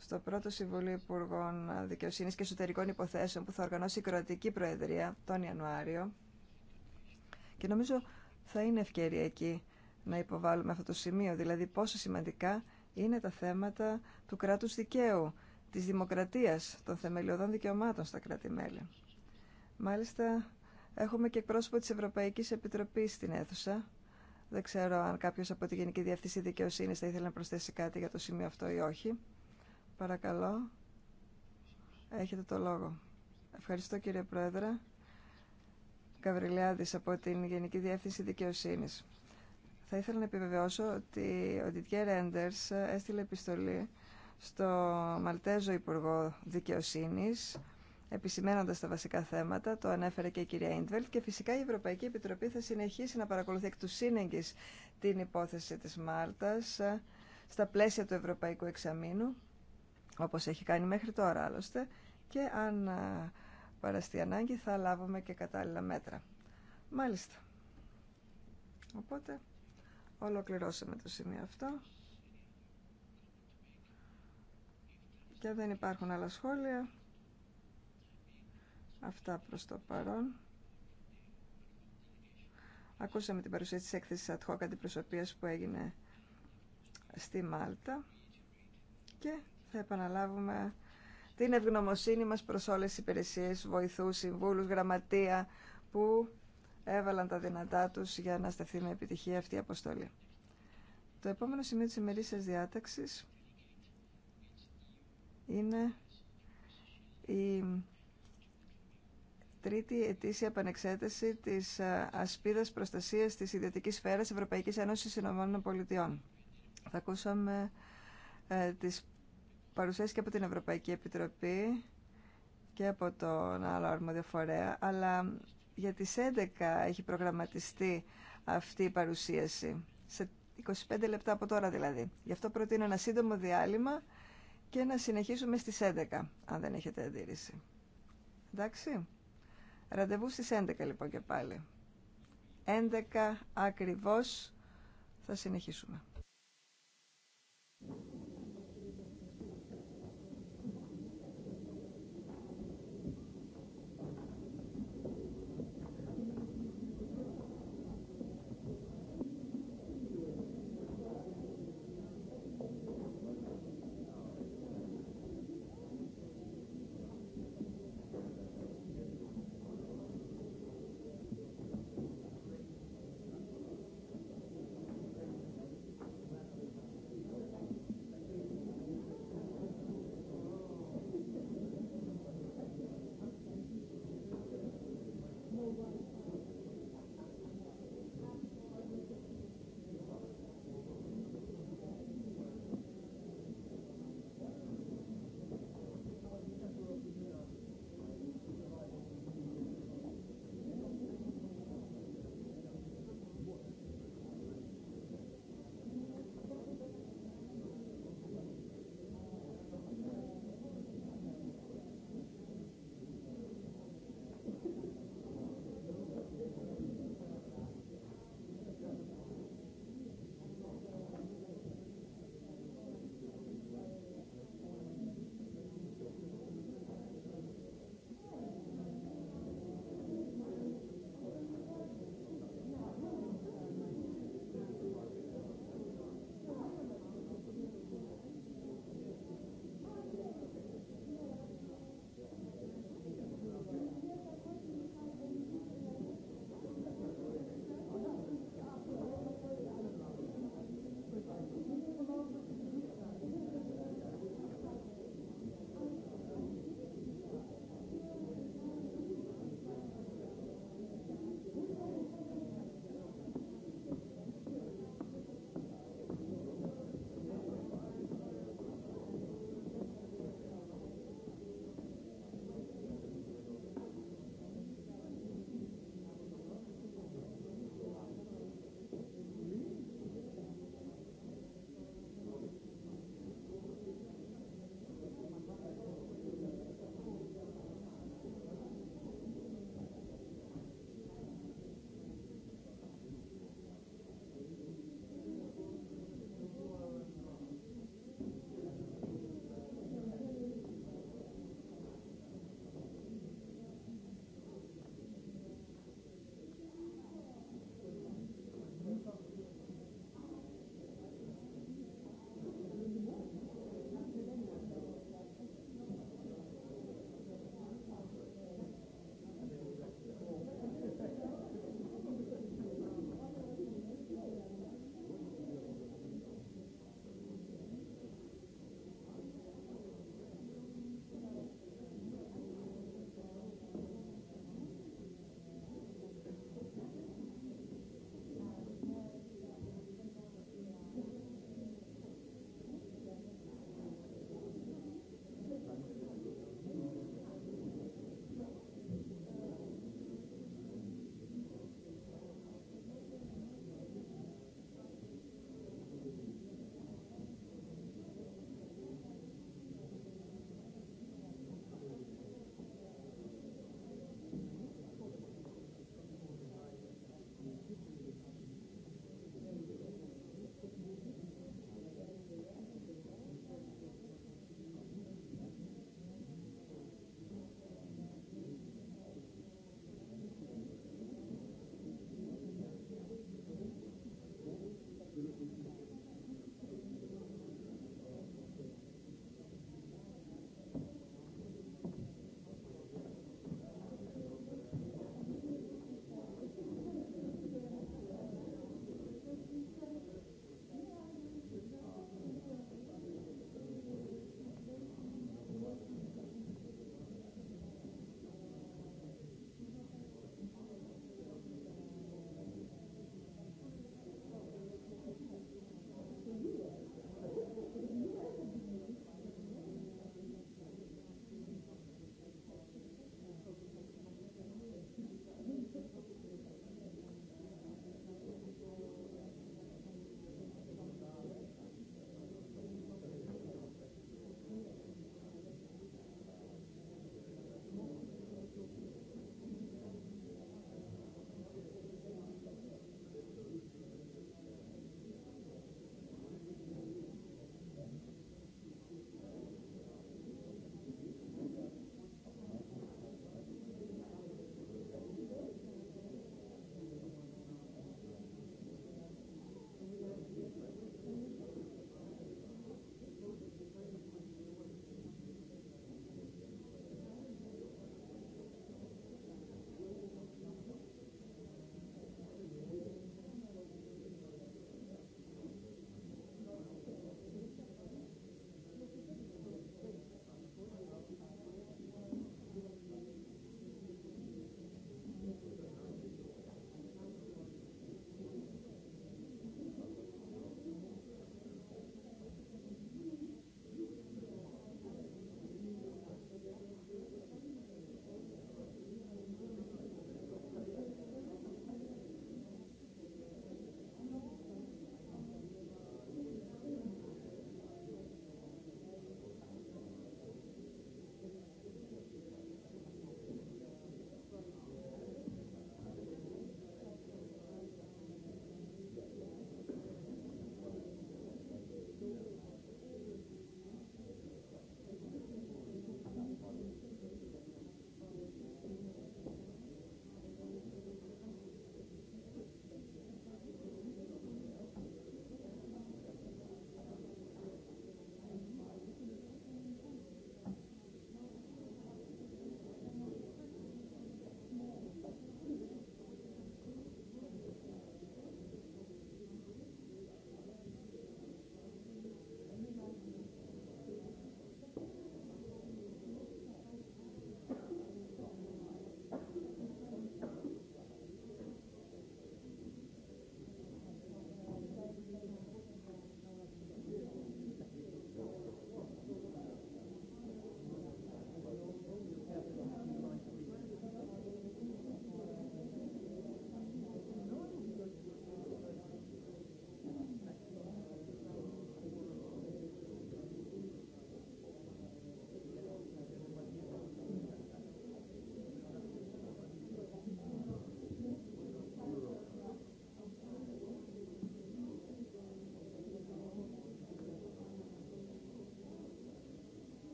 στο πρώτο Συμβουλίο Υπουργών Δικαιοσύνης και Εσωτερικών Υποθέσεων που θα οργανώσει η Κροατική Προεδρία τον Ιανουάριο. Και νομίζω θα είναι ευκαιρία εκεί να υποβάλουμε αυτό το σημείο, δηλαδή πόσο σημαντικά είναι τα θέματα του κράτους δικαίου, της δημοκρατίας, των θεμελιωδών δικαιωμάτων στα κράτη-μέλη. Μάλιστα, έχουμε και πρόσωπο της Ευρωπαϊκής Επιτροπής στην αίθουσα. Δεν ξέρω αν κάποιος από τη Γενική Διευθύνση Δικαιοσύνης θα ήθελε να προσθέσει κάτι για το σημείο αυτό ή όχι. Παρακαλώ, έχετε το λόγο. Ευχαριστώ κύριε Πρόεδρε. Καβριλιάδης από την Γενική Διεύθυνση Δικαιοσύνης. Θα ήθελα να επιβεβαιώσω ότι ο Ντιτιέ Ρέντερς έστειλε επιστολή στο Μαλτέζο Υπουργό Δικαιοσύνης επισημένοντα τα βασικά θέματα, το ανέφερε και η κυρία Ιντβελτ και φυσικά η Ευρωπαϊκή Επιτροπή θα συνεχίσει να παρακολουθεί εκ του σύνεγγης την υπόθεση της Μάρτας ε, στα πλαίσια του Ευρωπαϊκού Εξαμήνου όπως έχει κάνει μέχρι τώρα άλλωστε, και αν παραστεί ανάγκη θα λάβουμε και κατάλληλα μέτρα. Μάλιστα. Οπότε, ολοκληρώσαμε το σημείο αυτό. Και δεν υπάρχουν άλλα σχόλια. Αυτά προς το παρόν. Ακούσαμε την παρουσία της έκθεσης ad hoc αντιπροσωπείας που έγινε στη Μάλτα και θα επαναλάβουμε την ευγνωμοσύνη μας προς όλες τις υπηρεσίες, βοηθούς, συμβούλους, γραμματεία που έβαλαν τα δυνατά τους για να σταθεί με επιτυχία αυτή η αποστολή. Το επόμενο σημείο της ημερήσιας διάταξης είναι η τρίτη ετήσια πανεξέταση της ε, ασπίδας προστασίας της ιδιωτικής σφαίρας Ευρωπαϊκής Ένωσης Ηνωμένων Πολιτειών. Θα ακούσαμε ε, τις παρουσίαση και από την Ευρωπαϊκή Επιτροπή και από τον άλλο αρμόδιο φορέα, αλλά για τις 11 έχει προγραμματιστεί αυτή η παρουσίαση, σε 25 λεπτά από τώρα δηλαδή. Γι' αυτό προτείνω ένα σύντομο διάλειμμα και να συνεχίσουμε στις 11, αν δεν έχετε αντίρρηση. Εντάξει. Ραντεβού στις 11 λοιπόν και πάλι. 11 ακριβώς θα συνεχίσουμε.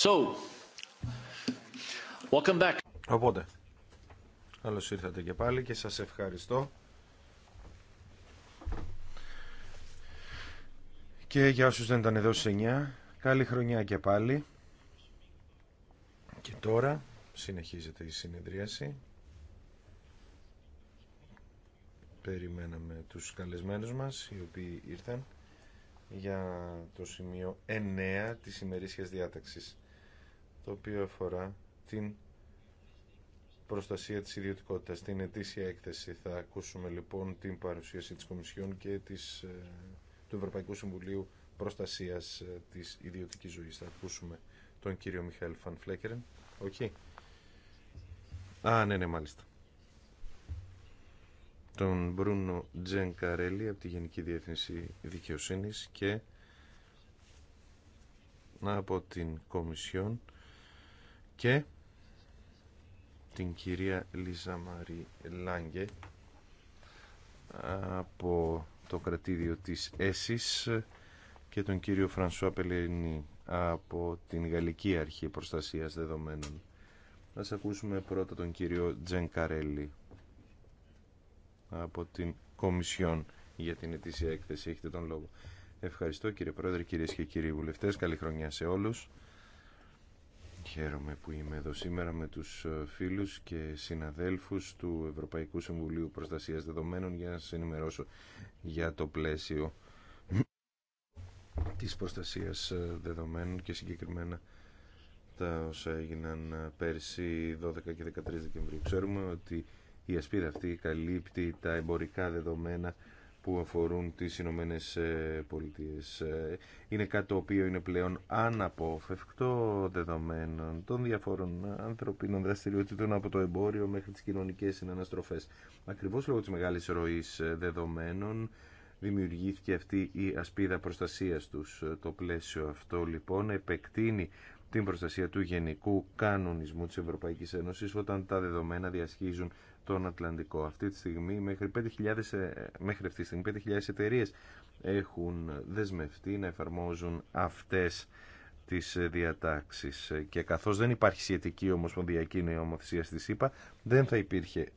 So, welcome back. Οπότε, καλώς ήρθατε και πάλι και σας ευχαριστώ. Και για όσους δεν ήταν εδώ σε 9, καλή χρονιά και πάλι. Και τώρα συνεχίζεται η συνεδρίαση. Περιμέναμε τους καλεσμένους μας, οι οποίοι ήρθαν για το σημείο 9 της ημερήσιας διάταξης το οποίο αφορά την προστασία της ιδιωτικότητας. την ετήσια έκθεση θα ακούσουμε λοιπόν την παρουσίαση της Κομισιόν και της, ε, του Ευρωπαϊκού Συμβουλίου Προστασίας ε, της Ιδιωτικής Ζωής. Θα ακούσουμε τον κύριο Μιχαήλ Φανφλέκερεν. Οκ. Α, ναι, ναι, μάλιστα. Τον Μπρούνο Καρέλη από τη Γενική Διεύθυνση Δικαιοσύνης και από την Κομισιόν και την κυρία Λίζα Μαρή Λάγκε από το κρατήδιο της ΕΣΙΣ και τον κύριο Φρανσουά Πελερινή από την Γαλλική Αρχή Προστασίας Δεδομένων. σας ακούσουμε πρώτα τον κύριο Τζεν Καρέλη από την Κομισιόν για την ετήσια έκθεση. Έχετε τον λόγο. Ευχαριστώ κύριε Πρόεδρε, κυρίες και κύριοι βουλευτές. Καλή χρονιά σε όλους. Χαίρομαι που είμαι εδώ σήμερα με τους ε, φίλους και συναδέλφους του Ευρωπαϊκού Συμβουλίου Προστασίας Δεδομένων για να σας ενημερώσω για το πλαίσιο της προστασίας ε, δεδομένων και συγκεκριμένα τα όσα έγιναν ε, πέρσι 12 και 13 Δεκεμβρίου. Ξέρουμε ότι η ασπίδα αυτή καλύπτει τα εμπορικά δεδομένα που αφορούν τις Ηνωμένε Πολιτείε. Ε, είναι κάτι το οποίο είναι πλέον αναπόφευκτο δεδομένων των διαφόρων ανθρωπίνων δραστηριοτήτων από το εμπόριο μέχρι τις κοινωνικές συναναστροφές. Ακριβώς λόγω της μεγάλης ροής ε, δεδομένων δημιουργήθηκε αυτή η ασπίδα προστασίας τους. Ε, το πλαίσιο αυτό λοιπόν επεκτείνει την προστασία του γενικού κανονισμού της Ευρωπαϊκής Ένωσης όταν τα δεδομένα διασχίζουν τον Ατλαντικό. Αυτή τη στιγμή μέχρι, 5.000, ε, μέχρι αυτή τη στιγμή 5.000 εταιρείε έχουν δεσμευτεί να εφαρμόζουν αυτές τις διατάξεις και καθώς δεν υπάρχει σχετική ομοσπονδιακή νομοθεσία στη ΣΥΠΑ δεν θα υπήρχε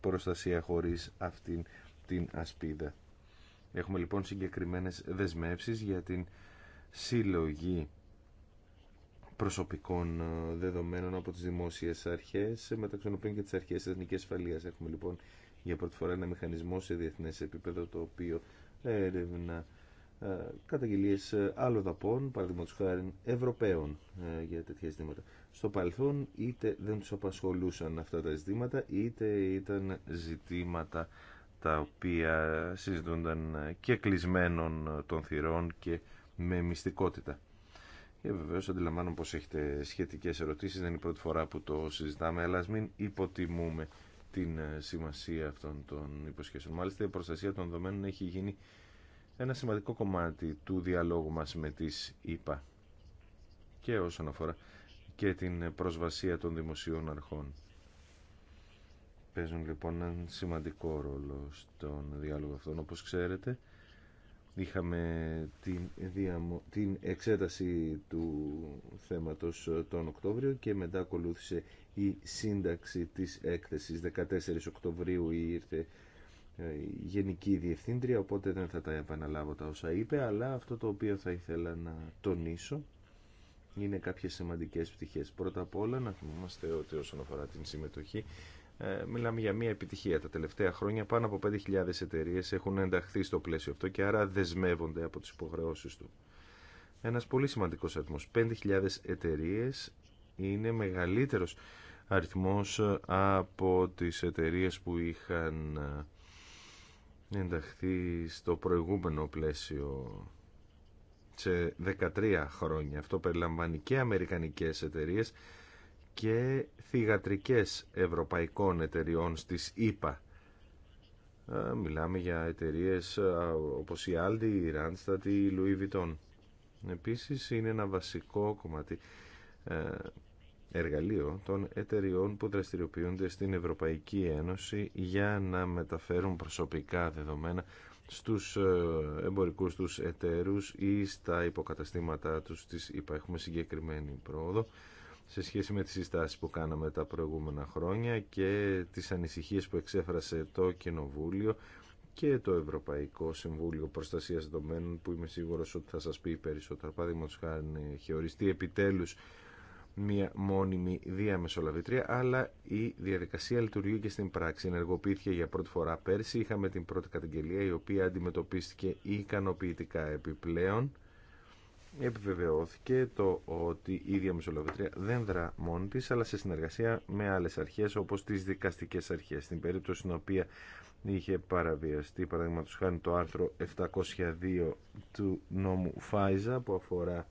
προστασία χωρίς αυτήν την ασπίδα. Έχουμε λοιπόν συγκεκριμένες δεσμεύσεις για την συλλογή προσωπικών ε, δεδομένων από τις δημόσιες αρχές, μεταξύ των οποίων και τις αρχές εθνικής ασφαλείας. Έχουμε λοιπόν για πρώτη φορά ένα μηχανισμό σε διεθνές επίπεδο το οποίο έρευνα ε, καταγγελίες ε, άλλων δαπών, παραδείγματος χάρη Ευρωπαίων για τέτοια ζητήματα. Στο παρελθόν είτε δεν τους απασχολούσαν αυτά τα ζητήματα, είτε ήταν ζητήματα τα οποία συζητούνταν και κλεισμένων των θυρών και με μυστικότητα. Και βεβαίω αντιλαμβάνομαι πως έχετε σχετικέ ερωτήσεις, δεν είναι η πρώτη φορά που το συζητάμε, αλλά μην υποτιμούμε την ε, σημασία αυτών των υποσχέσεων. Μάλιστα η προστασία των δεδομένων έχει γίνει ένα σημαντικό κομμάτι του διαλόγου μας με τις ΙΠΑ και όσον αφορά και την προσβασία των δημοσίων αρχών. Παίζουν λοιπόν έναν σημαντικό ρόλο στον διάλογο αυτόν. Όπως ξέρετε, Είχαμε την, την εξέταση του θέματος ε, τον Οκτώβριο και μετά ακολούθησε η σύνταξη της έκθεσης. 14 Οκτωβρίου ήρθε ε, η Γενική Διευθύντρια, οπότε δεν θα τα επαναλάβω τα όσα είπε, αλλά αυτό το οποίο θα ήθελα να τονίσω είναι κάποιες σημαντικές πτυχές. Πρώτα απ' όλα να θυμόμαστε ότι όσον αφορά την συμμετοχή ε, μιλάμε για μια επιτυχία. Τα τελευταία χρόνια πάνω από 5.000 εταιρείε έχουν ενταχθεί στο πλαίσιο αυτό και άρα δεσμεύονται από τις υποχρεώσει του. Ένας πολύ σημαντικό αριθμό. 5.000 εταιρείε είναι μεγαλύτερος αριθμός ε, από τις εταιρείε που είχαν ε, ενταχθεί στο προηγούμενο πλαίσιο σε 13 χρόνια. Αυτό περιλαμβάνει και αμερικανικές εταιρείες και θυγατρικές ευρωπαϊκών εταιριών στις ΗΠΑ. Ε, μιλάμε για εταιρείες ε, όπως η Aldi, η Randstad ή η Louis Vuitton. Επίσης είναι ένα βασικό κομμάτι ε, εργαλείο των εταιριών που δραστηριοποιούνται στην Ευρωπαϊκή Ένωση για να μεταφέρουν προσωπικά δεδομένα στους εμπορικούς τους εταίρους ή στα υποκαταστήματα τους της ΕΠΑ. Έχουμε συγκεκριμένη πρόοδο σε σχέση με τις συστάσεις που κάναμε τα προηγούμενα χρόνια και τις ανησυχίες που εξέφρασε το Κοινοβούλιο και το Ευρωπαϊκό Συμβούλιο Προστασίας Δεδομένων που είμαι σίγουρος ότι θα σας πει περισσότερα. Παραδείγματος χάρη έχει οριστεί επιτέλους μια μόνιμη διαμεσολαβητρία, αλλά η διαδικασία λειτουργεί και στην πράξη. Ενεργοποιήθηκε για πρώτη φορά πέρσι. Είχαμε την πρώτη καταγγελία, η οποία αντιμετωπίστηκε ικανοποιητικά επιπλέον επιβεβαιώθηκε το ότι η ίδια μεσολαβητρία δεν δρά μόνη της, αλλά σε συνεργασία με άλλες αρχές, όπως τις δικαστικές αρχές. Στην περίπτωση στην οποία είχε παραβιαστεί, παραδείγματο χάνει το άρθρο 702 του νόμου Φάιζα, που αφορά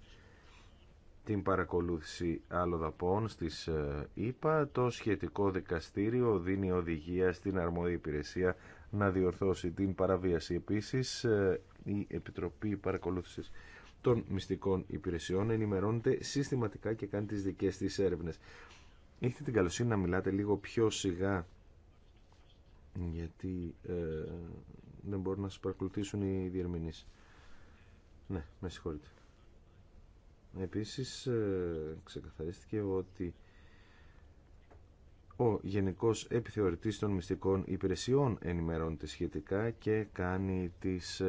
την παρακολούθηση δαπών στις ε, ΗΠΑ, το σχετικό δικαστήριο δίνει οδηγία στην αρμόδια υπηρεσία να διορθώσει την παραβίαση. Επίσης, ε, η Επιτροπή Παρακολούθησης των μυστικών υπηρεσιών ενημερώνεται συστηματικά και κάνει τις δικές της έρευνες. Έχετε την καλοσύνη να μιλάτε λίγο πιο σιγά γιατί ε, δεν μπορούν να σας παρακολουθήσουν οι διερμηνείς. Ναι, με συγχωρείτε. Επίσης, ε, ξεκαθαρίστηκε ότι ο Γενικός Επιθεωρητής των Μυστικών Υπηρεσιών ενημερώνεται σχετικά και κάνει ε, τις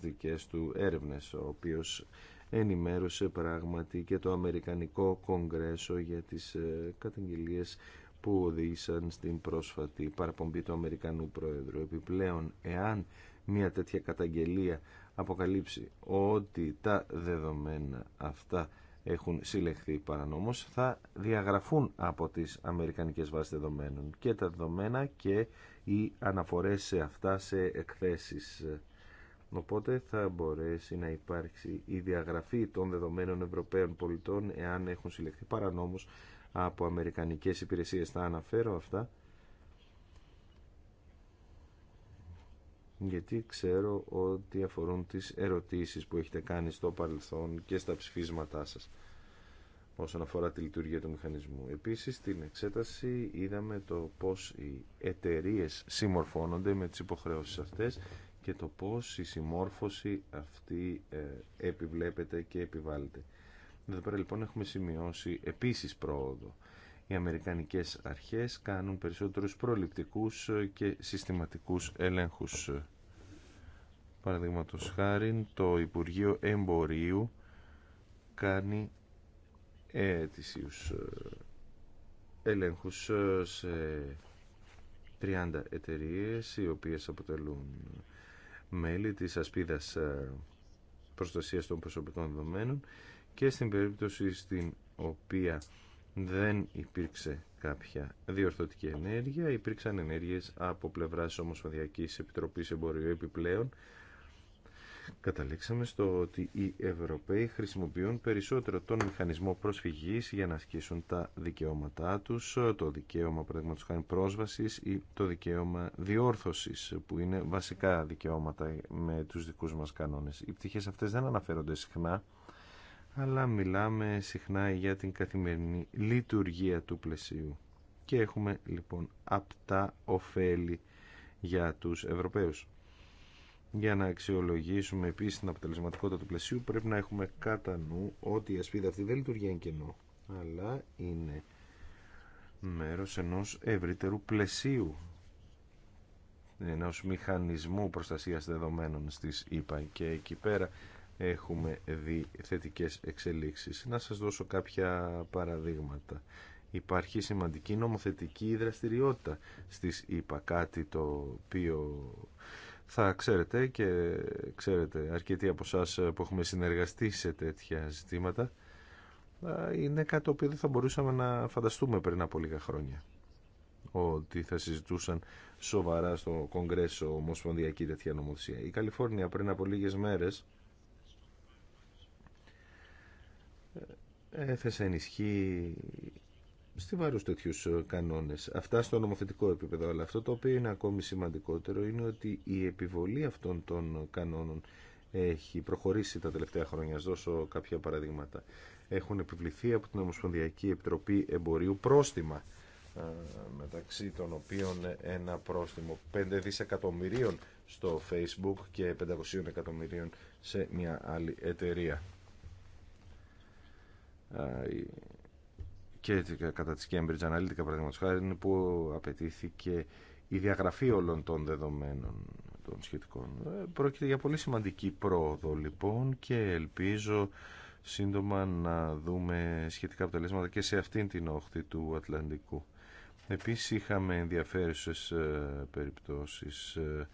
δικές του έρευνες, ο οποίος ενημέρωσε πράγματι και το Αμερικανικό Κογκρέσο για τις ε, καταγγελίες που οδήγησαν στην πρόσφατη παραπομπή του Αμερικανού Πρόεδρου. Επιπλέον, εάν μια τέτοια καταγγελία αποκαλύψει ότι τα δεδομένα αυτά έχουν συλλεχθεί παρανόμως θα διαγραφούν από τις αμερικανικές βάσεις δεδομένων και τα δεδομένα και οι αναφορές σε αυτά σε εκθέσεις. Οπότε θα μπορέσει να υπάρξει η διαγραφή των δεδομένων Ευρωπαίων πολιτών εάν έχουν συλλεχθεί παρανόμως από αμερικανικές υπηρεσίες. Θα αναφέρω αυτά γιατί ξέρω ότι αφορούν τις ερωτήσεις που έχετε κάνει στο παρελθόν και στα ψηφίσματά σας όσον αφορά τη λειτουργία του μηχανισμού. Επίσης, στην εξέταση είδαμε το πώς οι εταιρείε συμμορφώνονται με τις υποχρεώσεις αυτές και το πώς η συμμόρφωση αυτή ε, επιβλέπεται και επιβάλλεται. Εδώ πέρα λοιπόν έχουμε σημειώσει επίσης πρόοδο. Οι Αμερικανικές αρχές κάνουν περισσότερους προληπτικούς και συστηματικούς έλεγχους ε, Παραδείγματο χάρη το Υπουργείο Εμπορίου κάνει αιτησίους ε, ελέγχους ε, σε 30 εταιρείες οι οποίες αποτελούν μέλη της ασπίδας ε, προστασίας των προσωπικών δεδομένων και στην περίπτωση στην οποία δεν υπήρξε κάποια διορθωτική ενέργεια υπήρξαν ενέργειες από πλευράς Ομοσπονδιακής Επιτροπής Εμπορίου επιπλέον Καταλήξαμε στο ότι οι Ευρωπαίοι χρησιμοποιούν περισσότερο τον μηχανισμό προσφυγής για να ασκήσουν τα δικαιώματά τους, το δικαίωμα παραδείγματος χάνει πρόσβασης ή το δικαίωμα διόρθωσης που είναι βασικά δικαιώματα με τους δικούς μας κανόνες. Οι πτυχές αυτές δεν αναφέρονται συχνά αλλά μιλάμε συχνά για την καθημερινή λειτουργία του πλαισίου και έχουμε λοιπόν απτά ωφέλη για τους Ευρωπαίους. Για να αξιολογήσουμε επίσης την αποτελεσματικότητα του πλαισίου πρέπει να έχουμε κατά νου ότι η ασπίδα αυτή δεν λειτουργεί εν κενό, αλλά είναι μέρος ενός ευρύτερου πλαισίου ενό μηχανισμού προστασίας δεδομένων στις ΕΠΑ και εκεί πέρα έχουμε δει θετικές εξελίξεις. Να σας δώσω κάποια παραδείγματα. Υπάρχει σημαντική νομοθετική δραστηριότητα στις ΕΠΑ, κάτι το οποίο θα ξέρετε και ξέρετε αρκετοί από εσά που έχουμε συνεργαστεί σε τέτοια ζητήματα είναι κάτι το οποίο δεν θα μπορούσαμε να φανταστούμε πριν από λίγα χρόνια ότι θα συζητούσαν σοβαρά στο Κογκρέσο Ομοσπονδιακή τέτοια νομοθεσία. Η Καλιφόρνια πριν από λίγες μέρες ε, έθεσε ενισχύ Στη στιβάρους τέτοιου ε, κανόνες. Αυτά στο νομοθετικό επίπεδο, αλλά αυτό το οποίο είναι ακόμη σημαντικότερο είναι ότι η επιβολή αυτών των κανόνων έχει προχωρήσει τα τελευταία χρόνια. Ας δώσω κάποια παραδείγματα. Έχουν επιβληθεί από την Ομοσπονδιακή Επιτροπή Εμπορίου πρόστιμα ε, μεταξύ των οποίων ένα πρόστιμο 5 δισεκατομμυρίων στο Facebook και 500 εκατομμυρίων σε μια άλλη εταιρεία και κατά τη Cambridge Analytica χάρη που απαιτήθηκε η διαγραφή όλων των δεδομένων των σχετικών. Ε, πρόκειται για πολύ σημαντική πρόοδο λοιπόν και ελπίζω σύντομα να δούμε σχετικά αποτελέσματα και σε αυτήν την όχθη του Ατλαντικού. Επίσης είχαμε ενδιαφέρουσες ε, περιπτώσεις ε,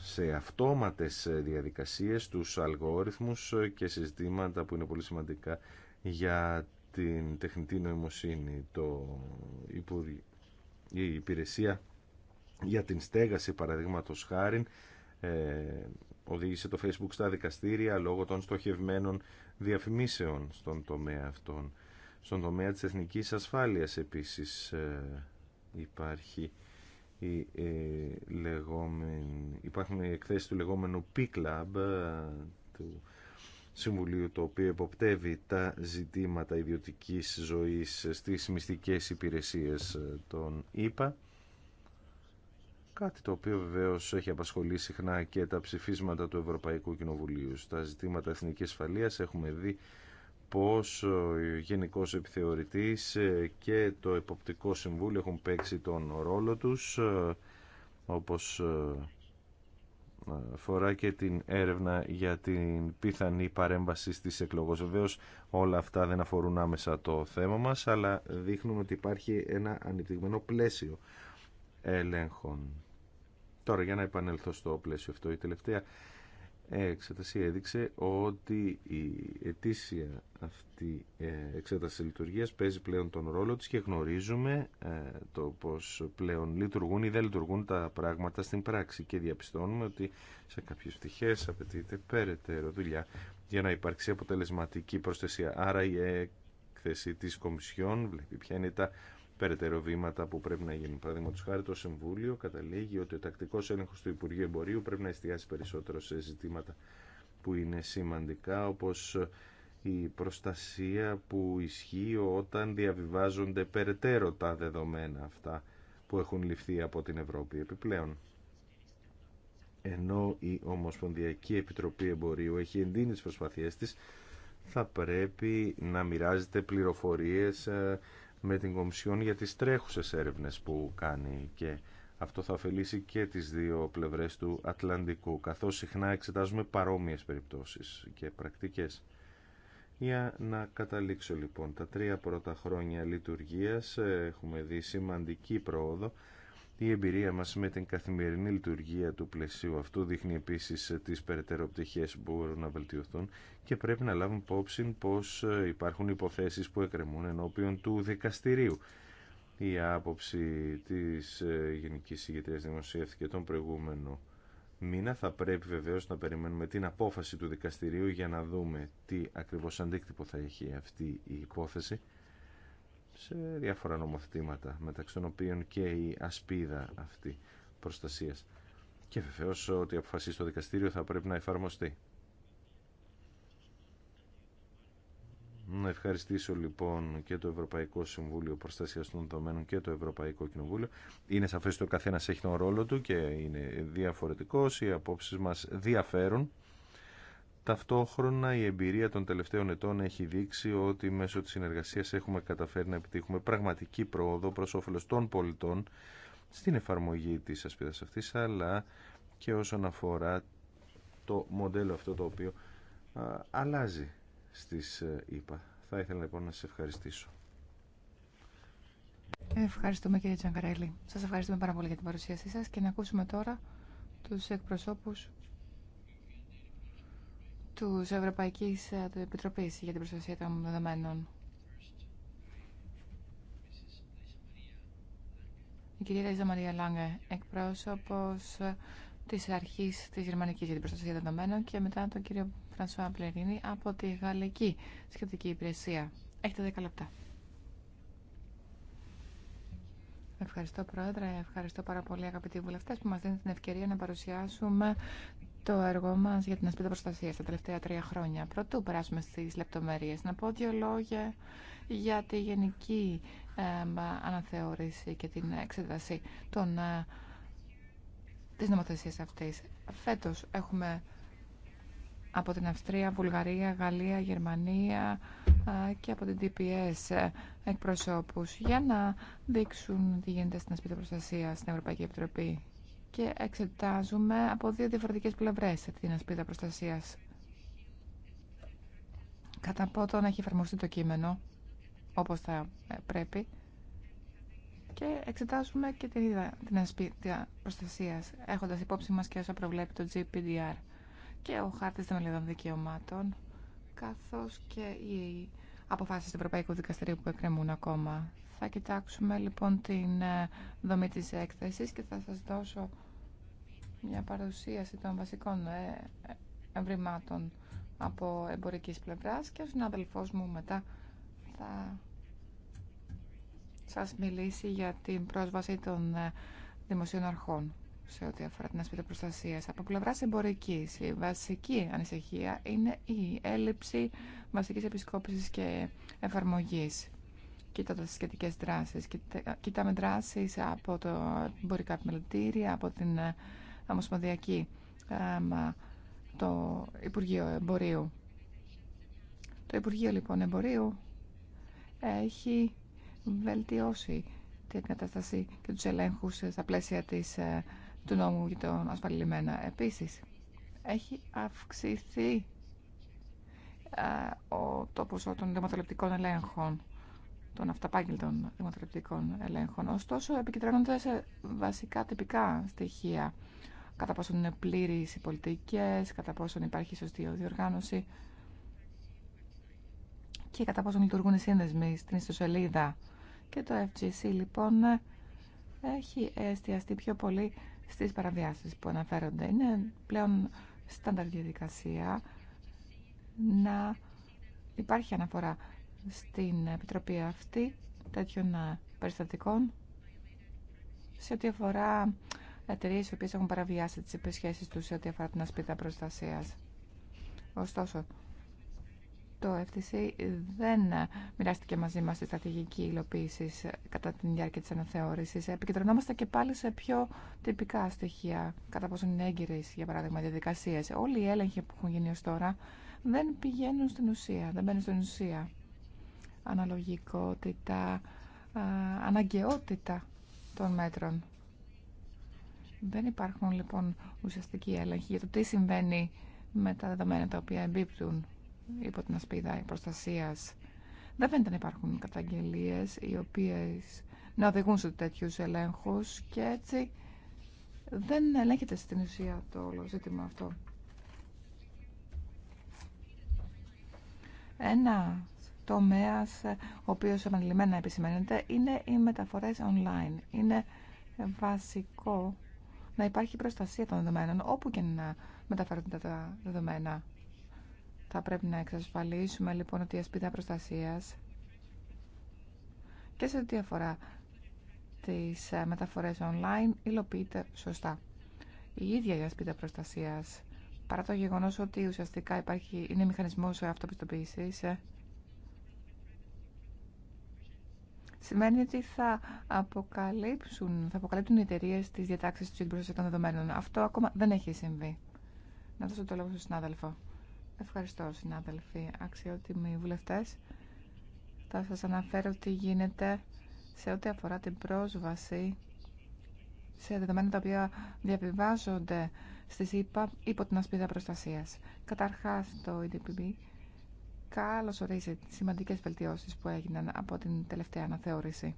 σε αυτόματες διαδικασίες, τους αλγόριθμους και συζητήματα που είναι πολύ σημαντικά για την τεχνητή νοημοσύνη, το η υπηρεσία για την στέγαση παραδείγματος χάριν ε, οδήγησε το Facebook στα δικαστήρια λόγω των στοχευμένων διαφημίσεων στον τομέα αυτών. Στον τομέα της εθνικής ασφάλειας επίσης ε, υπάρχει η, ε, λεγόμενη, υπάρχουν οι εκθέσεις του λεγόμενου P-Club του Συμβουλίου το οποίο εποπτεύει τα ζητήματα ιδιωτικής ζωής στις μυστικές υπηρεσίες ε, των ίπα, Κάτι το οποίο βεβαίως έχει απασχολεί συχνά και τα ψηφίσματα του Ευρωπαϊκού Κοινοβουλίου. Στα ζητήματα εθνικής ασφαλείας έχουμε δει πως ο Γενικός Επιθεωρητής ε, και το Εποπτικό Συμβούλιο έχουν παίξει τον ρόλο τους ε, όπως φορά και την έρευνα για την πιθανή παρέμβαση στις εκλογές. Βεβαίω όλα αυτά δεν αφορούν άμεσα το θέμα μας, αλλά δείχνουν ότι υπάρχει ένα ανεπτυγμένο πλαίσιο ελέγχων. Τώρα για να επανέλθω στο πλαίσιο αυτό, η τελευταία εξέταση έδειξε ότι η ετήσια αυτή ε, εξέταση λειτουργία παίζει πλέον τον ρόλο της και γνωρίζουμε ε, το πώς πλέον λειτουργούν ή δεν λειτουργούν τα πράγματα στην πράξη και διαπιστώνουμε ότι σε κάποιες πτυχές απαιτείται περαιτέρω δουλειά για να υπάρξει αποτελεσματική προστασία. Άρα η έκθεση της Κομισιόν βλέπει ποια είναι τα περαιτέρω βήματα που πρέπει να γίνουν. Παραδείγματο χάρη το Συμβούλιο καταλήγει ότι ο τακτικό έλεγχο του Υπουργείου Εμπορίου πρέπει να εστιάσει περισσότερο σε ζητήματα που είναι σημαντικά, όπω η προστασία που ισχύει όταν διαβιβάζονται περαιτέρω τα δεδομένα αυτά που έχουν ληφθεί από την Ευρώπη επιπλέον. Ενώ η Ομοσπονδιακή Επιτροπή Εμπορίου έχει εντείνει τι προσπαθίε της, θα πρέπει να μοιράζεται πληροφορίε. Ε, με την Κομισιόν για τις τρέχουσες έρευνες που κάνει και αυτό θα ωφελήσει και τις δύο πλευρές του Ατλαντικού, καθώς συχνά εξετάζουμε παρόμοιες περιπτώσεις και πρακτικές. Για να καταλήξω λοιπόν, τα τρία πρώτα χρόνια λειτουργίας ε, έχουμε δει σημαντική πρόοδο η εμπειρία μα με την καθημερινή λειτουργία του πλαισίου αυτού δείχνει επίση ε, τι περαιτέρω πτυχέ που μπορούν να βελτιωθούν και πρέπει να λάβουμε υπόψη πως ε, υπάρχουν υποθέσεις που εκκρεμούν ενώπιον του δικαστηρίου. Η άποψη τη ε, γενική Υγετρίας δημοσιεύθηκε τον προηγούμενο μήνα. Θα πρέπει βεβαίω να περιμένουμε την απόφαση του δικαστηρίου για να δούμε τι ακριβώ αντίκτυπο θα έχει αυτή η υπόθεση σε διάφορα νομοθετήματα μεταξύ των οποίων και η ασπίδα αυτή προστασίας και βεβαίω ότι αποφασίσει το δικαστήριο θα πρέπει να εφαρμοστεί. Να ευχαριστήσω λοιπόν και το Ευρωπαϊκό Συμβούλιο Προστασίας των Δεδομένων και το Ευρωπαϊκό Κοινοβούλιο. Είναι σαφές ότι ο καθένας έχει τον ρόλο του και είναι διαφορετικός, οι απόψεις μας διαφέρουν. Ταυτόχρονα η εμπειρία των τελευταίων ετών έχει δείξει ότι μέσω της συνεργασίας έχουμε καταφέρει να επιτύχουμε πραγματική πρόοδο προς όφελος των πολιτών στην εφαρμογή της ασπίδας αυτής αλλά και όσον αφορά το μοντέλο αυτό το οποίο αλλάζει στις ΕΠΑ. Θα ήθελα λοιπόν να σας ευχαριστήσω. Ευχαριστούμε κύριε Τσανκαρέλη. Σας ευχαριστούμε πάρα πολύ για την παρουσίασή σας και να ακούσουμε τώρα τους εκπροσώπους της Ευρωπαϊκής ε, Επιτροπής για την προστασία των δεδομένων. Η κυρία Λίζα Μαρία Λάγκε, εκπρόσωπος ε, της αρχής της Γερμανικής για την προστασία δεδομένων και μετά τον κύριο Φρανσουά Πλερίνη από τη Γαλλική Σχετική Υπηρεσία. Έχετε 10 λεπτά. Ευχαριστώ Πρόεδρε, ευχαριστώ πάρα πολύ αγαπητοί βουλευτές που μας δίνετε την ευκαιρία να παρουσιάσουμε το έργο μα για την ασπίδα προστασία τα τελευταία τρία χρόνια. Πρωτού περάσουμε στι λεπτομέρειε, να πω δύο λόγια για τη γενική αναθεώρηση και την εξέταση των, ε, της νομοθεσίας αυτής. Φέτος έχουμε από την Αυστρία, Βουλγαρία, Γαλλία, Γερμανία ε, και από την DPS ε, εκπροσώπους για να δείξουν τι γίνεται στην ασπίδα προστασία στην Ευρωπαϊκή Επιτροπή και εξετάζουμε από δύο διαφορετικές πλευρές την ασπίδα προστασίας. Κατά να έχει εφαρμοστεί το κείμενο όπως θα ε, πρέπει και εξετάζουμε και την, την ασπίδα προστασίας έχοντας υπόψη μας και όσα προβλέπει το GPDR και ο χάρτης των ελληνικών δικαιωμάτων καθώς και οι αποφάσεις του Ευρωπαϊκού Δικαστηρίου που εκκρεμούν ακόμα. Θα κοιτάξουμε λοιπόν την ε, δομή της έκθεσης και θα σας δώσω μια παρουσίαση των βασικών εμβρημάτων από εμπορικής πλευράς και ο συνάδελφός μου μετά θα σας μιλήσει για την πρόσβαση των ε, δημοσίων αρχών σε ό,τι αφορά την ασπίδα προστασία. Από πλευρά εμπορική, η βασική ανησυχία είναι η έλλειψη βασική επισκόπηση και εφαρμογή. Κοίτατε τι σχετικέ δράσει, ε, κοιτάμε δράσει από το εμπορικά επιμελητήρια, από την ε, Ομοσπονδιακή το Υπουργείο Εμπορίου. Το Υπουργείο λοιπόν Εμπορίου έχει βελτιώσει την κατάσταση και τους ελέγχους ε, στα πλαίσια της, ε, του νόμου για τον ασφαλιλημένα. Επίσης, έχει αυξηθεί ε, ο, το ποσό των δημοτολεπτικών ελέγχων, των αυταπάγγελτων δημοτολεπτικών ελέγχων. Ωστόσο, επικεντρώνονται σε βασικά τυπικά στοιχεία κατά πόσον είναι πλήρε οι πολιτικέ, κατά πόσον υπάρχει σωστή διοργάνωση και κατά πόσον λειτουργούν οι σύνδεσμοι στην ιστοσελίδα. Και το FGC λοιπόν έχει εστιαστεί πιο πολύ στις παραβιάσεις που αναφέρονται. Είναι πλέον στάνταρ διαδικασία να υπάρχει αναφορά στην Επιτροπή αυτή τέτοιων περιστατικών σε ό,τι αφορά εταιρείε οι οποίε έχουν παραβιάσει τι υπεσχέσει του σε ό,τι αφορά την ασπίδα προστασία. Ωστόσο, το FTC δεν μοιράστηκε μαζί μα τη στρατηγική υλοποίηση κατά τη διάρκεια τη αναθεώρησης. Επικεντρωνόμαστε και πάλι σε πιο τυπικά στοιχεία, κατά πόσο είναι έγκυρε, για παράδειγμα, διαδικασίες. Όλοι οι έλεγχοι που έχουν γίνει ω τώρα δεν πηγαίνουν στην ουσία, δεν μπαίνουν στην ουσία. Αναλογικότητα, αναγκαιότητα των μέτρων. Δεν υπάρχουν λοιπόν ουσιαστικοί έλεγχοι για το τι συμβαίνει με τα δεδομένα τα οποία εμπίπτουν υπό την ασπίδα προστασίας. Δεν φαίνεται να υπάρχουν καταγγελίες οι οποίες να οδηγούν σε τέτοιου ελέγχου και έτσι δεν ελέγχεται στην ουσία το όλο ζήτημα αυτό. Ένα τομέα ο οποίο επανειλημμένα επισημαίνεται είναι οι μεταφορέ. online. Είναι βασικό να υπάρχει προστασία των δεδομένων όπου και να μεταφέρονται τα δεδομένα. Θα πρέπει να εξασφαλίσουμε λοιπόν ότι η ασπίδα προστασίας και σε ό,τι αφορά τις ε, μεταφορές online υλοποιείται σωστά. Η ίδια η ασπίδα προστασίας, παρά το γεγονός ότι ουσιαστικά υπάρχει, είναι μηχανισμός αυτοπιστοποίησης, ε, σημαίνει ότι θα αποκαλύψουν, θα αποκαλύπτουν οι εταιρείε τι διατάξει του για των δεδομένων. Αυτό ακόμα δεν έχει συμβεί. Να δώσω το λόγο στον συνάδελφο. Ευχαριστώ, συνάδελφοι, αξιότιμοι βουλευτέ. Θα σα αναφέρω τι γίνεται σε ό,τι αφορά την πρόσβαση σε δεδομένα τα οποία διαβιβάζονται στη ΣΥΠΑ υπό την ασπίδα προστασίας. Καταρχάς, το EDPB καλώς ορίζει τις σημαντικές βελτιώσεις που έγιναν από την τελευταία αναθεώρηση.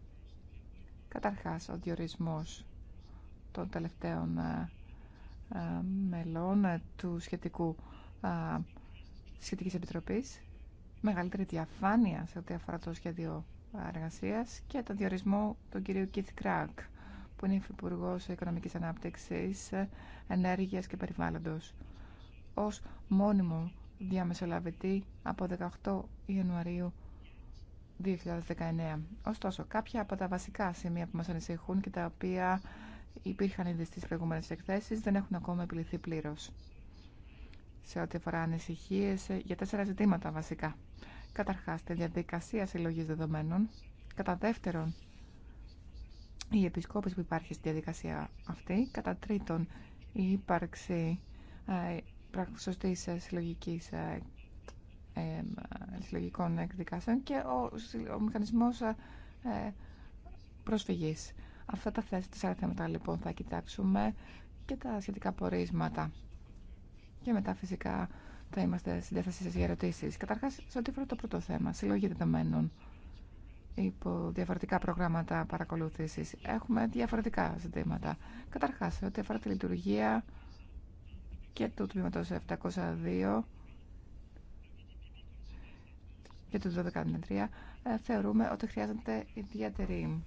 Καταρχάς, ο διορισμός των τελευταίων ε, ε, μελών ε, του σχετικού σχετικής επιτροπής, μεγαλύτερη διαφάνεια σε ό,τι αφορά το σχέδιο εργασία και τον διορισμό του κυρίου Κιθ Κράκ, που είναι υφυπουργό Οικονομικής Ανάπτυξης, Ενέργειας και Περιβάλλοντος, ως μόνιμο διαμεσολαβητή από 18 Ιανουαρίου 2019. Ωστόσο, κάποια από τα βασικά σημεία που μας ανησυχούν και τα οποία υπήρχαν ήδη στις προηγούμενες εκθέσεις δεν έχουν ακόμα επιληθεί πλήρως. Σε ό,τι αφορά ανησυχίε για τέσσερα ζητήματα βασικά. Καταρχάς, τη διαδικασία συλλογή δεδομένων. Κατά δεύτερον, η επισκόπηση που υπάρχει στη διαδικασία αυτή. Κατά τρίτον, η ύπαρξη ε, σωστή ε, συλλογική ε, ε, συλλογικών εκδικάσεων και ο, ο μηχανισμός ε, προσφυγής. Αυτά τα τέσσερα θέματα λοιπόν θα κοιτάξουμε και τα σχετικά πορίσματα. Και μετά φυσικά θα είμαστε στην διάθεσή σας για ερωτήσεις. Καταρχάς, σε ό,τι αφορά το πρώτο θέμα, συλλογή δεδομένων υπό διαφορετικά προγράμματα παρακολούθησης. Έχουμε διαφορετικά ζητήματα. Καταρχάς, σε ό,τι αφορά τη λειτουργία και του τμήματος 702 και του 1203 ε, θεωρούμε ότι χρειάζεται ιδιαίτερη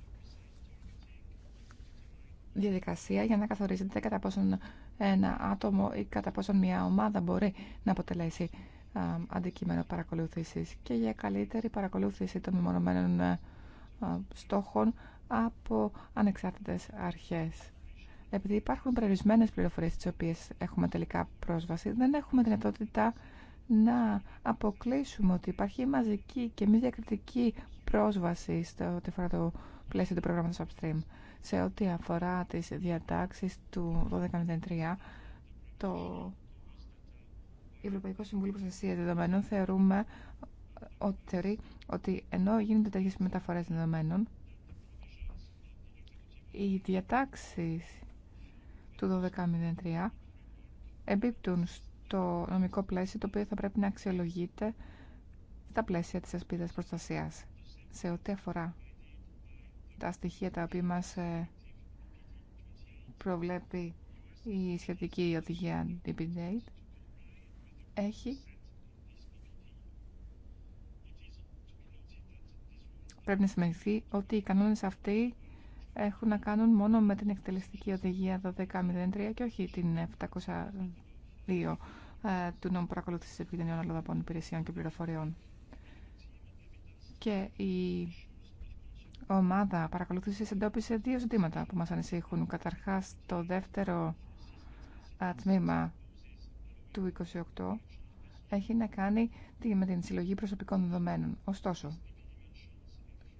διαδικασία για να καθορίζεται κατά πόσον ένα άτομο ή κατά πόσον μια ομάδα μπορεί να αποτελέσει αντικείμενο παρακολούθησης και για καλύτερη παρακολούθηση των μεμονωμένων στόχων από ανεξάρτητες αρχές επειδή υπάρχουν περιορισμένες πληροφορίε τις οποίες έχουμε τελικά πρόσβαση, δεν έχουμε δυνατότητα να αποκλείσουμε ότι υπάρχει μαζική και μη διακριτική πρόσβαση στο ό,τι αφορά το πλαίσιο του προγράμματος Upstream. Σε ό,τι αφορά τις διατάξεις του 1203, το Ευρωπαϊκό Συμβούλιο Προστασία Δεδομένων θεωρούμε ότι ότι ενώ γίνονται τέτοιε μεταφορέ δεδομένων, οι διατάξεις του 1203 εμπίπτουν στο νομικό πλαίσιο το οποίο θα πρέπει να αξιολογείται στα πλαίσια της ασπίδας προστασίας σε ό,τι αφορά τα στοιχεία τα οποία μας ε, προβλέπει η σχετική οδηγία DP-Date έχει πρέπει να σημαίνει ότι οι κανόνες αυτοί έχουν να κάνουν μόνο με την εκτελεστική οδηγία 1203 και όχι την 702 ε, του νόμου παρακολούθησης επικοινωνιών αλλοδαπών υπηρεσιών και πληροφοριών. Και η ομάδα παρακολούθησης εντόπισε δύο ζητήματα που μας ανησύχουν. Καταρχάς, το δεύτερο ε, τμήμα του 28 έχει να κάνει με την συλλογή προσωπικών δεδομένων. Ωστόσο,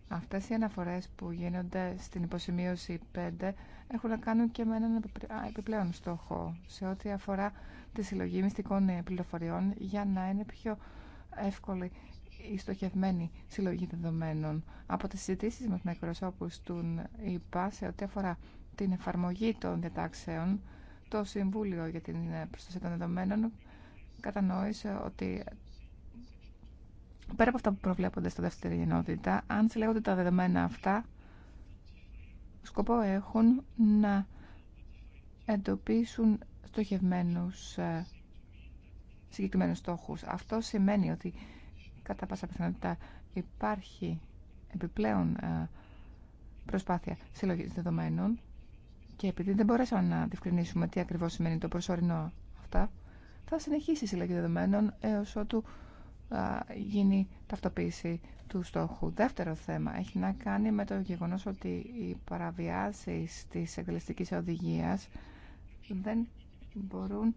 Αυτές οι αναφορές που γίνονται στην υποσημείωση 5 έχουν να κάνουν και με έναν επιπλέον στόχο σε ό,τι αφορά τη συλλογή μυστικών ε, πληροφοριών για να είναι πιο εύκολη η στοχευμένη συλλογή δεδομένων. Από τις συζητήσεις με την εκπροσώπους του ΙΠΑ σε ό,τι αφορά την εφαρμογή των διατάξεων, το Συμβούλιο για την ε, Προστασία των Δεδομένων κατανόησε ότι Πέρα από αυτά που προβλέπονται στα δεύτερη γενότητα, αν συλλέγονται τα δεδομένα αυτά, σκοπό έχουν να εντοπίσουν στοχευμένους ε, συγκεκριμένους στόχους. Αυτό σημαίνει ότι κατά πάσα πιθανότητα υπάρχει επιπλέον ε, προσπάθεια συλλογής δεδομένων και επειδή δεν μπορέσαμε να διευκρινίσουμε τι ακριβώς σημαίνει το προσωρινό αυτά, θα συνεχίσει η συλλογή δεδομένων έως ότου γίνει ταυτοποίηση του στόχου. Δεύτερο θέμα έχει να κάνει με το γεγονός ότι οι παραβιάσεις της εγκληστικής οδηγίας δεν μπορούν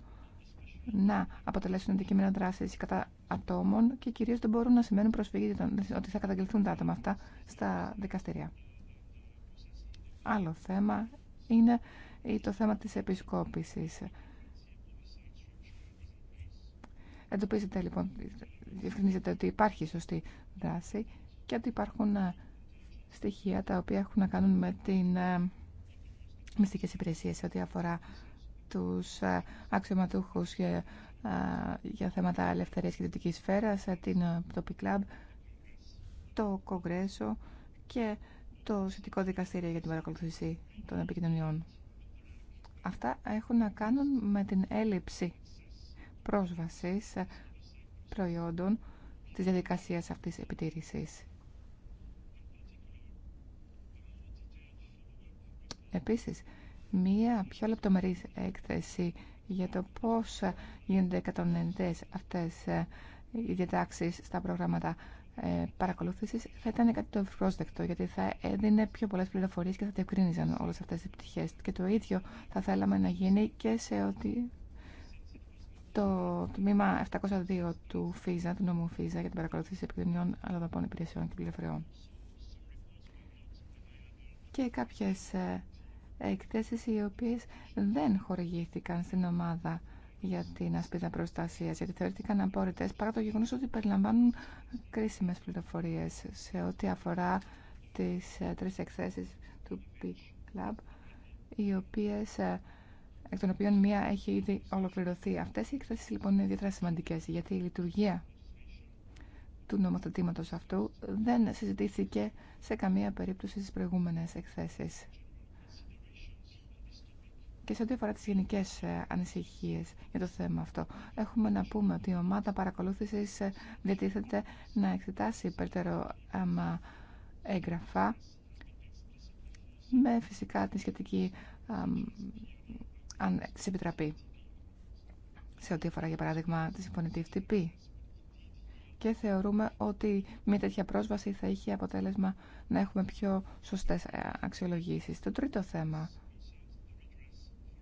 να αποτελέσουν αντικείμενα δράση κατά ατόμων και κυρίω δεν μπορούν να σημαίνουν προσφυγή ότι θα καταγγελθούν τα άτομα αυτά στα δικαστηρία. Άλλο θέμα είναι το θέμα της επισκόπησης. Εντοπίζεται λοιπόν, διευκρινίζετε ότι υπάρχει σωστή δράση και ότι υπάρχουν ε, στοιχεία τα οποία έχουν να κάνουν με την ε, μυστικέ υπηρεσίε σε ό,τι αφορά τους ε, αξιωματούχους για, για θέματα ελευθερία και δυτική σφαίρα, την, Topic το Κογκρέσο και το Συντικό Δικαστήριο για την παρακολουθήση των επικοινωνιών. Αυτά έχουν να κάνουν με την έλλειψη πρόσβασης προϊόντων της διαδικασίας αυτής επιτήρησης. Επίσης, μία πιο λεπτομερής έκθεση για το πώς γίνονται εκατονεντές αυτές ε, οι διατάξεις στα προγράμματα ε, παρακολούθησης θα ήταν κάτι το ευπρόσδεκτο γιατί θα έδινε πιο πολλές πληροφορίες και θα διευκρίνιζαν όλες αυτές τις πτυχές και το ίδιο θα θέλαμε να γίνει και σε ό,τι το τμήμα 702 του ΦΙΖΑ, του νόμου ΦΙΖΑ για την παρακολουθήση επικοινωνιών αλλοδαπών υπηρεσιών και πληροφοριών. Και κάποιες ε, εκθέσεις οι οποίες δεν χορηγήθηκαν στην ομάδα για την ασπίδα προστασία, γιατί θεωρήθηκαν απόρριτε παρά το γεγονό ότι περιλαμβάνουν κρίσιμε πληροφορίε σε ό,τι αφορά τι ε, τρει εκθέσει του P-Club, οι οποίες ε, εκ των οποίων μία έχει ήδη ολοκληρωθεί. Αυτές οι εκθέσεις λοιπόν είναι ιδιαίτερα σημαντικές, γιατί η λειτουργία του νομοθετήματος αυτού δεν συζητήθηκε σε καμία περίπτωση στις προηγούμενες εκθέσεις. Και σε ό,τι αφορά τις γενικές ε, ανησυχίες για το θέμα αυτό, έχουμε να πούμε ότι η ομάδα παρακολούθησης ε, διατίθεται να εξετάσει υπέρτερο έγγραφα με φυσικά τη σχετική αν της επιτραπεί. Σε ό,τι αφορά, για παράδειγμα, τη συμφωνητή FTP. Και θεωρούμε ότι μια τέτοια πρόσβαση θα είχε αποτέλεσμα να έχουμε πιο σωστές ε, αξιολογήσεις. Το τρίτο θέμα.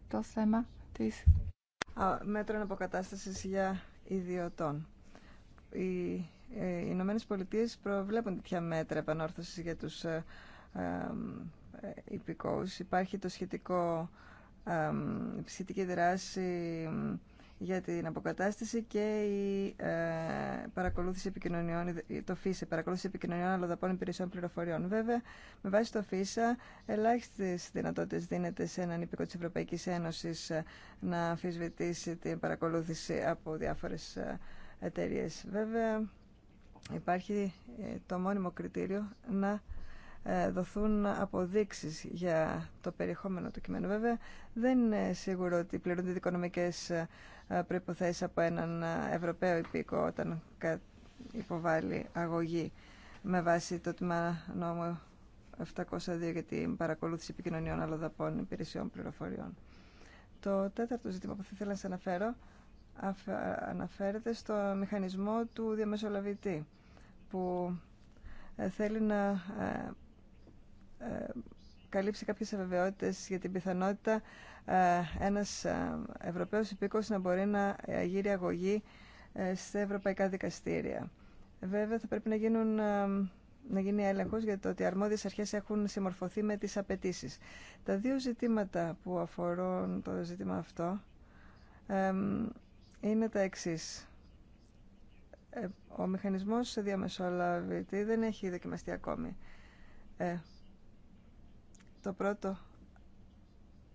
Το θέμα της... Μέτρων αποκατάστασης για ιδιωτών. Οι, ε, οι Ηνωμένε Πολιτείε προβλέπουν τέτοια μέτρα επανόρθωσης για τους ε, ε υπηκόους. Υπάρχει το σχετικό σχετική δράση για την αποκατάσταση και η ε, παρακολούθηση επικοινωνιών, το ΦΙΣΑ, παρακολούθηση επικοινωνιών αλλοδαπών υπηρεσιών πληροφοριών. Βέβαια, με βάση το φύσα ελάχιστε δυνατότητε δίνεται σε έναν υπηκό τη Ευρωπαϊκή Ένωση ε, να αμφισβητήσει την παρακολούθηση από διάφορε εταιρείε. Βέβαια, υπάρχει ε, το μόνιμο κριτήριο να ε, δοθούν αποδείξεις για το περιεχόμενο του κειμένου. Βέβαια, δεν είναι σίγουρο ότι πληρούνται δικονομικές ε, προϋποθέσεις από έναν ε, Ευρωπαίο υπήκο όταν υποβάλλει αγωγή με βάση το τμήμα νόμου 702 για την παρακολούθηση επικοινωνιών αλλοδαπών υπηρεσιών πληροφοριών. Το τέταρτο ζήτημα που θα ήθελα να σας αναφέρω αναφέρεται στο μηχανισμό του διαμεσολαβητή που θέλει να καλύψει κάποιες αβεβαιότητες για την πιθανότητα ε, ένας ε, Ευρωπαίος υπήκος να μπορεί να ε, γύρει αγωγή στα ευρωπαϊκά δικαστήρια. Βέβαια θα πρέπει να, γίνουν, να γίνει έλεγχος για ότι οι αρμόδιες αρχές έχουν συμμορφωθεί με τις απαιτήσει. Τα δύο ζητήματα που αφορούν το ζήτημα αυτό είναι τα εξής. Ο μηχανισμός διαμεσολαβητή δεν έχει δοκιμαστεί ακόμη. Το πρώτο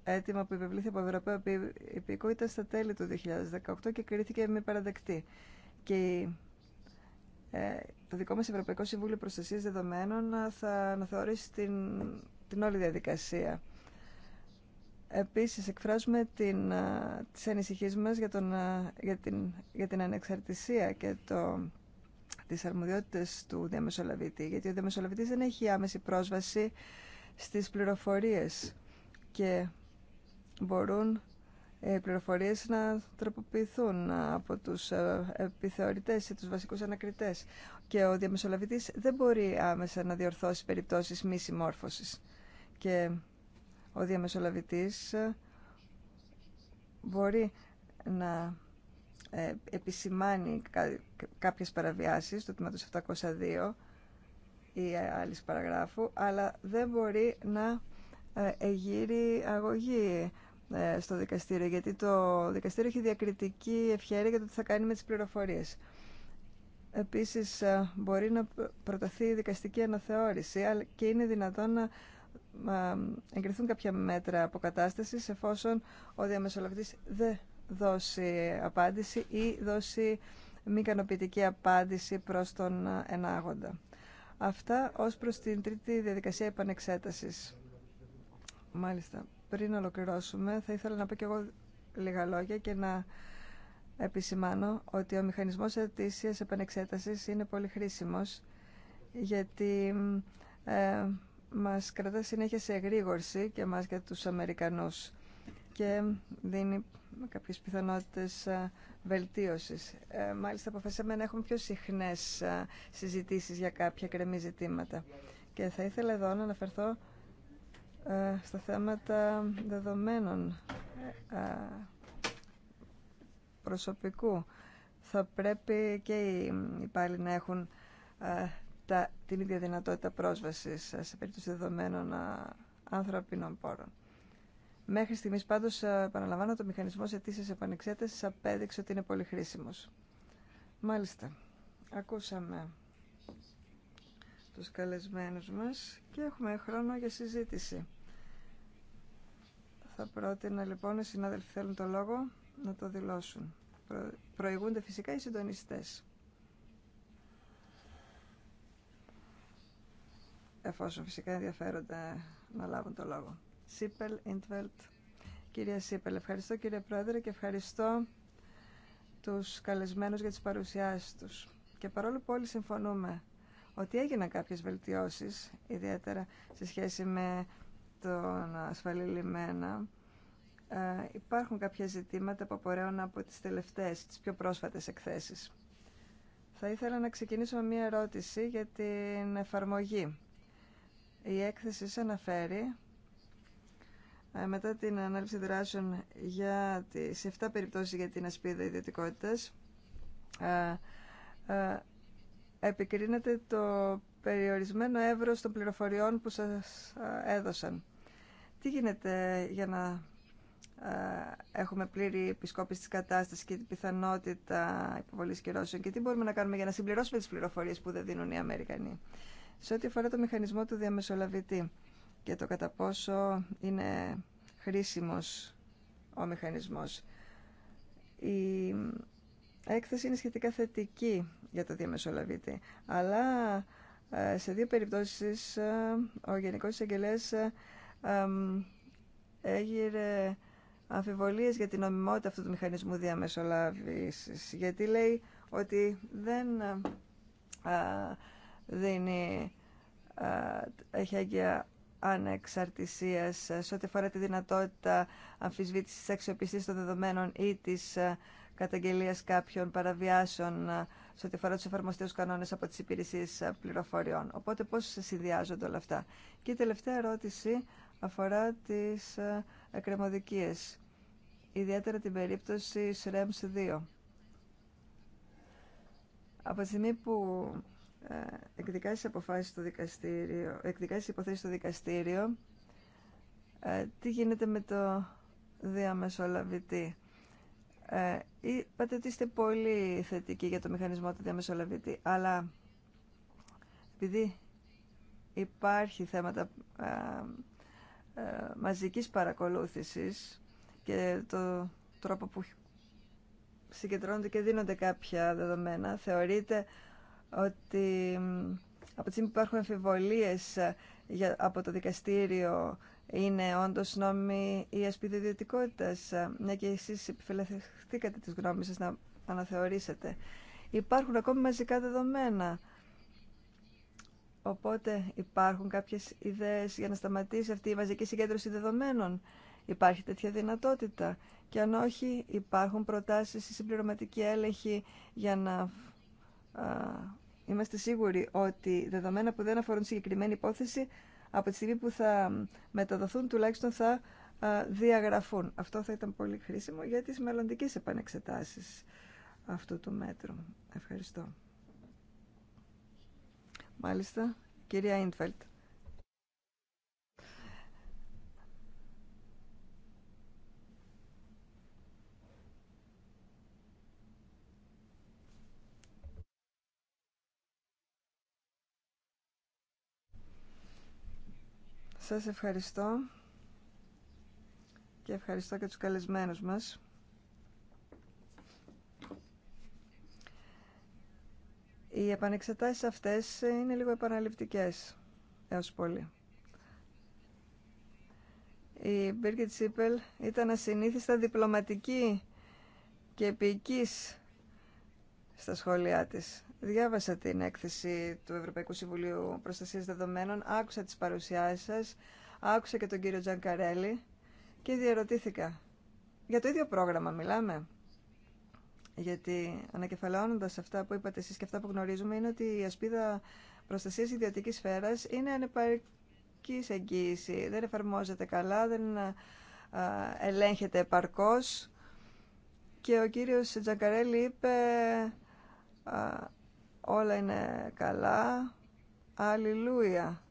αίτημα που υπευλήθη από Ευρωπαίο Υπήκο ήταν στα τέλη του 2018 και κρίθηκε μη παραδεκτή. Και ε, το δικό μας Ευρωπαϊκό Συμβούλιο Προστασίας Δεδομένων ε, θα αναθεωρήσει την, την όλη διαδικασία. Επίσης, εκφράζουμε την, ε, τις ανησυχίες μας για, τον, ε, για, την, για την ανεξαρτησία και το, τις αρμοδιότητες του διαμεσολαβητή, γιατί ο διαμεσολαβητής δεν έχει άμεση πρόσβαση στις πληροφορίες και μπορούν ε, οι πληροφορίες να τροποποιηθούν από τους ε, επιθεωρητές ή τους βασικούς ανακριτές και ο διαμεσολαβητής δεν μπορεί άμεσα να διορθώσει περιπτώσεις μη συμμόρφωσης και ο διαμεσολαβητής ε, μπορεί να επισημάνει κάποιες παραβιάσεις του τμήματος 702 ή άλλης παραγράφου, αλλά δεν μπορεί να ε, εγείρει αγωγή ε, στο δικαστήριο, γιατί το δικαστήριο έχει διακριτική ευχαίρεια για το τι θα κάνει με τις πληροφορίες. Επίσης, ε, μπορεί να προταθεί δικαστική αναθεώρηση, και είναι δυνατόν να εγκριθούν κάποια μέτρα αποκατάστασης, εφόσον ο διαμεσολαβητής δεν δώσει απάντηση ή δώσει μη ικανοποιητική απάντηση προς τον ενάγοντα. Αυτά ως προς την τρίτη διαδικασία επανεξέτασης. Μάλιστα. Πριν ολοκληρώσουμε, θα ήθελα να πω και εγώ λίγα λόγια και να επισημάνω ότι ο μηχανισμός αιτήσιας επανεξέτασης είναι πολύ χρήσιμος γιατί ε, μας κρατά συνέχεια σε εγρήγορση και μας για τους Αμερικανούς και δίνει κάποιες πιθανότητες ε, βελτίωσης. Ε, μάλιστα αποφασίσαμε να έχουμε πιο συχνές ε, συζητήσεις για κάποια κρεμή ζητήματα. Και θα ήθελα εδώ να αναφερθώ στα θέματα δεδομένων προσωπικού. Θα πρέπει και οι υπάλληλοι να έχουν την ίδια δυνατότητα πρόσβασης σε περίπτωση δεδομένων ανθρωπίνων πόρων. Μέχρι στιγμή πάντω ε, επαναλαμβάνω, το σε αιτήσει επανεξέταση απέδειξε ότι είναι πολύ χρήσιμο. Μάλιστα, ακούσαμε τους καλεσμένους μας και έχουμε χρόνο για συζήτηση. Θα πρότεινα λοιπόν οι συνάδελφοι θέλουν το λόγο να το δηλώσουν. Προηγούνται φυσικά οι συντονιστές. Εφόσον φυσικά ενδιαφέρονται να λάβουν το λόγο. Σίπελ, Ιντβελτ. Κυρία Σίπελ, ευχαριστώ κύριε Πρόεδρε και ευχαριστώ τους καλεσμένους για τις παρουσιάσεις τους. Και παρόλο που όλοι συμφωνούμε ότι έγιναν κάποιες βελτιώσεις, ιδιαίτερα σε σχέση με τον ασφαλή λιμένα, ε, υπάρχουν κάποια ζητήματα που απορρέουν από τις τελευταίες, τις πιο πρόσφατες εκθέσεις. Θα ήθελα να ξεκινήσω με μία ερώτηση για την εφαρμογή. Η έκθεση αναφέρει ε, μετά την ανάλυση δράσεων για τις 7 περιπτώσεις για την ασπίδα ιδιωτικότητας, ε, ε, επικρίνεται το περιορισμένο εύρος των πληροφοριών που σας έδωσαν. Τι γίνεται για να έχουμε πλήρη επισκόπηση της κατάστασης και την πιθανότητα υποβολής κυρώσεων και τι μπορούμε να κάνουμε για να συμπληρώσουμε τις πληροφορίες που δεν δίνουν οι Αμερικανοί. Σε ό,τι αφορά το μηχανισμό του διαμεσολαβητή, και το κατά πόσο είναι χρήσιμος ο μηχανισμός. Η έκθεση είναι σχετικά θετική για το διαμεσολαβήτη, αλλά ε, σε δύο περιπτώσεις ε, ο Γενικός Εισαγγελέας ε, έγειρε αμφιβολίες για την ομιμότητα αυτού του μηχανισμού διαμεσολάβησης, γιατί λέει ότι δεν δίνει, έχει ανεξαρτησίας ε, σε ό,τι αφορά τη δυνατότητα αμφισβήτησης τη αξιοπιστίας των δεδομένων ή της ε, καταγγελίας κάποιων παραβιάσεων ε, σε ό,τι αφορά τους εφαρμοστέους κανόνες από τις υπηρεσίες πληροφοριών. Οπότε πώς συνδυάζονται όλα αυτά. Και η τελευταία ερώτηση αφορά τις εκκρεμωδικίες, ιδιαίτερα την περίπτωση SREMS 2. Από τη στιγμή που ε, εκδικάσεις αποφάσεις στο δικαστήριο, εκδικάσεις υποθέσεις στο δικαστήριο, ε, τι γίνεται με το διαμεσολαβητή. Ε, είπατε ότι είστε πολύ θετικοί για το μηχανισμό του διαμεσολαβητή, αλλά επειδή υπάρχει θέματα ε, ε μαζικής παρακολούθησης και το τρόπο που συγκεντρώνονται και δίνονται κάποια δεδομένα, θεωρείται ότι από τη στιγμή που υπάρχουν αμφιβολίες ε, από το δικαστήριο είναι όντως νόμιμη η ασπίδα ιδιωτικότητας, ε, μια και εσείς επιφυλαχθήκατε τις γνώμες σας να αναθεωρήσετε. Υπάρχουν ακόμη μαζικά δεδομένα. Οπότε υπάρχουν κάποιες ιδέες για να σταματήσει αυτή η μαζική συγκέντρωση δεδομένων. Υπάρχει τέτοια δυνατότητα. Και αν όχι, υπάρχουν προτάσεις ή συμπληρωματική έλεγχη για να είμαστε σίγουροι ότι δεδομένα που δεν αφορούν συγκεκριμένη υπόθεση από τη στιγμή που θα μεταδοθούν τουλάχιστον θα διαγραφούν. Αυτό θα ήταν πολύ χρήσιμο για τις μελλοντικέ επανεξετάσεις αυτού του μέτρου. Ευχαριστώ. Μάλιστα, κυρία Ίντφελτ. Σας ευχαριστώ και ευχαριστώ και τους καλεσμένους μας. Οι επανεξετάσεις αυτές είναι λίγο επαναληπτικές έως πολύ. Η Μπίρκετ Σίπελ ήταν ασυνήθιστα διπλωματική και επικής στα σχόλιά της. Διάβασα την έκθεση του Ευρωπαϊκού Συμβουλίου Προστασίας Δεδομένων, άκουσα τις παρουσιάσεις σας, άκουσα και τον κύριο Τζανκαρέλη και διαρωτήθηκα. Για το ίδιο πρόγραμμα μιλάμε. Γιατί ανακεφαλαιώνοντας αυτά που είπατε εσείς και αυτά που γνωρίζουμε είναι ότι η ασπίδα προστασίας ιδιωτικής σφαίρας είναι ανεπαρκής εγγύηση. Δεν εφαρμόζεται καλά, δεν ελέγχεται επαρκώς. Και ο κύριος Τζανκαρέλη είπε όλα είναι καλά. Αλληλούια.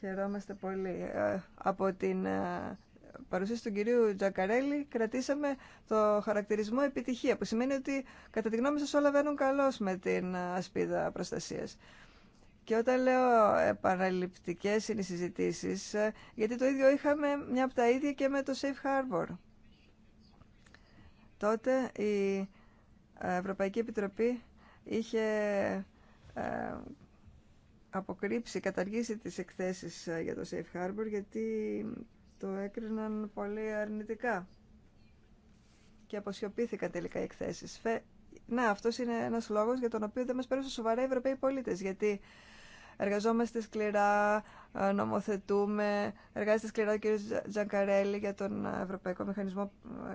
Χαιρόμαστε πολύ. Ε, από την ε, παρουσίαση του κυρίου Τζακαρέλη κρατήσαμε το χαρακτηρισμό επιτυχία, που σημαίνει ότι κατά τη γνώμη σας όλα βαίνουν καλώς με την ε, ασπίδα προστασίας. Και όταν λέω επαναληπτικές είναι οι συζητήσεις, γιατί το ίδιο είχαμε μια από τα ίδια και με το Safe Harbor. Τότε η Ευρωπαϊκή Επιτροπή είχε ε, αποκρύψει, καταργήσει τις εκθέσεις ε, για το Safe Harbor γιατί το έκριναν πολύ αρνητικά και αποσιωπήθηκαν τελικά οι εκθέσεις. Να, αυτός είναι ένας λόγος για τον οποίο δεν μας παίρνουν σοβαρά οι Ευρωπαίοι πολίτες γιατί εργαζόμαστε σκληρά, ε, νομοθετούμε, εργάζεται σκληρά ο κ. Τζανκαρέλη για τον Ευρωπαϊκό Μηχανισμό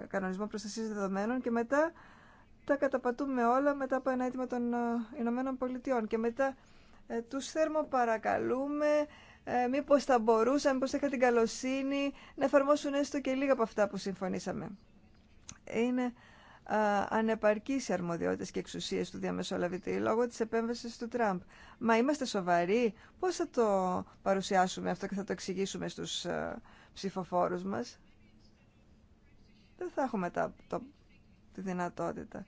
Κανονισμό Προστασίας Δεδομένων και μετά τα καταπατούμε όλα μετά από ένα αίτημα των ε, Ηνωμένων Πολιτειών και μετά ε, τους θερμοπαρακαλούμε ε, μήπως θα μπορούσαν, μήπως είχα την καλοσύνη να εφαρμόσουν έστω και λίγα από αυτά που συμφωνήσαμε. Είναι ε, ανεπαρκείς οι αρμοδιότητες και εξουσίες του διαμεσολαβητή λόγω της επέμβασης του Τραμπ. Μα είμαστε σοβαροί. Πώς θα το παρουσιάσουμε αυτό και θα το εξηγήσουμε στους ε, ψηφοφόρους μας. Δεν θα έχουμε τα, το τη δυνατότητα.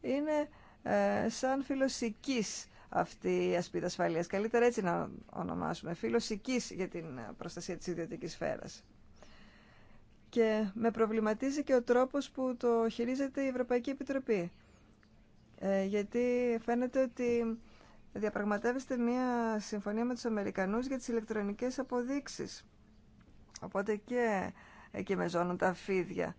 Είναι ε, σαν φιλοσικής αυτή η ασπίδα ασφαλεία. Καλύτερα έτσι να ονομάσουμε. Φιλοσικής για την προστασία της ιδιωτικής σφαίρας. Και με προβληματίζει και ο τρόπος που το χειρίζεται η Ευρωπαϊκή Επιτροπή. Ε, γιατί φαίνεται ότι διαπραγματεύεστε μία συμφωνία με τους Αμερικανούς για τις ηλεκτρονικές αποδείξεις. Οπότε και εκεί με τα φίδια.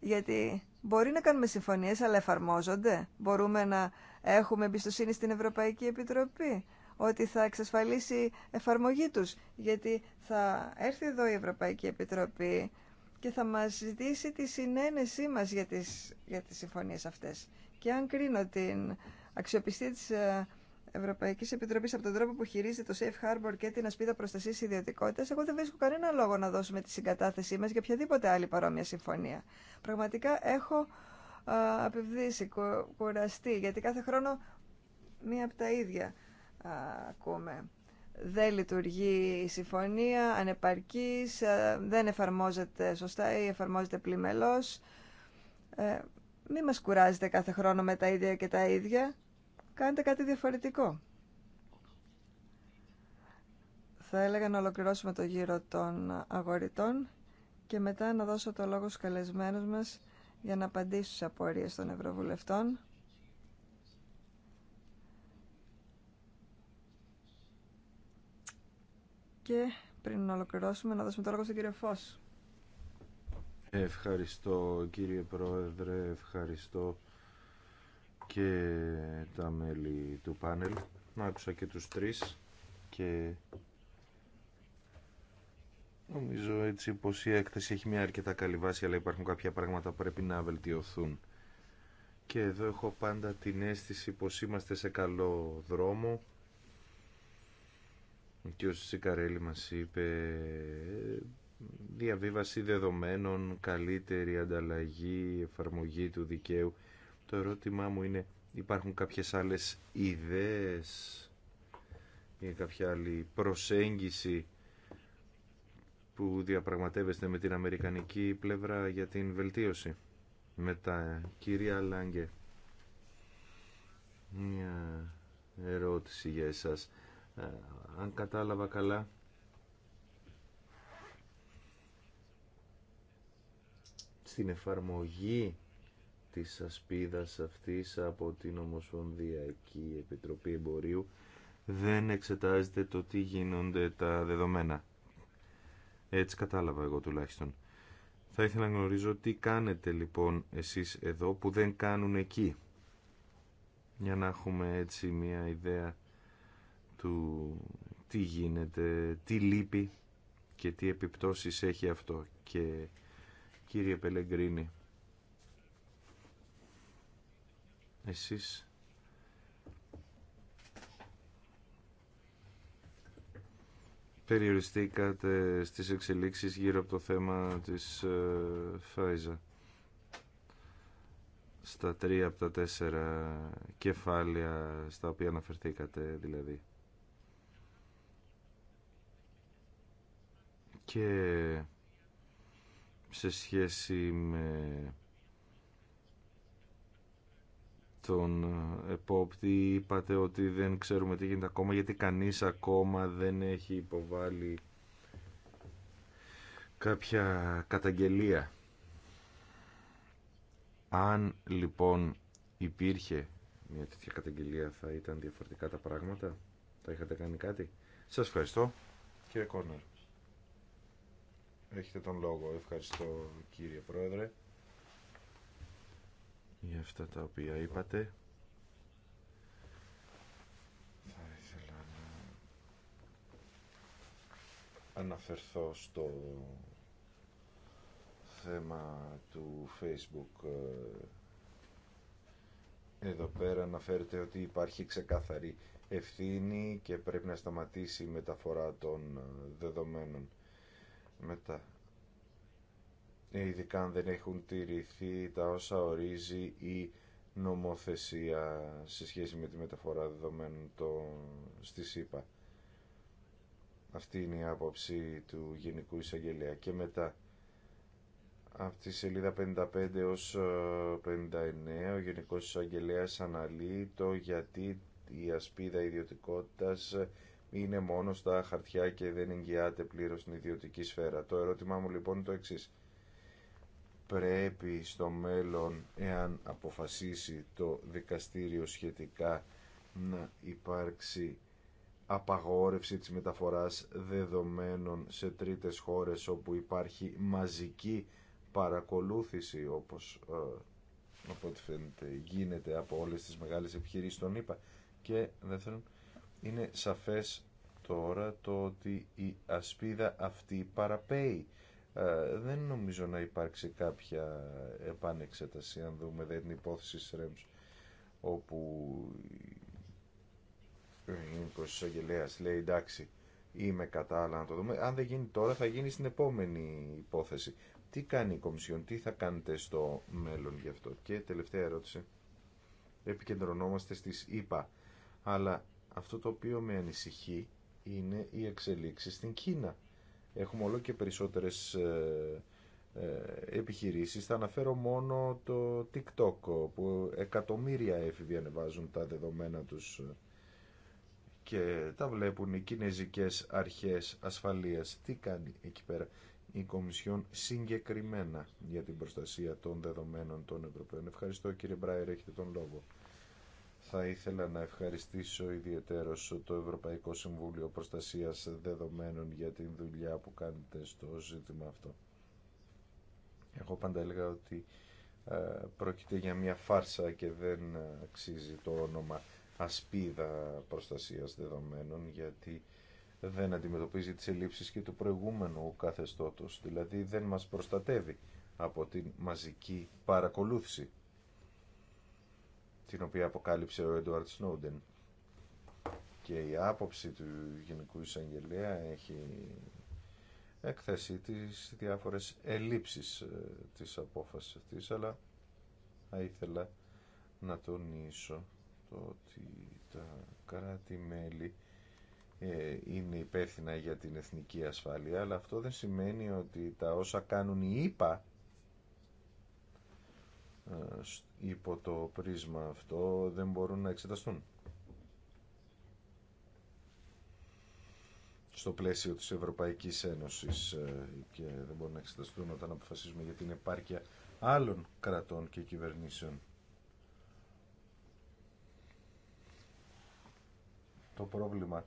Γιατί Μπορεί να κάνουμε συμφωνίες, αλλά εφαρμόζονται. Μπορούμε να έχουμε εμπιστοσύνη στην Ευρωπαϊκή Επιτροπή ότι θα εξασφαλίσει εφαρμογή τους, γιατί θα έρθει εδώ η Ευρωπαϊκή Επιτροπή και θα μας ζητήσει τη συνένεσή μας για τις, για τις συμφωνίες αυτές. Και αν κρίνω την αξιοπιστία της ε, Ευρωπαϊκή Επιτροπή από τον τρόπο που χειρίζεται το Safe Harbor και την ασπίδα προστασία ιδιωτικότητα, εγώ δεν βρίσκω κανένα λόγο να δώσουμε τη συγκατάθεσή μα για οποιαδήποτε άλλη παρόμοια συμφωνία. Πραγματικά έχω α, κουραστεί, γιατί κάθε χρόνο μία από τα ίδια α, ακούμε. Δεν λειτουργεί η συμφωνία, ανεπαρκής, δεν εφαρμόζεται σωστά ή εφαρμόζεται πλημελώς. Ε, μην μας κουράζετε κάθε χρόνο με τα ίδια και τα ίδια κάνετε κάτι διαφορετικό. Θα έλεγα να ολοκληρώσουμε το γύρο των αγορητών και μετά να δώσω το λόγο στους καλεσμένους μας για να απαντήσουν στις απορίες των Ευρωβουλευτών. Και πριν να ολοκληρώσουμε να δώσουμε το λόγο στον κύριο Φως. Ευχαριστώ κύριε Πρόεδρε, ευχαριστώ και τα μέλη του πάνελ. Να άκουσα και τους τρεις και νομίζω έτσι πως η έκθεση έχει μια αρκετά καλή βάση αλλά υπάρχουν κάποια πράγματα που πρέπει να βελτιωθούν. Και εδώ έχω πάντα την αίσθηση πως είμαστε σε καλό δρόμο. Ο κ. Σικαρέλη μας είπε «Ε, διαβίβαση δεδομένων, καλύτερη ανταλλαγή, εφαρμογή του δικαίου. Το ερώτημά μου είναι υπάρχουν κάποιες άλλες ιδέες ή κάποια άλλη προσέγγιση που διαπραγματεύεστε με την Αμερικανική πλευρά για την βελτίωση με τα κυρία Λάγκε μια ερώτηση για εσάς ε, αν κατάλαβα καλά στην εφαρμογή της ασπίδας αυτής από την Ομοσπονδιακή Επιτροπή Εμπορίου δεν εξετάζεται το τι γίνονται τα δεδομένα. Έτσι κατάλαβα εγώ τουλάχιστον. Θα ήθελα να γνωρίζω τι κάνετε λοιπόν εσείς εδώ που δεν κάνουν εκεί. Για να έχουμε έτσι μια ιδέα του τι γίνεται, τι λείπει και τι επιπτώσεις έχει αυτό. Και κύριε Πελεγκρίνη, εσείς περιοριστήκατε στις εξελίξεις γύρω από το θέμα της Φάιζα ε, στα τρία από τα τέσσερα κεφάλαια στα οποία αναφερθήκατε δηλαδή και σε σχέση με τον ε, επόπτη είπατε ότι δεν ξέρουμε τι γίνεται ακόμα γιατί κανείς ακόμα δεν έχει υποβάλει κάποια καταγγελία. Αν λοιπόν υπήρχε μια τέτοια καταγγελία θα ήταν διαφορετικά τα πράγματα, θα είχατε κάνει κάτι. Σας ευχαριστώ κύριε Κόρνερ. Έχετε τον λόγο. Ευχαριστώ κύριε Πρόεδρε για αυτά τα οποία είπατε. Θα ήθελα να αναφερθώ στο θέμα του Facebook. Εδώ πέρα αναφέρεται ότι υπάρχει ξεκάθαρη ευθύνη και πρέπει να σταματήσει η μεταφορά των δεδομένων. Μετά ε, ειδικά αν δεν έχουν τηρηθεί τα όσα ορίζει η νομοθεσία σε σχέση με τη μεταφορά δεδομένων το, στη ΣΥΠΑ. Αυτή είναι η άποψη του Γενικού Εισαγγελέα. Και μετά, από τη σελίδα 55 ως 59, ο Γενικός Εισαγγελέας αναλύει το γιατί η ασπίδα ιδιωτικότητας είναι μόνο στα χαρτιά και δεν εγγυάται πλήρως στην ιδιωτική σφαίρα. Το ερώτημά μου λοιπόν είναι το εξής πρέπει στο μέλλον, εάν αποφασίσει το δικαστήριο σχετικά, να υπάρξει απαγόρευση της μεταφοράς δεδομένων σε τρίτες χώρες όπου υπάρχει μαζική παρακολούθηση όπως ε, από ό,τι φαίνεται γίνεται από όλες τις μεγάλες επιχειρήσεις των ΗΠΑ και δεύτερον είναι σαφές τώρα το ότι η ασπίδα αυτή παραπέει ε, δεν νομίζω να υπάρξει κάποια επανεξέταση αν δούμε την υπόθεση ΣΡΕΜΣ όπου ο Γενικός λέει εντάξει είμαι κατά αλλά να το δούμε αν δεν γίνει τώρα θα γίνει στην επόμενη υπόθεση τι κάνει η Κομισιόν, τι θα κάνετε στο μέλλον γι' αυτό και τελευταία ερώτηση επικεντρωνόμαστε στις ΙΠΑ αλλά αυτό το οποίο με ανησυχεί είναι οι εξελίξεις στην Κίνα Έχουμε όλο και περισσότερες ε, ε, επιχειρήσεις. Θα αναφέρω μόνο το TikTok, που εκατομμύρια έφηβοι ανεβάζουν τα δεδομένα τους ε, και τα βλέπουν οι κινέζικες αρχές ασφαλείας. Τι κάνει εκεί πέρα η Κομισιόν συγκεκριμένα για την προστασία των δεδομένων των Ευρωπαίων. Ευχαριστώ κύριε Μπράιρ, έχετε τον λόγο θα ήθελα να ευχαριστήσω ιδιαίτερο το Ευρωπαϊκό Συμβούλιο Προστασίας Δεδομένων για την δουλειά που κάνετε στο ζήτημα αυτό. Εγώ πάντα έλεγα ότι ε, πρόκειται για μια φάρσα και δεν αξίζει το όνομα ασπίδα προστασίας δεδομένων γιατί δεν αντιμετωπίζει τις ελλείψεις και του προηγούμενου καθεστώτος, δηλαδή δεν μας προστατεύει από την μαζική παρακολούθηση την οποία αποκάλυψε ο Έντουαρτ Σνόντεν. Και η άποψη του Γενικού Εισαγγελέα έχει έκθεσή τις διάφορες ελλείψεις ε, της απόφασης αυτής, αλλά θα ήθελα να τονίσω το ότι τα κράτη-μέλη ε, είναι υπεύθυνα για την εθνική ασφάλεια, αλλά αυτό δεν σημαίνει ότι τα όσα κάνουν οι ΙΠΑ ε, υπό το πρίσμα αυτό δεν μπορούν να εξεταστούν. στο πλαίσιο της Ευρωπαϊκής Ένωσης ε, και δεν μπορούν να εξεταστούν όταν αποφασίζουμε για την επάρκεια άλλων κρατών και κυβερνήσεων. Το πρόβλημα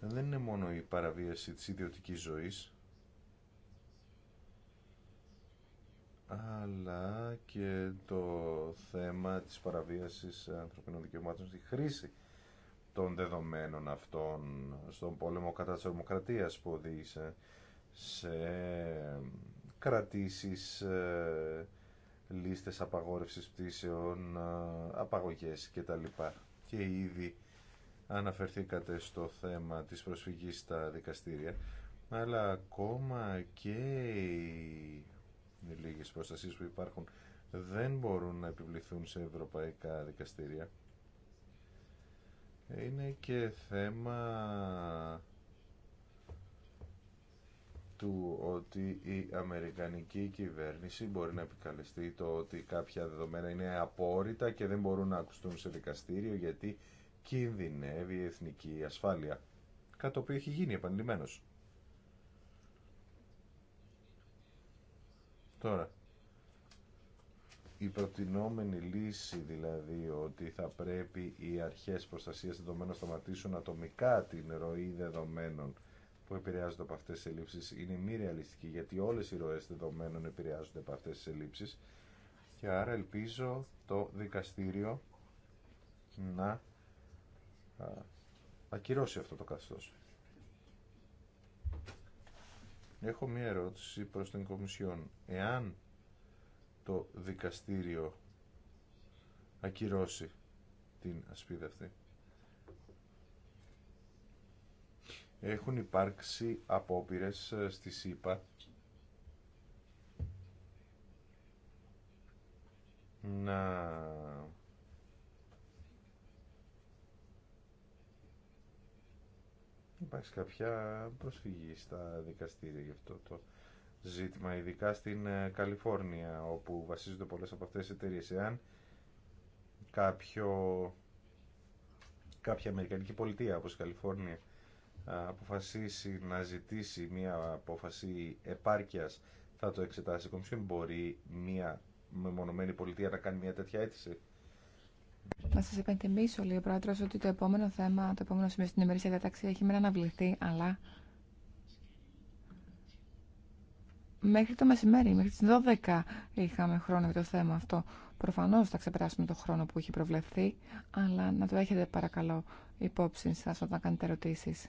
δεν είναι μόνο η παραβίαση της ιδιωτικής ζωής, αλλά και το θέμα της παραβίασης ανθρωπινών δικαιωμάτων στη χρήση των δεδομένων αυτών στον πόλεμο κατά της δημοκρατίας που οδήγησε σε κρατήσεις, ε, λίστες απαγόρευσης πτήσεων, ε, απαγωγές κτλ. Και ήδη αναφερθήκατε στο θέμα της προσφυγής στα δικαστήρια, αλλά ακόμα και οι λίγε προστασίε που υπάρχουν δεν μπορούν να επιβληθούν σε ευρωπαϊκά δικαστήρια. Είναι και θέμα του ότι η Αμερικανική κυβέρνηση μπορεί να επικαλεστεί το ότι κάποια δεδομένα είναι απόρριτα και δεν μπορούν να ακουστούν σε δικαστήριο γιατί κινδυνεύει η εθνική ασφάλεια. Κάτι το οποίο έχει γίνει επανειλημμένως. Τώρα, η προτινόμενη λύση δηλαδή ότι θα πρέπει οι αρχές προστασίας δεδομένων να σταματήσουν ατομικά την ροή δεδομένων που επηρεάζονται από αυτές τις ελλείψεις είναι μη ρεαλιστική γιατί όλες οι ροές δεδομένων επηρεάζονται από αυτές τις ελλείψεις και άρα ελπίζω το δικαστήριο να ακυρώσει αυτό το καθώς. Έχω μία ερώτηση προς την Κομισιόν. Εάν το δικαστήριο ακυρώσει την ασπίδα αυτή, έχουν υπάρξει απόπειρες ε, στη ΣΥΠΑ να υπάρξει κάποια προσφυγή στα δικαστήρια γι' αυτό το ζήτημα, ειδικά στην ε, Καλιφόρνια, όπου βασίζονται πολλές από αυτές τις εταιρείες. Εάν κάποιο, κάποια Αμερικανική πολιτεία, όπως η Καλιφόρνια, ε, αποφασίσει να ζητήσει μία απόφαση επάρκειας, θα το εξετάσει η Κομισιόν, μπορεί μία μεμονωμένη πολιτεία να κάνει μία τέτοια αίτηση. Να σα υπενθυμίσω, Λίγο ο ότι το επόμενο θέμα, το επόμενο σημείο στην ημερήσια διατάξη έχει μείνει αναβληθεί, αλλά μέχρι το μεσημέρι, μέχρι τι 12 είχαμε χρόνο για το θέμα αυτό. Προφανώ θα ξεπεράσουμε το χρόνο που έχει προβλεφθεί, αλλά να το έχετε παρακαλώ υπόψη σας όταν κάνετε ερωτήσεις.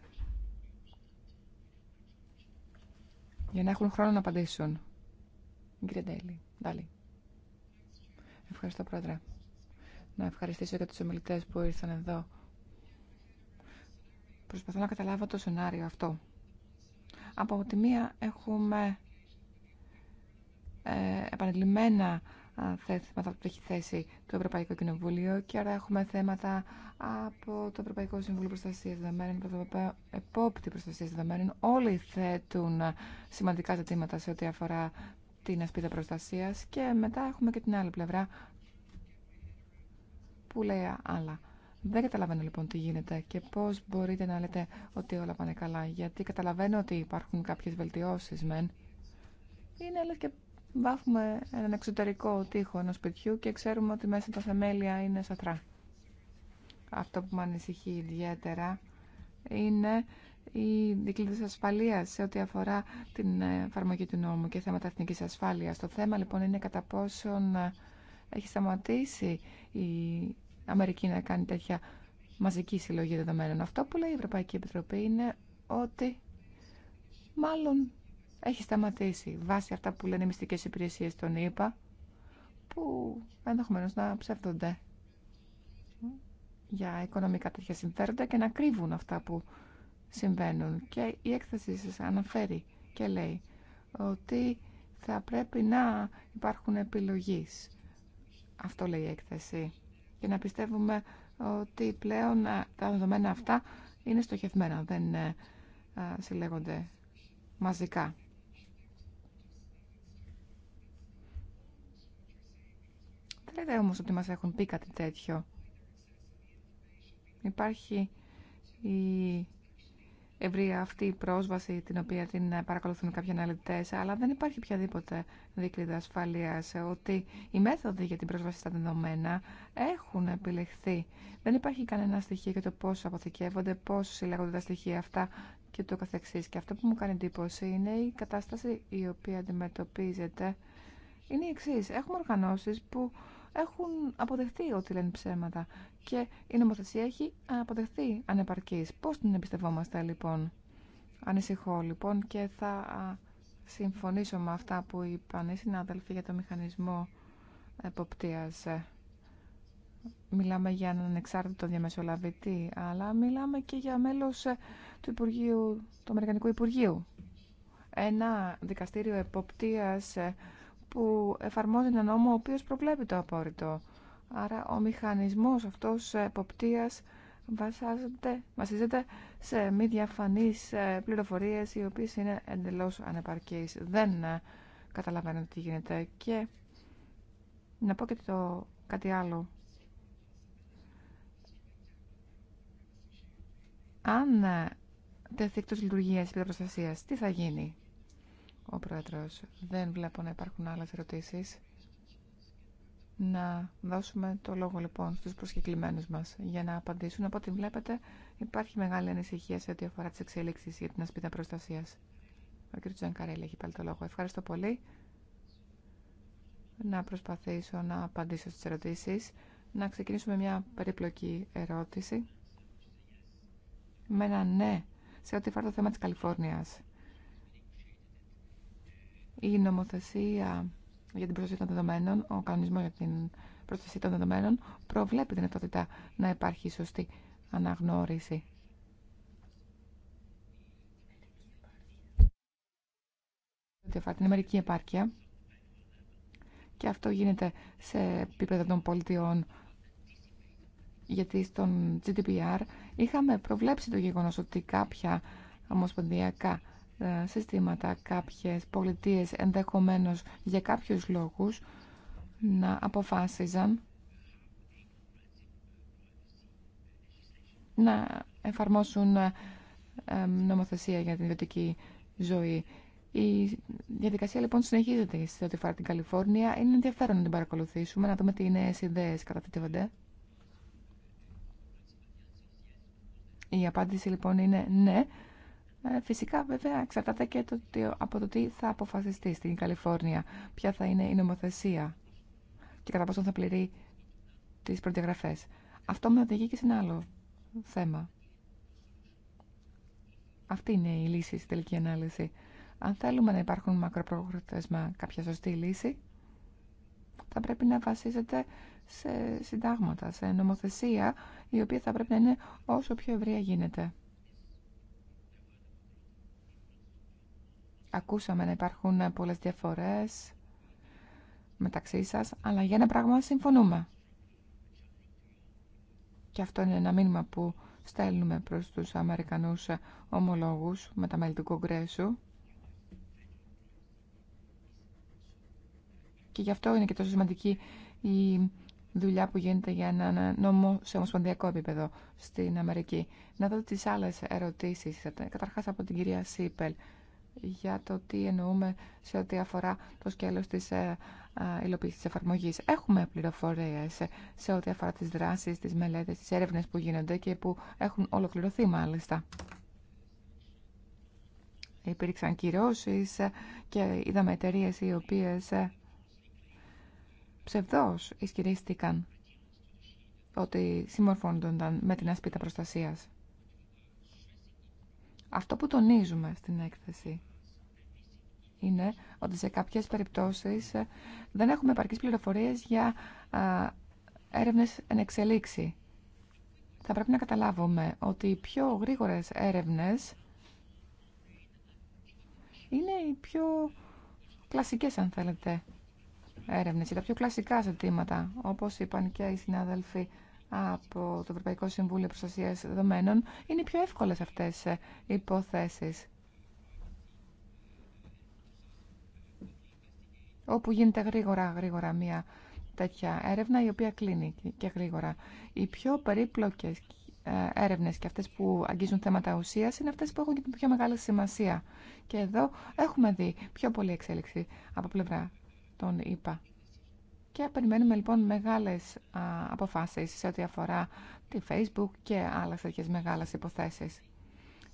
Για να έχουν χρόνο να απαντήσουν. Ευχαριστώ, Πρόεδρε να ευχαριστήσω και τους ομιλητές που ήρθαν εδώ. Προσπαθώ να καταλάβω το σενάριο αυτό. Από τη μία έχουμε ε, επανειλημμένα θέματα που έχει θέσει το Ευρωπαϊκό Κοινοβούλιο και άρα έχουμε θέματα από το Ευρωπαϊκό Συμβούλιο Προστασία Δεδομένων, το Ευρωπαϊκό Επόπτη Προστασία Δεδομένων. Όλοι θέτουν σημαντικά ζητήματα σε ό,τι αφορά την ασπίδα προστασία και μετά έχουμε και την άλλη πλευρά που λέει άλλα. Δεν καταλαβαίνω λοιπόν τι γίνεται και πώς μπορείτε να λέτε ότι όλα πάνε καλά, γιατί καταλαβαίνω ότι υπάρχουν κάποιες βελτιώσεις μεν. Είναι λες και βάφουμε έναν εξωτερικό τοίχο ενός σπιτιού και ξέρουμε ότι μέσα τα θεμέλια είναι σαθρά. Αυτό που με ανησυχεί ιδιαίτερα είναι οι δικλείδες ασφαλείας σε ό,τι αφορά την εφαρμογή του νόμου και θέματα εθνικής ασφάλειας. Το θέμα λοιπόν είναι κατά πόσον έχει σταματήσει η Αμερική να κάνει τέτοια μαζική συλλογή δεδομένων. Αυτό που λέει η Ευρωπαϊκή Επιτροπή είναι ότι μάλλον έχει σταματήσει βάσει αυτά που λένε οι μυστικές υπηρεσίες των ΗΠΑ που ενδεχομένω να ψεύδονται για οικονομικά τέτοια συμφέροντα και να κρύβουν αυτά που συμβαίνουν. Και η έκθεση σας αναφέρει και λέει ότι θα πρέπει να υπάρχουν επιλογής αυτό λέει η έκθεση. Και να πιστεύουμε ότι πλέον ε, τα δεδομένα αυτά είναι στοχευμένα, δεν ε, ε, συλλέγονται μαζικά. Δεν λέτε όμως ότι μας έχουν πει κάτι τέτοιο. Υπάρχει η ευρεία αυτή η πρόσβαση την οποία την παρακολουθούν κάποιοι αναλυτέ, αλλά δεν υπάρχει οποιαδήποτε δίκλυδα ασφαλεία ότι οι μέθοδοι για την πρόσβαση στα δεδομένα έχουν επιλεχθεί. Δεν υπάρχει κανένα στοιχείο για το πώ αποθηκεύονται, πώ συλλέγονται τα στοιχεία αυτά και το καθεξής. Και αυτό που μου κάνει εντύπωση είναι η κατάσταση η οποία αντιμετωπίζεται. Είναι η εξή. Έχουμε οργανώσει που έχουν αποδεχτεί ότι λένε ψέματα και η νομοθεσία έχει αποδεχτεί ανεπαρκής. Πώς την εμπιστευόμαστε λοιπόν. Ανησυχώ λοιπόν και θα συμφωνήσω με αυτά που είπαν οι συνάδελφοι για το μηχανισμό εποπτείας. Μιλάμε για έναν εξάρτητο διαμεσολαβητή, αλλά μιλάμε και για μέλος ε, του, Υπουργείου, του Αμερικανικού Υπουργείου. Ένα δικαστήριο εποπτείας ε, που εφαρμόζει ένα νόμο ο οποίος προβλέπει το απόρριτο. Άρα ο μηχανισμός αυτός εποπτείας βασίζεται σε μη διαφανείς ε, πληροφορίες οι οποίες είναι εντελώς ανεπαρκείς. Δεν ε, καταλαβαίνω τι γίνεται και να πω και το κάτι άλλο. Αν ε, τεθεί εκτός λειτουργίας η προστασία, τι θα γίνει ο Πρόεδρος. Δεν βλέπω να υπάρχουν άλλες ερωτήσεις. Να δώσουμε το λόγο λοιπόν στους προσκεκλημένους μας για να απαντήσουν. Από ό,τι βλέπετε υπάρχει μεγάλη ανησυχία σε ό,τι αφορά τις εξέλιξεις για την ασπίδα προστασίας. Ο κ. Τζανκαρέλη έχει πάλι το λόγο. Ευχαριστώ πολύ. Να προσπαθήσω να απαντήσω στις ερωτήσεις. Να ξεκινήσουμε μια περιπλοκή ερώτηση. Με ένα ναι σε ό,τι αφορά το θέμα της Καλιφόρνιας η νομοθεσία για την προστασία των δεδομένων, ο κανονισμό για την προστασία των δεδομένων, προβλέπει την δυνατότητα να υπάρχει σωστή αναγνώριση. Ότι αφορά την Αμερική επάρκεια και αυτό γίνεται σε επίπεδο των πολιτιών γιατί στον GDPR είχαμε προβλέψει το γεγονός ότι κάποια ομοσπονδιακά ε, συστήματα, κάποιες πολιτείες ενδεχομένως για κάποιους λόγους να αποφάσιζαν να εφαρμόσουν ε, ε, νομοθεσία για την ιδιωτική ζωή. Η διαδικασία λοιπόν συνεχίζεται σε ό,τι αφορά την Καλιφόρνια. Είναι ενδιαφέρον να την παρακολουθήσουμε, να δούμε τι νέε ιδέε κατατίθενται. Η απάντηση λοιπόν είναι ναι, ε, φυσικά βέβαια εξαρτάται και το, από το τι θα αποφασιστεί στην Καλιφόρνια, ποια θα είναι η νομοθεσία και κατά πόσο θα πληρεί τις προδιαγραφές. Αυτό με οδηγεί και σε ένα άλλο θέμα. Αυτή είναι η λύση στη τελική ανάλυση. Αν θέλουμε να υπάρχουν μακροπρόθεσμα κάποια σωστή λύση, θα πρέπει να βασίζεται σε συντάγματα, σε νομοθεσία, η οποία θα πρέπει να είναι όσο πιο ευρεία γίνεται. Ακούσαμε να υπάρχουν πολλές διαφορές μεταξύ σας, αλλά για ένα πράγμα συμφωνούμε. Και αυτό είναι ένα μήνυμα που στέλνουμε προς τους Αμερικανούς ομολόγους με τα μέλη του Κογκρέσου. Και γι' αυτό είναι και τόσο σημαντική η δουλειά που γίνεται για ένα νόμο σε ομοσπονδιακό επίπεδο στην Αμερική. Να δω τις άλλες ερωτήσεις, καταρχάς από την κυρία Σίπελ για το τι εννοούμε σε ό,τι αφορά το σκέλος της ε, ε, υλοποίησης της εφαρμογής. Έχουμε πληροφορίες σε ό,τι αφορά τις δράσεις, τις μελέτες, τις έρευνες που γίνονται και που έχουν ολοκληρωθεί μάλιστα. Υπήρξαν κυρώσεις ε, και είδαμε εταιρείε οι οποίες ψευδώς ισχυρίστηκαν ότι συμμορφώνονταν με την ασπίτα προστασίας. Αυτό που τονίζουμε στην έκθεση είναι ότι σε κάποιες περιπτώσεις ε, δεν έχουμε επαρκείς πληροφορίες για έρευνες εν εξελίξη. Θα πρέπει να καταλάβουμε ότι οι πιο γρήγορες έρευνες είναι οι πιο κλασικές, αν θέλετε, έρευνες, ή τα πιο κλασικά ζητήματα, όπως είπαν και οι συνάδελφοι από το Ευρωπαϊκό Συμβούλιο Προστασίας Δεδομένων, είναι οι πιο εύκολες αυτές οι ε, υποθέσεις. όπου γίνεται γρήγορα, γρήγορα μία τέτοια έρευνα η οποία κλείνει και γρήγορα. Οι πιο περίπλοκες ε, έρευνες και αυτές που αγγίζουν θέματα ουσίας είναι αυτές που έχουν την πιο μεγάλη σημασία. Και εδώ έχουμε δει πιο πολύ εξέλιξη από πλευρά των ΙΠΑ. Και περιμένουμε λοιπόν μεγάλες αποφάσεις σε ό,τι αφορά τη Facebook και άλλες τέτοιε μεγάλες υποθέσεις.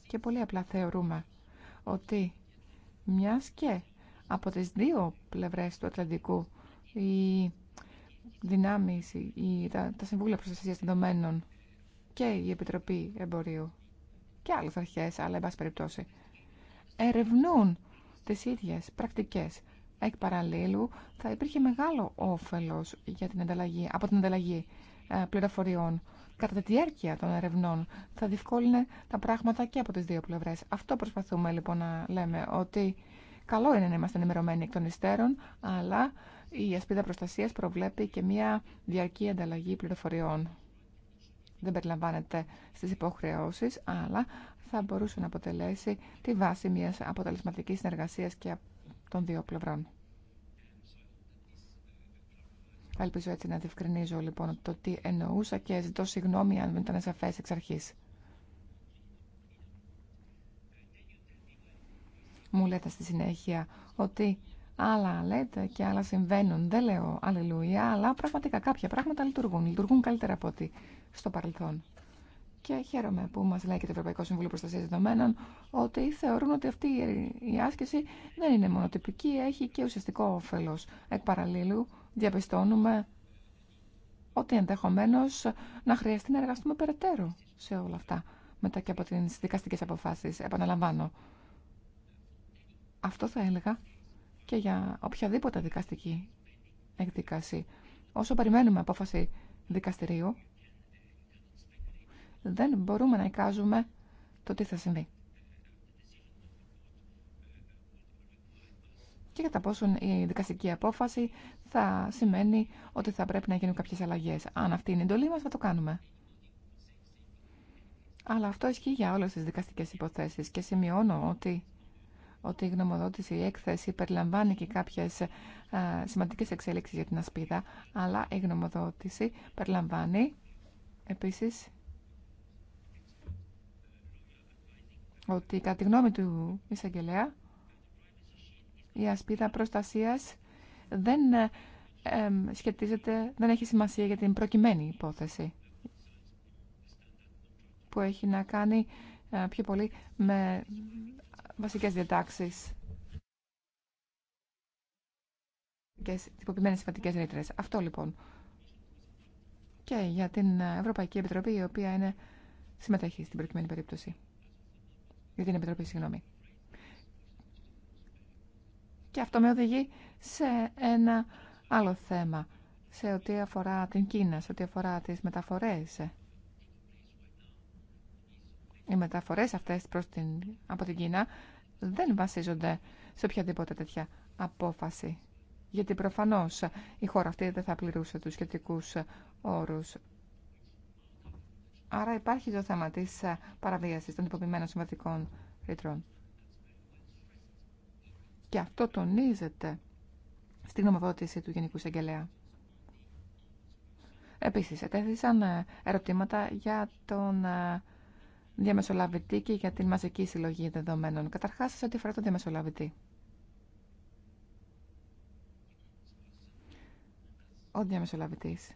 Και πολύ απλά θεωρούμε ότι μιας και από τις δύο πλευρές του Ατλαντικού η δυνάμεις, η τα, τα Συμβούλια Προστασίας Δεδομένων και η Επιτροπή Εμπορίου και άλλες αρχές, αλλά εν πάση περιπτώσει, ερευνούν τις ίδιες πρακτικές εκ παραλλήλου, θα υπήρχε μεγάλο όφελος για την ανταλλαγή, από την ανταλλαγή ε, πληροφοριών κατά τη διάρκεια των ερευνών θα διευκόλυνε τα πράγματα και από τις δύο πλευρές. Αυτό προσπαθούμε λοιπόν να λέμε ότι Καλό είναι να είμαστε ενημερωμένοι εκ των υστέρων, αλλά η ασπίδα προστασία προβλέπει και μια διαρκή ανταλλαγή πληροφοριών. Δεν περιλαμβάνεται στις υποχρεώσει, αλλά θα μπορούσε να αποτελέσει τη βάση μιας αποτελεσματική συνεργασία και των δύο πλευρών. Ελπίζω έτσι να διευκρινίζω λοιπόν το τι εννοούσα και ζητώ συγγνώμη αν δεν ήταν σαφέ εξ αρχής. Μου λέτε στη συνέχεια ότι άλλα λέτε και άλλα συμβαίνουν. Δεν λέω αλληλούια, αλλά πραγματικά κάποια πράγματα λειτουργούν. Λειτουργούν καλύτερα από ό,τι στο παρελθόν. Και χαίρομαι που μα λέει και το Ευρωπαϊκό Συμβούλιο Προστασία Δεδομένων ότι θεωρούν ότι αυτή η άσκηση δεν είναι μονοτυπική, έχει και ουσιαστικό όφελο. Εκ παραλλήλου, διαπιστώνουμε ότι ενδεχομένω να χρειαστεί να εργαστούμε περαιτέρω σε όλα αυτά μετά και από τι δικαστικέ αποφάσει. Επαναλαμβάνω, αυτό θα έλεγα και για οποιαδήποτε δικαστική εκδίκαση. Όσο περιμένουμε απόφαση δικαστηρίου, δεν μπορούμε να εικάζουμε το τι θα συμβεί. και κατά πόσον η δικαστική απόφαση θα σημαίνει ότι θα πρέπει να γίνουν κάποιες αλλαγές. Αν αυτή είναι η εντολή μας θα το κάνουμε. Αλλά αυτό ισχύει για όλες τις δικαστικές υποθέσεις και σημειώνω ότι ότι η γνωμοδότηση, η έκθεση περιλαμβάνει και κάποιες ε, σημαντικές εξέλιξεις για την ασπίδα, αλλά η γνωμοδότηση περιλαμβάνει επίσης ότι κατά τη γνώμη του εισαγγελέα η ασπίδα προστασίας δεν ε, σχετίζεται, δεν έχει σημασία για την προκειμένη υπόθεση που έχει να κάνει ε, πιο πολύ με βασικές διατάξεις και τυποποιημένες συμβατικές ρήτρες. Αυτό λοιπόν. Και για την Ευρωπαϊκή Επιτροπή, η οποία είναι συμμετέχει στην προκειμένη περίπτωση. Για την Επιτροπή, συγγνώμη. Και αυτό με οδηγεί σε ένα άλλο θέμα, σε ό,τι αφορά την Κίνα, σε ό,τι αφορά τις μεταφορές οι μεταφορές αυτές προς την, από την Κίνα δεν βασίζονται σε οποιαδήποτε τέτοια απόφαση. Γιατί προφανώς η χώρα αυτή δεν θα πληρούσε τους σχετικούς όρους. Άρα υπάρχει το θέμα της παραβίασης των υποποιημένων συμβατικών ρήτρων. Και αυτό τονίζεται στην ομοδότηση του Γενικού Εισαγγελέα. Επίσης, ετέθησαν ε, ερωτήματα για τον ε, διαμεσολαβητή και για την μαζική συλλογή δεδομένων. Καταρχάς, σε ό,τι αφορά τον διαμεσολαβητή. Ο διαμεσολαβητής.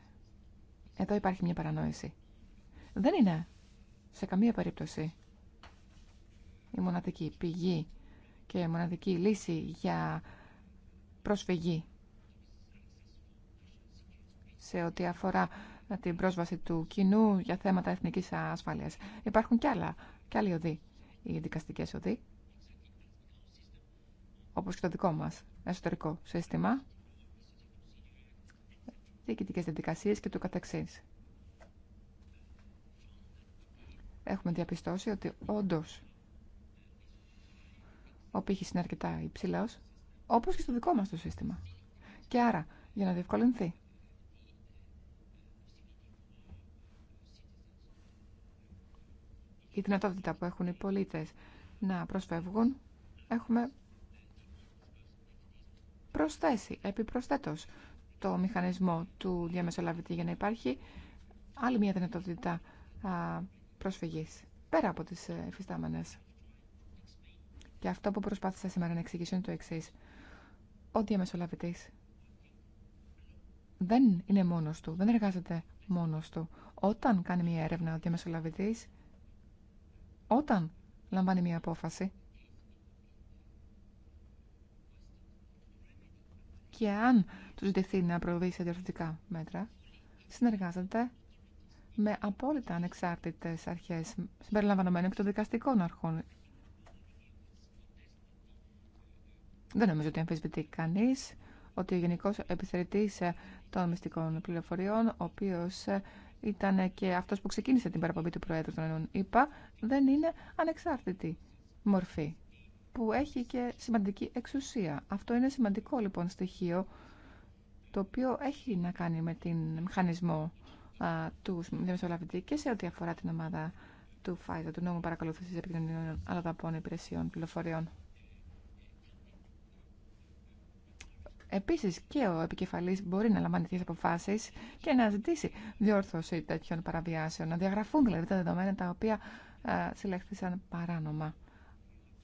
Εδώ υπάρχει μια παρανόηση. Δεν είναι σε καμία περίπτωση η μοναδική πηγή και η μοναδική λύση για προσφυγή σε ό,τι αφορά την πρόσβαση του κοινού για θέματα εθνικής ασφάλειας. Υπάρχουν κι άλλα, κι άλλοι οδοί, οι δικαστικές οδοί, όπως και το δικό μας εσωτερικό σύστημα, διοικητικές διαδικασίε και του καθεξής. Έχουμε διαπιστώσει ότι όντως ο πύχης είναι αρκετά υψηλός, όπως και στο δικό μας το σύστημα. Και άρα, για να διευκολυνθεί η δυνατότητα που έχουν οι πολίτες να προσφεύγουν, έχουμε προσθέσει επιπροσθέτως το μηχανισμό του διαμεσολαβητή για να υπάρχει άλλη μια δυνατότητα προσφυγής πέρα από τις ε, εφιστάμενες. Και αυτό που προσπάθησα σήμερα να εξηγήσω είναι το εξή. Ο διαμεσολαβητής δεν είναι μόνος του, δεν εργάζεται μόνος του. Όταν κάνει μια έρευνα ο διαμεσολαβητής όταν λαμβάνει μια απόφαση. Και αν του ζητηθεί να προβεί σε διορθωτικά μέτρα, συνεργάζεται με απόλυτα ανεξάρτητες αρχές, συμπεριλαμβανομένων και των δικαστικών αρχών. Δεν νομίζω ότι αμφισβητεί κανείς ότι ο Γενικός επιθερητής των Μυστικών Πληροφοριών, ο οποίος ε, ήταν και αυτός που ξεκίνησε την παραπομπή του Προέδρου των ΗΠΑ, δεν είναι ανεξάρτητη μορφή που έχει και σημαντική εξουσία. Αυτό είναι σημαντικό λοιπόν στοιχείο το οποίο έχει να κάνει με την μηχανισμό α, του Μεσολαβητή και σε ό,τι αφορά την ομάδα του ΦΑΙΖΑ, του νόμου παρακολούθησης επικοινωνιών αλλά υπηρεσιών πληροφοριών. Επίσης και ο επικεφαλής μπορεί να λαμβάνει τέτοιες αποφάσεις και να ζητήσει διόρθωση τέτοιων παραβιάσεων, να διαγραφούν δηλαδή τα δεδομένα τα οποία ε, συλλέχθησαν παράνομα.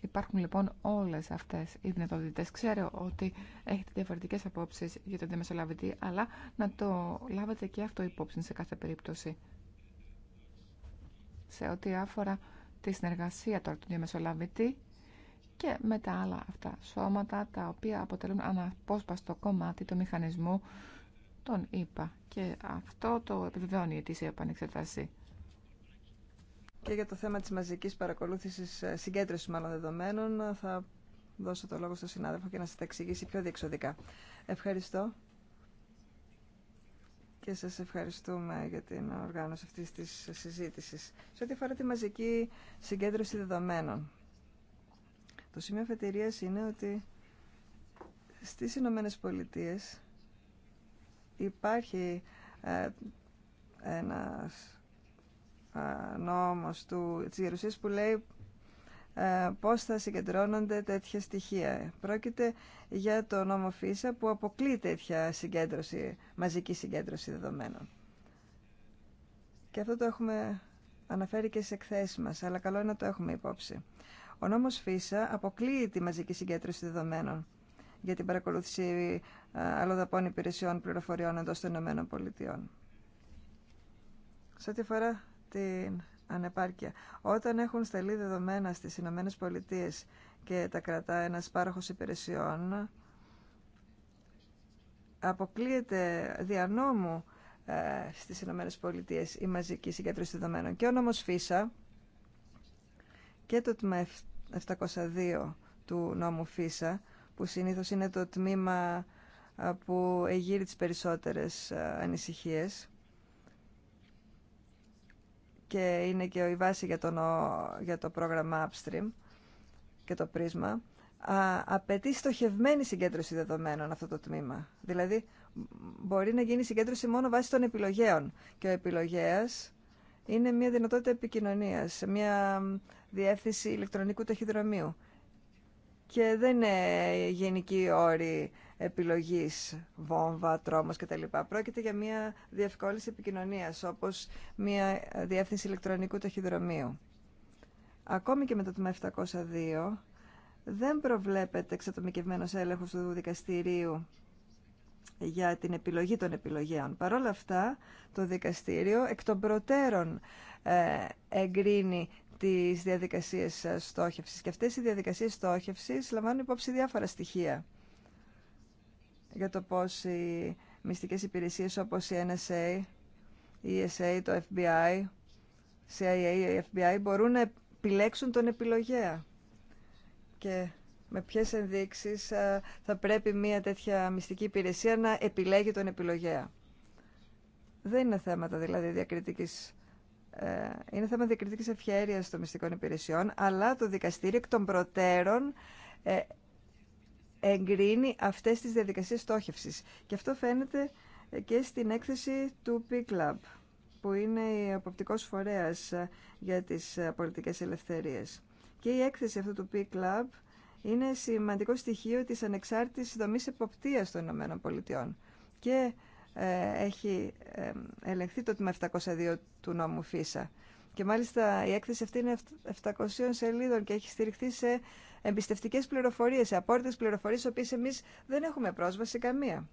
Υπάρχουν λοιπόν όλες αυτές οι δυνατότητες. Ξέρω ότι έχετε διαφορετικές απόψεις για τον διαμεσολαβητή, αλλά να το λάβετε και αυτό υπόψη σε κάθε περίπτωση. Σε ό,τι αφορά τη συνεργασία τώρα του διαμεσολαβητή, και με τα άλλα αυτά σώματα τα οποία αποτελούν αναπόσπαστο κομμάτι του μηχανισμού των είπα. Και αυτό το επιβεβαιώνει η αιτήσια επανεξετάση. Και για το θέμα της μαζικής παρακολούθησης, ε, συγκέντρωσης μάλλον δεδομένων, θα δώσω το λόγο στον συνάδελφο και να σας τα εξηγήσει πιο διεξοδικά. Ευχαριστώ και σας ευχαριστούμε για την οργάνωση αυτής της συζήτησης. Σε ό,τι αφορά τη μαζική συγκέντρωση δεδομένων, το σημείο αφετηρίας είναι ότι στις Ηνωμένε Πολιτείε υπάρχει ε, ένας ε, νόμος του, της που λέει ε, πώς θα συγκεντρώνονται τέτοια στοιχεία. Πρόκειται για το νόμο ΦΙΣΑ που αποκλεί τέτοια συγκέντρωση, μαζική συγκέντρωση δεδομένων. Και αυτό το έχουμε αναφέρει και σε εκθέσεις μας, αλλά καλό είναι να το έχουμε υπόψη. Ο νόμος ΦΙΣΑ αποκλείει τη μαζική συγκέντρωση δεδομένων για την παρακολούθηση ε, αλλοδαπών υπηρεσιών πληροφοριών εντός των ΗΠΑ. Σε ό,τι αφορά την ανεπάρκεια, όταν έχουν σταλεί δεδομένα στις ΗΠΑ και τα κρατά ένα πάροχο υπηρεσιών, αποκλείεται δια νόμου ε, στις Ηνωμένες Πολιτείες η μαζική συγκέντρωση δεδομένων. Και ο νόμος ΦΙΣΑ και το τμήμα 702 του νόμου ΦΙΣΑ, που συνήθως είναι το τμήμα που εγείρει τις περισσότερες ανησυχίες και είναι και η βάση για, τον, για το πρόγραμμα Upstream και το πρίσμα, απαιτεί στοχευμένη συγκέντρωση δεδομένων αυτό το τμήμα. Δηλαδή, μπορεί να γίνει συγκέντρωση μόνο βάσει των επιλογέων. Και ο επιλογέας είναι μια δυνατότητα επικοινωνία, μια διεύθυνση ηλεκτρονικού ταχυδρομείου. Και δεν είναι γενική όρη επιλογής βόμβα, τρόμος κτλ. Πρόκειται για μια διευκόλυνση επικοινωνία, όπως μια διεύθυνση ηλεκτρονικού ταχυδρομείου. Ακόμη και με το τμήμα 702, δεν προβλέπεται εξατομικευμένος έλεγχος του δικαστηρίου για την επιλογή των επιλογέων. Παρ' αυτά, το δικαστήριο εκ των προτέρων ε, εγκρίνει τις διαδικασίες ε, στόχευσης και αυτές οι διαδικασίες στόχευσης λαμβάνουν υπόψη διάφορα στοιχεία για το πώς οι μυστικές υπηρεσίες όπως η NSA, η ESA, το FBI, CIA, η FBI μπορούν να επιλέξουν τον επιλογέα. Και με ποιες ενδείξεις ε, θα πρέπει μια τέτοια μυστική υπηρεσία να επιλέγει τον επιλογέα. Δεν είναι θέματα δηλαδή διακριτικής ε, είναι θέμα διακριτικής ευχαίρειας των μυστικών υπηρεσιών, αλλά το δικαστήριο εκ των προτέρων ε, εγκρίνει αυτές τις διαδικασίες στόχευσης. Και αυτό φαίνεται και στην έκθεση του P-Club, που είναι η αποπτικός φορέας για τις πολιτικές ελευθερίες. Και η έκθεση αυτού του P-Club είναι σημαντικό στοιχείο της ανεξάρτητης δομής εποπτείας των Πολιτειών και ε, έχει ε, ελεγχθεί το τμήμα 702 του νόμου ΦΙΣΑ. Και μάλιστα η έκθεση αυτή είναι 700 σελίδων και έχει στηριχθεί σε εμπιστευτικές πληροφορίες, σε απόρριτες πληροφορίες, οποίες εμείς δεν έχουμε πρόσβαση καμία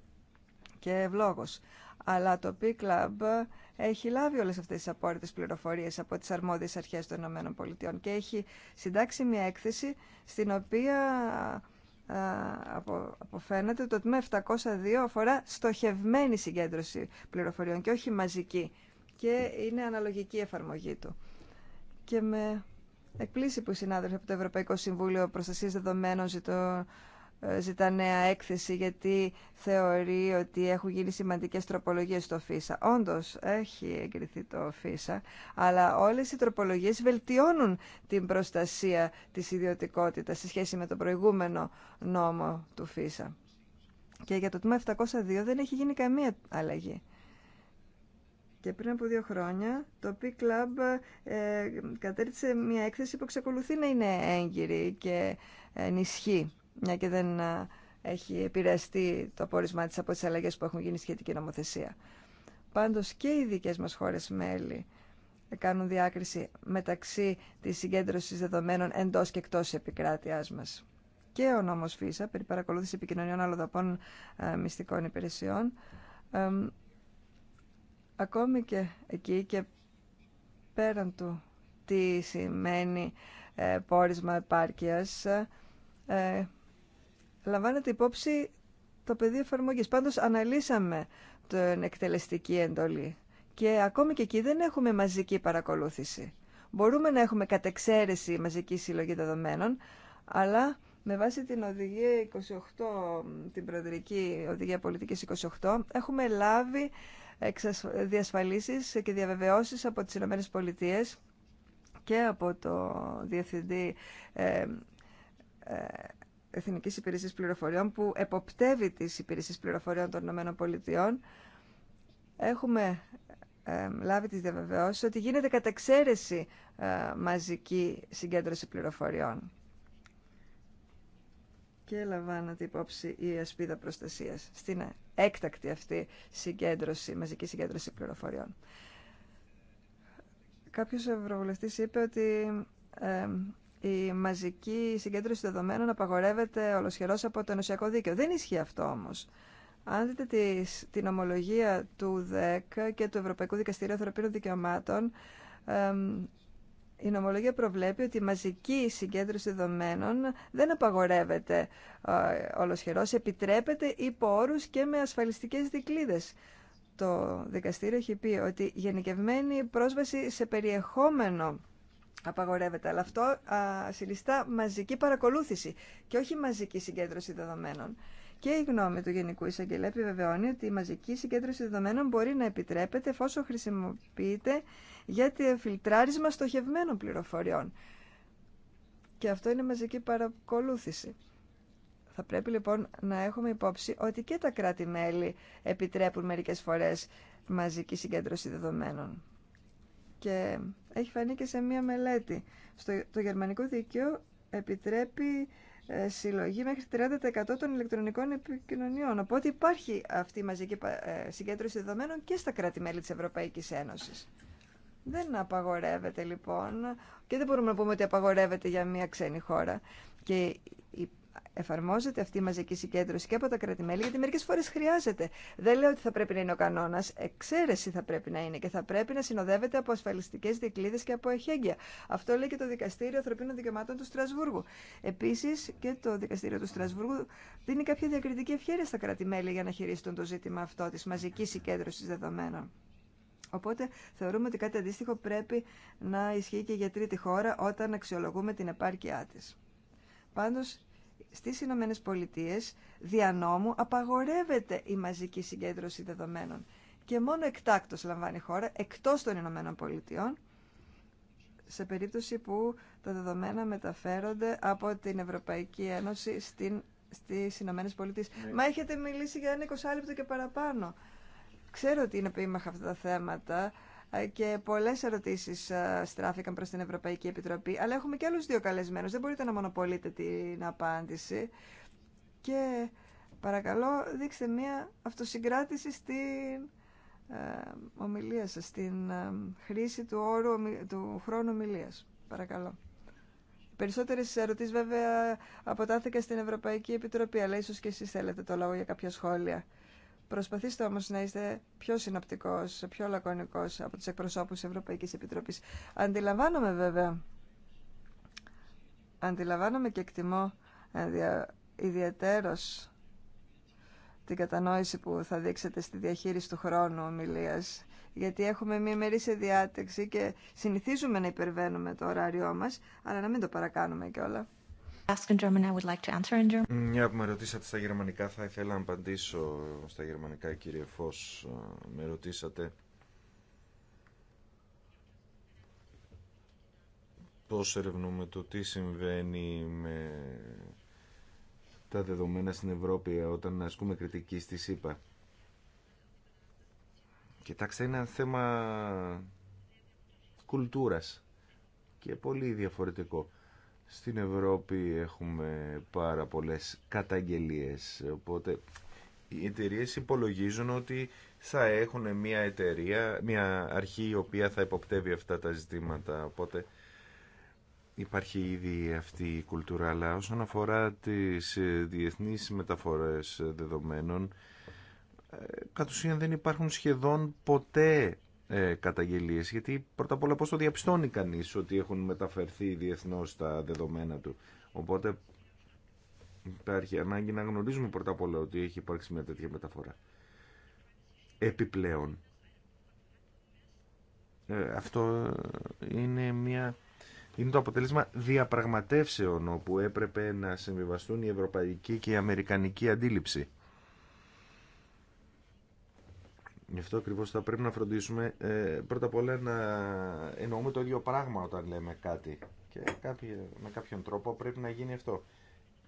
και ευλόγος. Αλλά το P-Club έχει λάβει όλες αυτές τις απόρριτες πληροφορίες από τις αρμόδιες αρχές των ΗΠΑ και έχει συντάξει μια έκθεση στην οποία αποφαίνεται το τμήμα 702 αφορά στοχευμένη συγκέντρωση πληροφοριών και όχι μαζική και είναι αναλογική εφαρμογή του. Και με εκπλήσει που οι συνάδελφοι από το Ευρωπαϊκό Συμβούλιο Προστασίας Δεδομένων ζητούν ζητά νέα έκθεση γιατί θεωρεί ότι έχουν γίνει σημαντικές τροπολογίες στο ΦΙΣΑ. Όντως έχει εγκριθεί το ΦΙΣΑ, αλλά όλες οι τροπολογίες βελτιώνουν την προστασία της ιδιωτικότητας σε σχέση με τον προηγούμενο νόμο του ΦΙΣΑ. Και για το τμήμα 702 δεν έχει γίνει καμία αλλαγή. Και πριν από δύο χρόνια το P-Club ε, μια έκθεση που εξακολουθεί να είναι έγκυρη και ενισχύει μια και δεν ε, έχει επηρεαστεί το πόρισμα της από τις αλλαγές που έχουν γίνει σχετική νομοθεσία. Πάντως και οι δικές μας χώρες μέλη κάνουν διάκριση μεταξύ της συγκέντρωσης δεδομένων εντός και εκτός επικράτειάς μας. Και ο νόμος ΦΙΣΑ, περί παρακολούθηση επικοινωνιών αλλοδαπών ε, μυστικών υπηρεσιών, ακόμη και εκεί και πέραν του τι σημαίνει ε, πόρισμα επάρκειας, λαμβάνεται υπόψη το πεδίο εφαρμογή. Πάντως αναλύσαμε την εκτελεστική εντολή και ακόμη και εκεί δεν έχουμε μαζική παρακολούθηση. Μπορούμε να έχουμε κατεξαίρεση μαζική συλλογή δεδομένων, αλλά με βάση την οδηγία 28, την προεδρική οδηγία πολιτικής 28, έχουμε λάβει διασφαλίσεις και διαβεβαιώσεις από τις Ηνωμένες Πολιτείες και από το Διευθυντή ε, ε, Εθνικής Υπηρεσίας Πληροφοριών που εποπτεύει τις υπηρεσίες πληροφοριών των ΗΠΑ έχουμε λάβει τις διαβεβαιώσεις ότι γίνεται κατά ε, μαζική συγκέντρωση πληροφοριών και λαμβάνεται υπόψη η ασπίδα προστασίας στην έκτακτη αυτή συγκέντρωση, μαζική συγκέντρωση πληροφοριών. Κάποιος ευρωβουλευτής είπε ότι η μαζική συγκέντρωση δεδομένων απαγορεύεται ολοσχερώς από το ενωσιακό δίκαιο. Δεν ισχύει αυτό όμως. Αν δείτε την ομολογία του ΔΕΚ και του Ευρωπαϊκού Δικαστηρίου Ανθρωπίνων Δικαιωμάτων, η ομολογία προβλέπει ότι η μαζική συγκέντρωση δεδομένων δεν απαγορεύεται ε, επιτρέπεται υπό όρους και με ασφαλιστικές δικλίδες. Το δικαστήριο έχει πει ότι γενικευμένη πρόσβαση σε περιεχόμενο απαγορεύεται. Αλλά αυτό α, μαζική παρακολούθηση και όχι μαζική συγκέντρωση δεδομένων. Και η γνώμη του Γενικού Εισαγγελέα επιβεβαιώνει ότι η μαζική συγκέντρωση δεδομένων μπορεί να επιτρέπεται εφόσον χρησιμοποιείται για τη φιλτράρισμα στοχευμένων πληροφοριών. Και αυτό είναι μαζική παρακολούθηση. Θα πρέπει λοιπόν να έχουμε υπόψη ότι και τα κράτη-μέλη επιτρέπουν μερικές φορές μαζική συγκέντρωση δεδομένων. Και έχει φανεί και σε μία μελέτη. Στο, το γερμανικό δίκαιο επιτρέπει ε, συλλογή μέχρι 30% των ηλεκτρονικών επικοινωνιών. Οπότε υπάρχει αυτή η μαζική ε, συγκέντρωση δεδομένων και στα κράτη-μέλη της Ευρωπαϊκής Ένωσης. Δεν απαγορεύεται λοιπόν και δεν μπορούμε να πούμε ότι απαγορεύεται για μια ξένη χώρα. Και εφαρμόζεται αυτή η μαζική συγκέντρωση και από τα κρατη γιατί μερικέ φορέ χρειάζεται. Δεν λέω ότι θα πρέπει να είναι ο κανόνα. Εξαίρεση θα πρέπει να είναι και θα πρέπει να συνοδεύεται από ασφαλιστικέ δικλείδε και από εχέγγυα. Αυτό λέει και το Δικαστήριο Ανθρωπίνων Δικαιωμάτων του Στρασβούργου. Επίση και το Δικαστήριο του Στρασβούργου δίνει κάποια διακριτική ευχαίρεια στα κρατη για να χειρίσουν το ζήτημα αυτό τη μαζική συγκέντρωση δεδομένων. Οπότε θεωρούμε ότι κάτι αντίστοιχο πρέπει να ισχύει και για τρίτη χώρα όταν αξιολογούμε την επάρκειά της. Πάντως στις Ηνωμένε Πολιτείε δια νόμου απαγορεύεται η μαζική συγκέντρωση δεδομένων και μόνο εκτάκτως λαμβάνει η χώρα εκτός των Ηνωμένων Πολιτείων σε περίπτωση που τα δεδομένα μεταφέρονται από την Ευρωπαϊκή Ένωση στην, στις Ηνωμένες Πολιτείες. Ναι. Μα έχετε μιλήσει για ένα 20 λεπτό και παραπάνω. Ξέρω ότι είναι περίμαχα αυτά τα θέματα και πολλές ερωτήσεις ε, στράφηκαν προς την Ευρωπαϊκή Επιτροπή, αλλά έχουμε και άλλου δύο καλεσμένους, δεν μπορείτε να μονοπολείτε την απάντηση. Και παρακαλώ δείξτε μία αυτοσυγκράτηση στην ε, ομιλία σας, στην ε, χρήση του, όρου, του χρόνου Ομιλία. Παρακαλώ. Περισσότερε ερωτήσει βέβαια αποτάθηκαν στην Ευρωπαϊκή Επιτροπή, αλλά ίσω και εσεί θέλετε το λόγο για κάποια σχόλια. Προσπαθήστε όμως να είστε πιο συνοπτικός, πιο λακωνικός από τους εκπροσώπους Ευρωπαϊκής Επιτροπής. Αντιλαμβάνομαι βέβαια, αντιλαμβάνομαι και εκτιμώ ε, ιδιαίτερος την κατανόηση που θα δείξετε στη διαχείριση του χρόνου ομιλίας γιατί έχουμε μία μερή σε διάταξη και συνηθίζουμε να υπερβαίνουμε το ωράριό μας, αλλά να μην το παρακάνουμε κιόλα. Ask in German, I would like to answer in German. Μια που με ρωτήσατε στα γερμανικά, θα ήθελα να απαντήσω στα γερμανικά, κύριε Φως. Με ρωτήσατε πώς ερευνούμε το τι συμβαίνει με τα δεδομένα στην Ευρώπη όταν ασκούμε κριτική στη ΣΥΠΑ. Κοιτάξτε, είναι ένα θέμα κουλτούρας και πολύ διαφορετικό. Στην Ευρώπη έχουμε πάρα πολλές καταγγελίες, οπότε οι εταιρείε υπολογίζουν ότι θα έχουν μια εταιρεία, μια αρχή η οποία θα υποπτεύει αυτά τα ζητήματα, οπότε υπάρχει ήδη αυτή η κουλτούρα, αλλά όσον αφορά τις ε, διεθνείς μεταφορές δεδομένων, ε, κατ' ουσίαν δεν υπάρχουν σχεδόν ποτέ ε, καταγγελίες γιατί πρώτα απ' όλα πώς το διαπιστώνει κανείς ότι έχουν μεταφερθεί διεθνώς τα δεδομένα του οπότε υπάρχει ανάγκη να γνωρίζουμε πρώτα απ' όλα ότι έχει υπάρξει μια τέτοια μεταφορά επιπλέον ε, αυτό είναι μια είναι το αποτέλεσμα διαπραγματεύσεων όπου έπρεπε να συμβιβαστούν η ευρωπαϊκή και η αμερικανική αντίληψη Γι' αυτό ακριβώ θα πρέπει να φροντίσουμε ε, πρώτα απ' όλα να εννοούμε το ίδιο πράγμα όταν λέμε κάτι και με κάποιον τρόπο πρέπει να γίνει αυτό.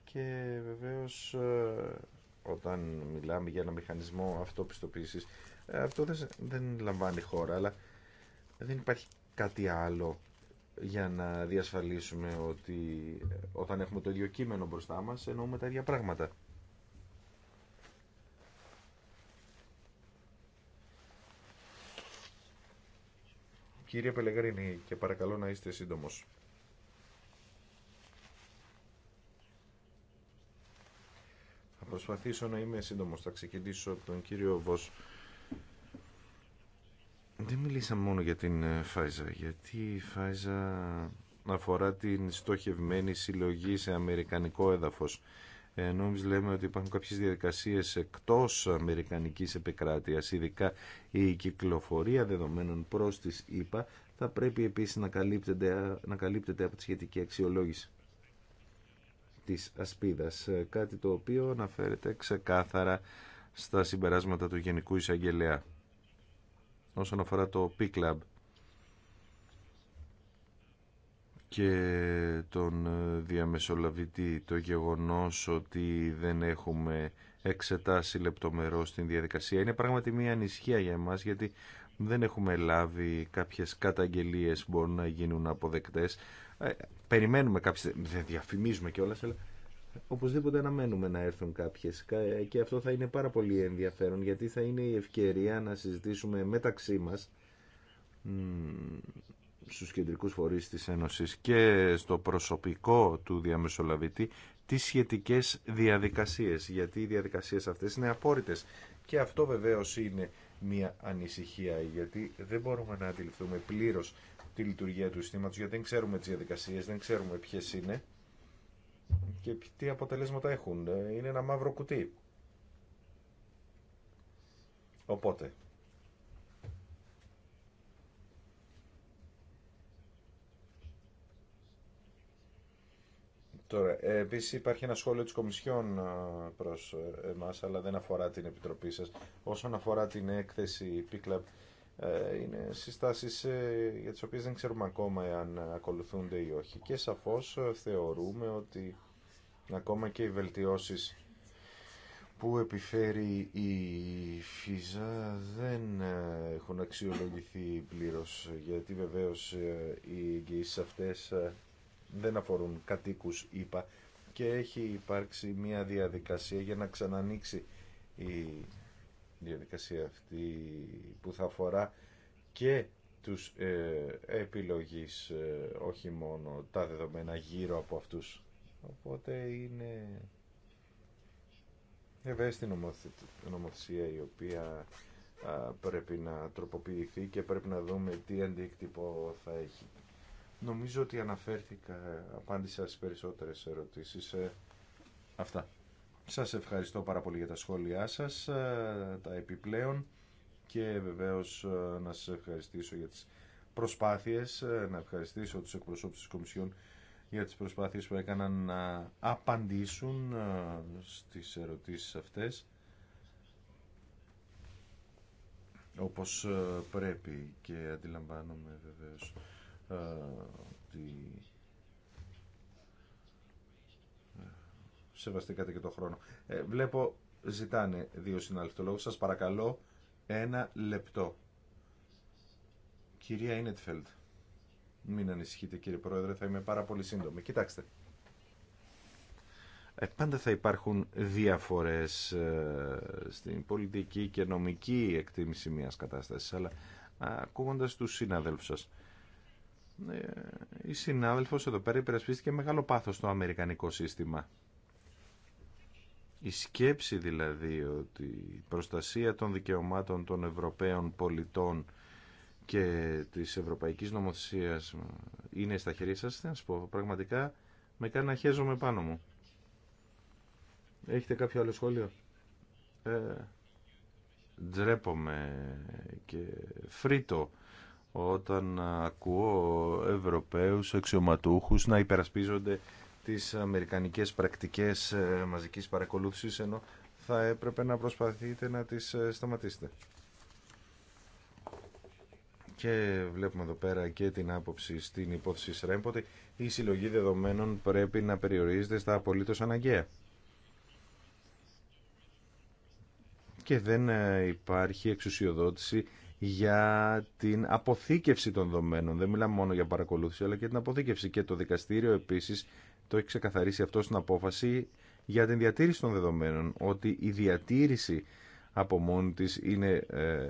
Και βεβαίως ε, όταν μιλάμε για ένα μηχανισμό αυτοπιστοποίησης ε, αυτό δεν λαμβάνει χώρα αλλά δεν υπάρχει κάτι άλλο για να διασφαλίσουμε ότι όταν έχουμε το ίδιο κείμενο μπροστά μας εννοούμε τα ίδια πράγματα. Κύριε Πελεγρίνη, και παρακαλώ να είστε σύντομος. Θα προσπαθήσω να είμαι σύντομος. Θα ξεκινήσω από τον κύριο Βοσ. Δεν μιλήσαμε μόνο για την ε, Φάιζα, γιατί η Φάιζα αφορά την στοχευμένη συλλογή σε αμερικανικό έδαφος ενώ εμείς λέμε ότι υπάρχουν κάποιες διαδικασίες εκτός αμερικανικής επικράτειας, ειδικά η κυκλοφορία δεδομένων προς τις ΗΠΑ, θα πρέπει επίσης να καλύπτεται, να καλύπτεται από τη σχετική αξιολόγηση της ασπίδας, ε, κάτι το οποίο αναφέρεται ξεκάθαρα στα συμπεράσματα του Γενικού Εισαγγελέα. Όσον αφορά το P-Club, και τον ε, διαμεσολαβητή το γεγονός ότι δεν έχουμε εξετάσει λεπτομερό την διαδικασία είναι πράγματι μια ανησυχία για εμάς γιατί δεν έχουμε λάβει κάποιες καταγγελίες που μπορούν να γίνουν αποδεκτές ε, περιμένουμε κάποιες, δεν διαφημίζουμε κιόλας αλλά οπωσδήποτε αναμένουμε να έρθουν κάποιες ε, και αυτό θα είναι πάρα πολύ ενδιαφέρον γιατί θα είναι η ευκαιρία να συζητήσουμε μεταξύ μας στους κεντρικούς φορείς της Ένωσης και στο προσωπικό του διαμεσολαβητή τις σχετικές διαδικασίες, γιατί οι διαδικασίες αυτές είναι απόρριτες. Και αυτό βεβαίως είναι μια ανησυχία, γιατί δεν μπορούμε να αντιληφθούμε πλήρως τη λειτουργία του συστήματος, γιατί δεν ξέρουμε τις διαδικασίες, δεν ξέρουμε ποιε είναι και τι αποτελέσματα έχουν. Είναι ένα μαύρο κουτί. Οπότε, Τώρα, ε, επίσης υπάρχει ένα σχόλιο τη Κομισιόν ε, προς ε, εμά, αλλά δεν αφορά την Επιτροπή σα, Όσον αφορά την έκθεση ε, είναι συστάσεις για τις οποίες δεν ξέρουμε ακόμα αν ακολουθούνται ή όχι. Και σαφώς θεωρούμε ότι ακόμα και οι βελτιώσεις που επιφέρει η ΦΙΖΑ δεν έχουν αξιολογηθεί πλήρως, γιατί βεβαίως οι εγγυήσεις αυτές δεν αφορούν κατοίκους είπα, και έχει υπάρξει μια διαδικασία για να ξανανοίξει η διαδικασία αυτή που θα αφορά και τους ε, επιλογής ε, όχι μόνο τα δεδομένα γύρω από αυτούς οπότε είναι ευαίσθητη νομοθεσία η οποία πρέπει να τροποποιηθεί και πρέπει να δούμε τι αντίκτυπο θα έχει Νομίζω ότι αναφέρθηκα, απάντησα στις περισσότερες ερωτήσεις. Ε. Αυτά. Σας ευχαριστώ πάρα πολύ για τα σχόλιά σας, ε, τα επιπλέον και βεβαίως ε, να σας ευχαριστήσω για τις προσπάθειες, να ευχαριστήσω τους εκπροσώπους της Κομισιόν για τις προσπάθειες που έκαναν να απαντήσουν στις ερωτήσεις αυτές όπως πρέπει και αντιλαμβάνομαι βεβαίως ότι ε, ε, σεβαστήκατε και το χρόνο. Ε, βλέπω ζητάνε δύο συναλυτολόγους. Σας παρακαλώ ένα λεπτό. Κυρία Ίνετφελτ, μην ανησυχείτε κύριε Πρόεδρε, θα είμαι πάρα πολύ σύντομη. Κοιτάξτε. πάντα θα υπάρχουν διαφορές στην πολιτική και νομική εκτίμηση μιας κατάστασης, αλλά ακούγοντας τους συναδέλφους σας, ε, η συνάδελφος εδώ πέρα υπερασπίστηκε μεγάλο πάθος στο αμερικανικό σύστημα. Η σκέψη δηλαδή ότι η προστασία των δικαιωμάτων των Ευρωπαίων πολιτών και της Ευρωπαϊκής Νομοθεσίας είναι στα χέρια σας, θα σας πω, πραγματικά με κάνει να χέζομαι πάνω μου. Έχετε κάποιο άλλο σχόλιο? Ε, και φρύτω όταν ακούω Ευρωπαίους αξιωματούχους να υπερασπίζονται τις αμερικανικές πρακτικές ε, μαζικής παρακολούθησης ενώ θα έπρεπε να προσπαθείτε να τις ε, σταματήσετε. Και βλέπουμε εδώ πέρα και την άποψη στην υπόθεση ΣΡΕΜΠ ότι η συλλογή δεδομένων πρέπει να περιορίζεται στα απολύτως αναγκαία. Και δεν ε, υπάρχει εξουσιοδότηση για την αποθήκευση των δεδομένων. Δεν μιλάμε μόνο για παρακολούθηση, αλλά και την αποθήκευση. Και το δικαστήριο επίσης το έχει ξεκαθαρίσει αυτό στην απόφαση για την διατήρηση των δεδομένων, ότι η διατήρηση από μόνη τη είναι ε,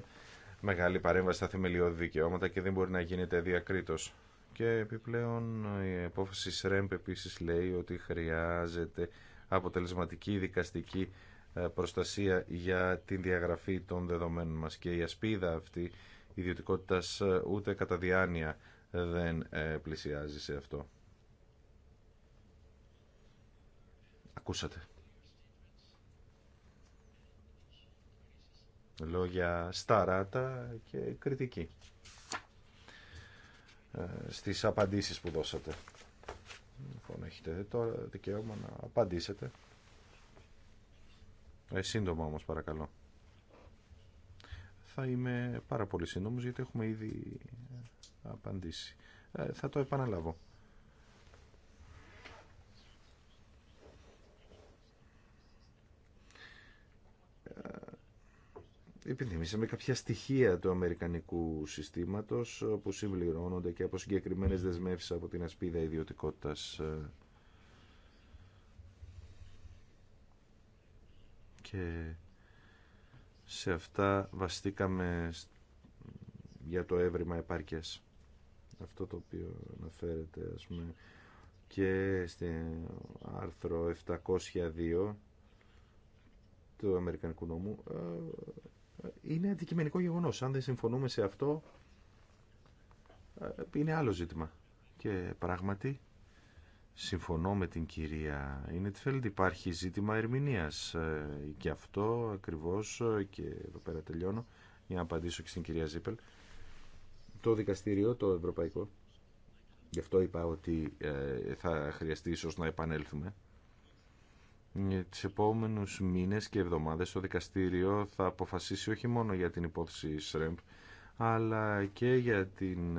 μεγάλη παρέμβαση στα θεμελιώδη δικαιώματα και δεν μπορεί να γίνεται διακρίτω. Και επιπλέον η απόφαση ΣΡΕΜΠ επίση λέει ότι χρειάζεται αποτελεσματική δικαστική ε, προστασία για την διαγραφή των δεδομένων μας και η ασπίδα αυτή ιδιωτικότητας ε, ούτε κατά διάνοια δεν ε, πλησιάζει σε αυτό. Ακούσατε. Λόγια σταράτα και κριτική στις απαντήσεις που δώσατε. Λοιπόν, έχετε τώρα δικαίωμα να απαντήσετε. Ε, σύντομα όμως παρακαλώ. Θα είμαι πάρα πολύ σύντομος γιατί έχουμε ήδη ε, απαντήσει. Ε, θα το επαναλάβω. Επιθυμήσαμε κάποια στοιχεία του αμερικανικού συστήματος ε, που συμπληρώνονται και από συγκεκριμένες δεσμεύσεις από την ασπίδα ιδιωτικότητας και σε αυτά βαστήκαμε για το έβριμα επάρκειας. Αυτό το οποίο αναφέρεται ας πούμε, και στην άρθρο 702 του Αμερικανικού νόμου ε, είναι αντικειμενικό γεγονός. Αν δεν συμφωνούμε σε αυτό ε, είναι άλλο ζήτημα. Και πράγματι συμφωνώ με την κυρία Ινιτφέλντ υπάρχει ζήτημα ερμηνείας ε, και αυτό ακριβώς ε, και εδώ πέρα τελειώνω για να απαντήσω και στην κυρία Ζίπελ το δικαστήριο το ευρωπαϊκό γι' αυτό είπα ότι ε, θα χρειαστεί ίσως να επανέλθουμε τις επόμενους μήνες και εβδομάδες το δικαστήριο θα αποφασίσει όχι μόνο για την υπόθεση ΣΡΕΜΠ αλλά και για την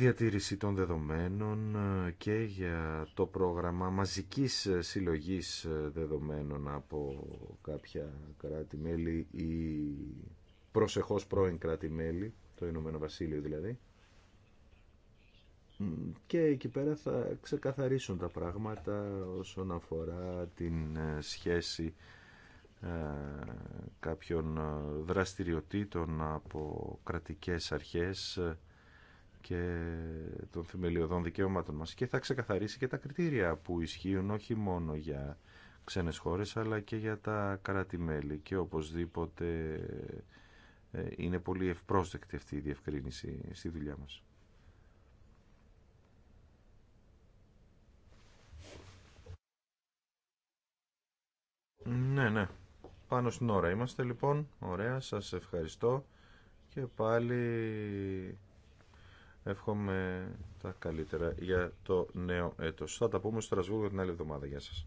διατήρηση των δεδομένων ε, και για το πρόγραμμα μαζικής ε, συλλογής ε, δεδομένων από κάποια κράτη-μέλη ή προσεχώς πρώην κράτη-μέλη, το Ηνωμένο Βασίλειο δηλαδή. Και εκεί πέρα θα ξεκαθαρίσουν τα πράγματα όσον αφορά την σχέση κάποιων δραστηριοτήτων από κρατικές αρχές και των θεμελιωδών δικαιωμάτων μας και θα ξεκαθαρίσει και τα κριτήρια που ισχύουν όχι μόνο για ξένες χώρες αλλά και για τα κρατη και οπωσδήποτε ε, είναι πολύ ευπρόσδεκτη αυτή η διευκρίνηση στη δουλειά μας. Ναι, ναι. Πάνω στην ώρα είμαστε λοιπόν. Ωραία, σας ευχαριστώ. Και πάλι Εύχομαι τα καλύτερα για το νέο έτος. Θα τα πούμε στο Ρασβούργο την άλλη εβδομάδα. Γεια σας.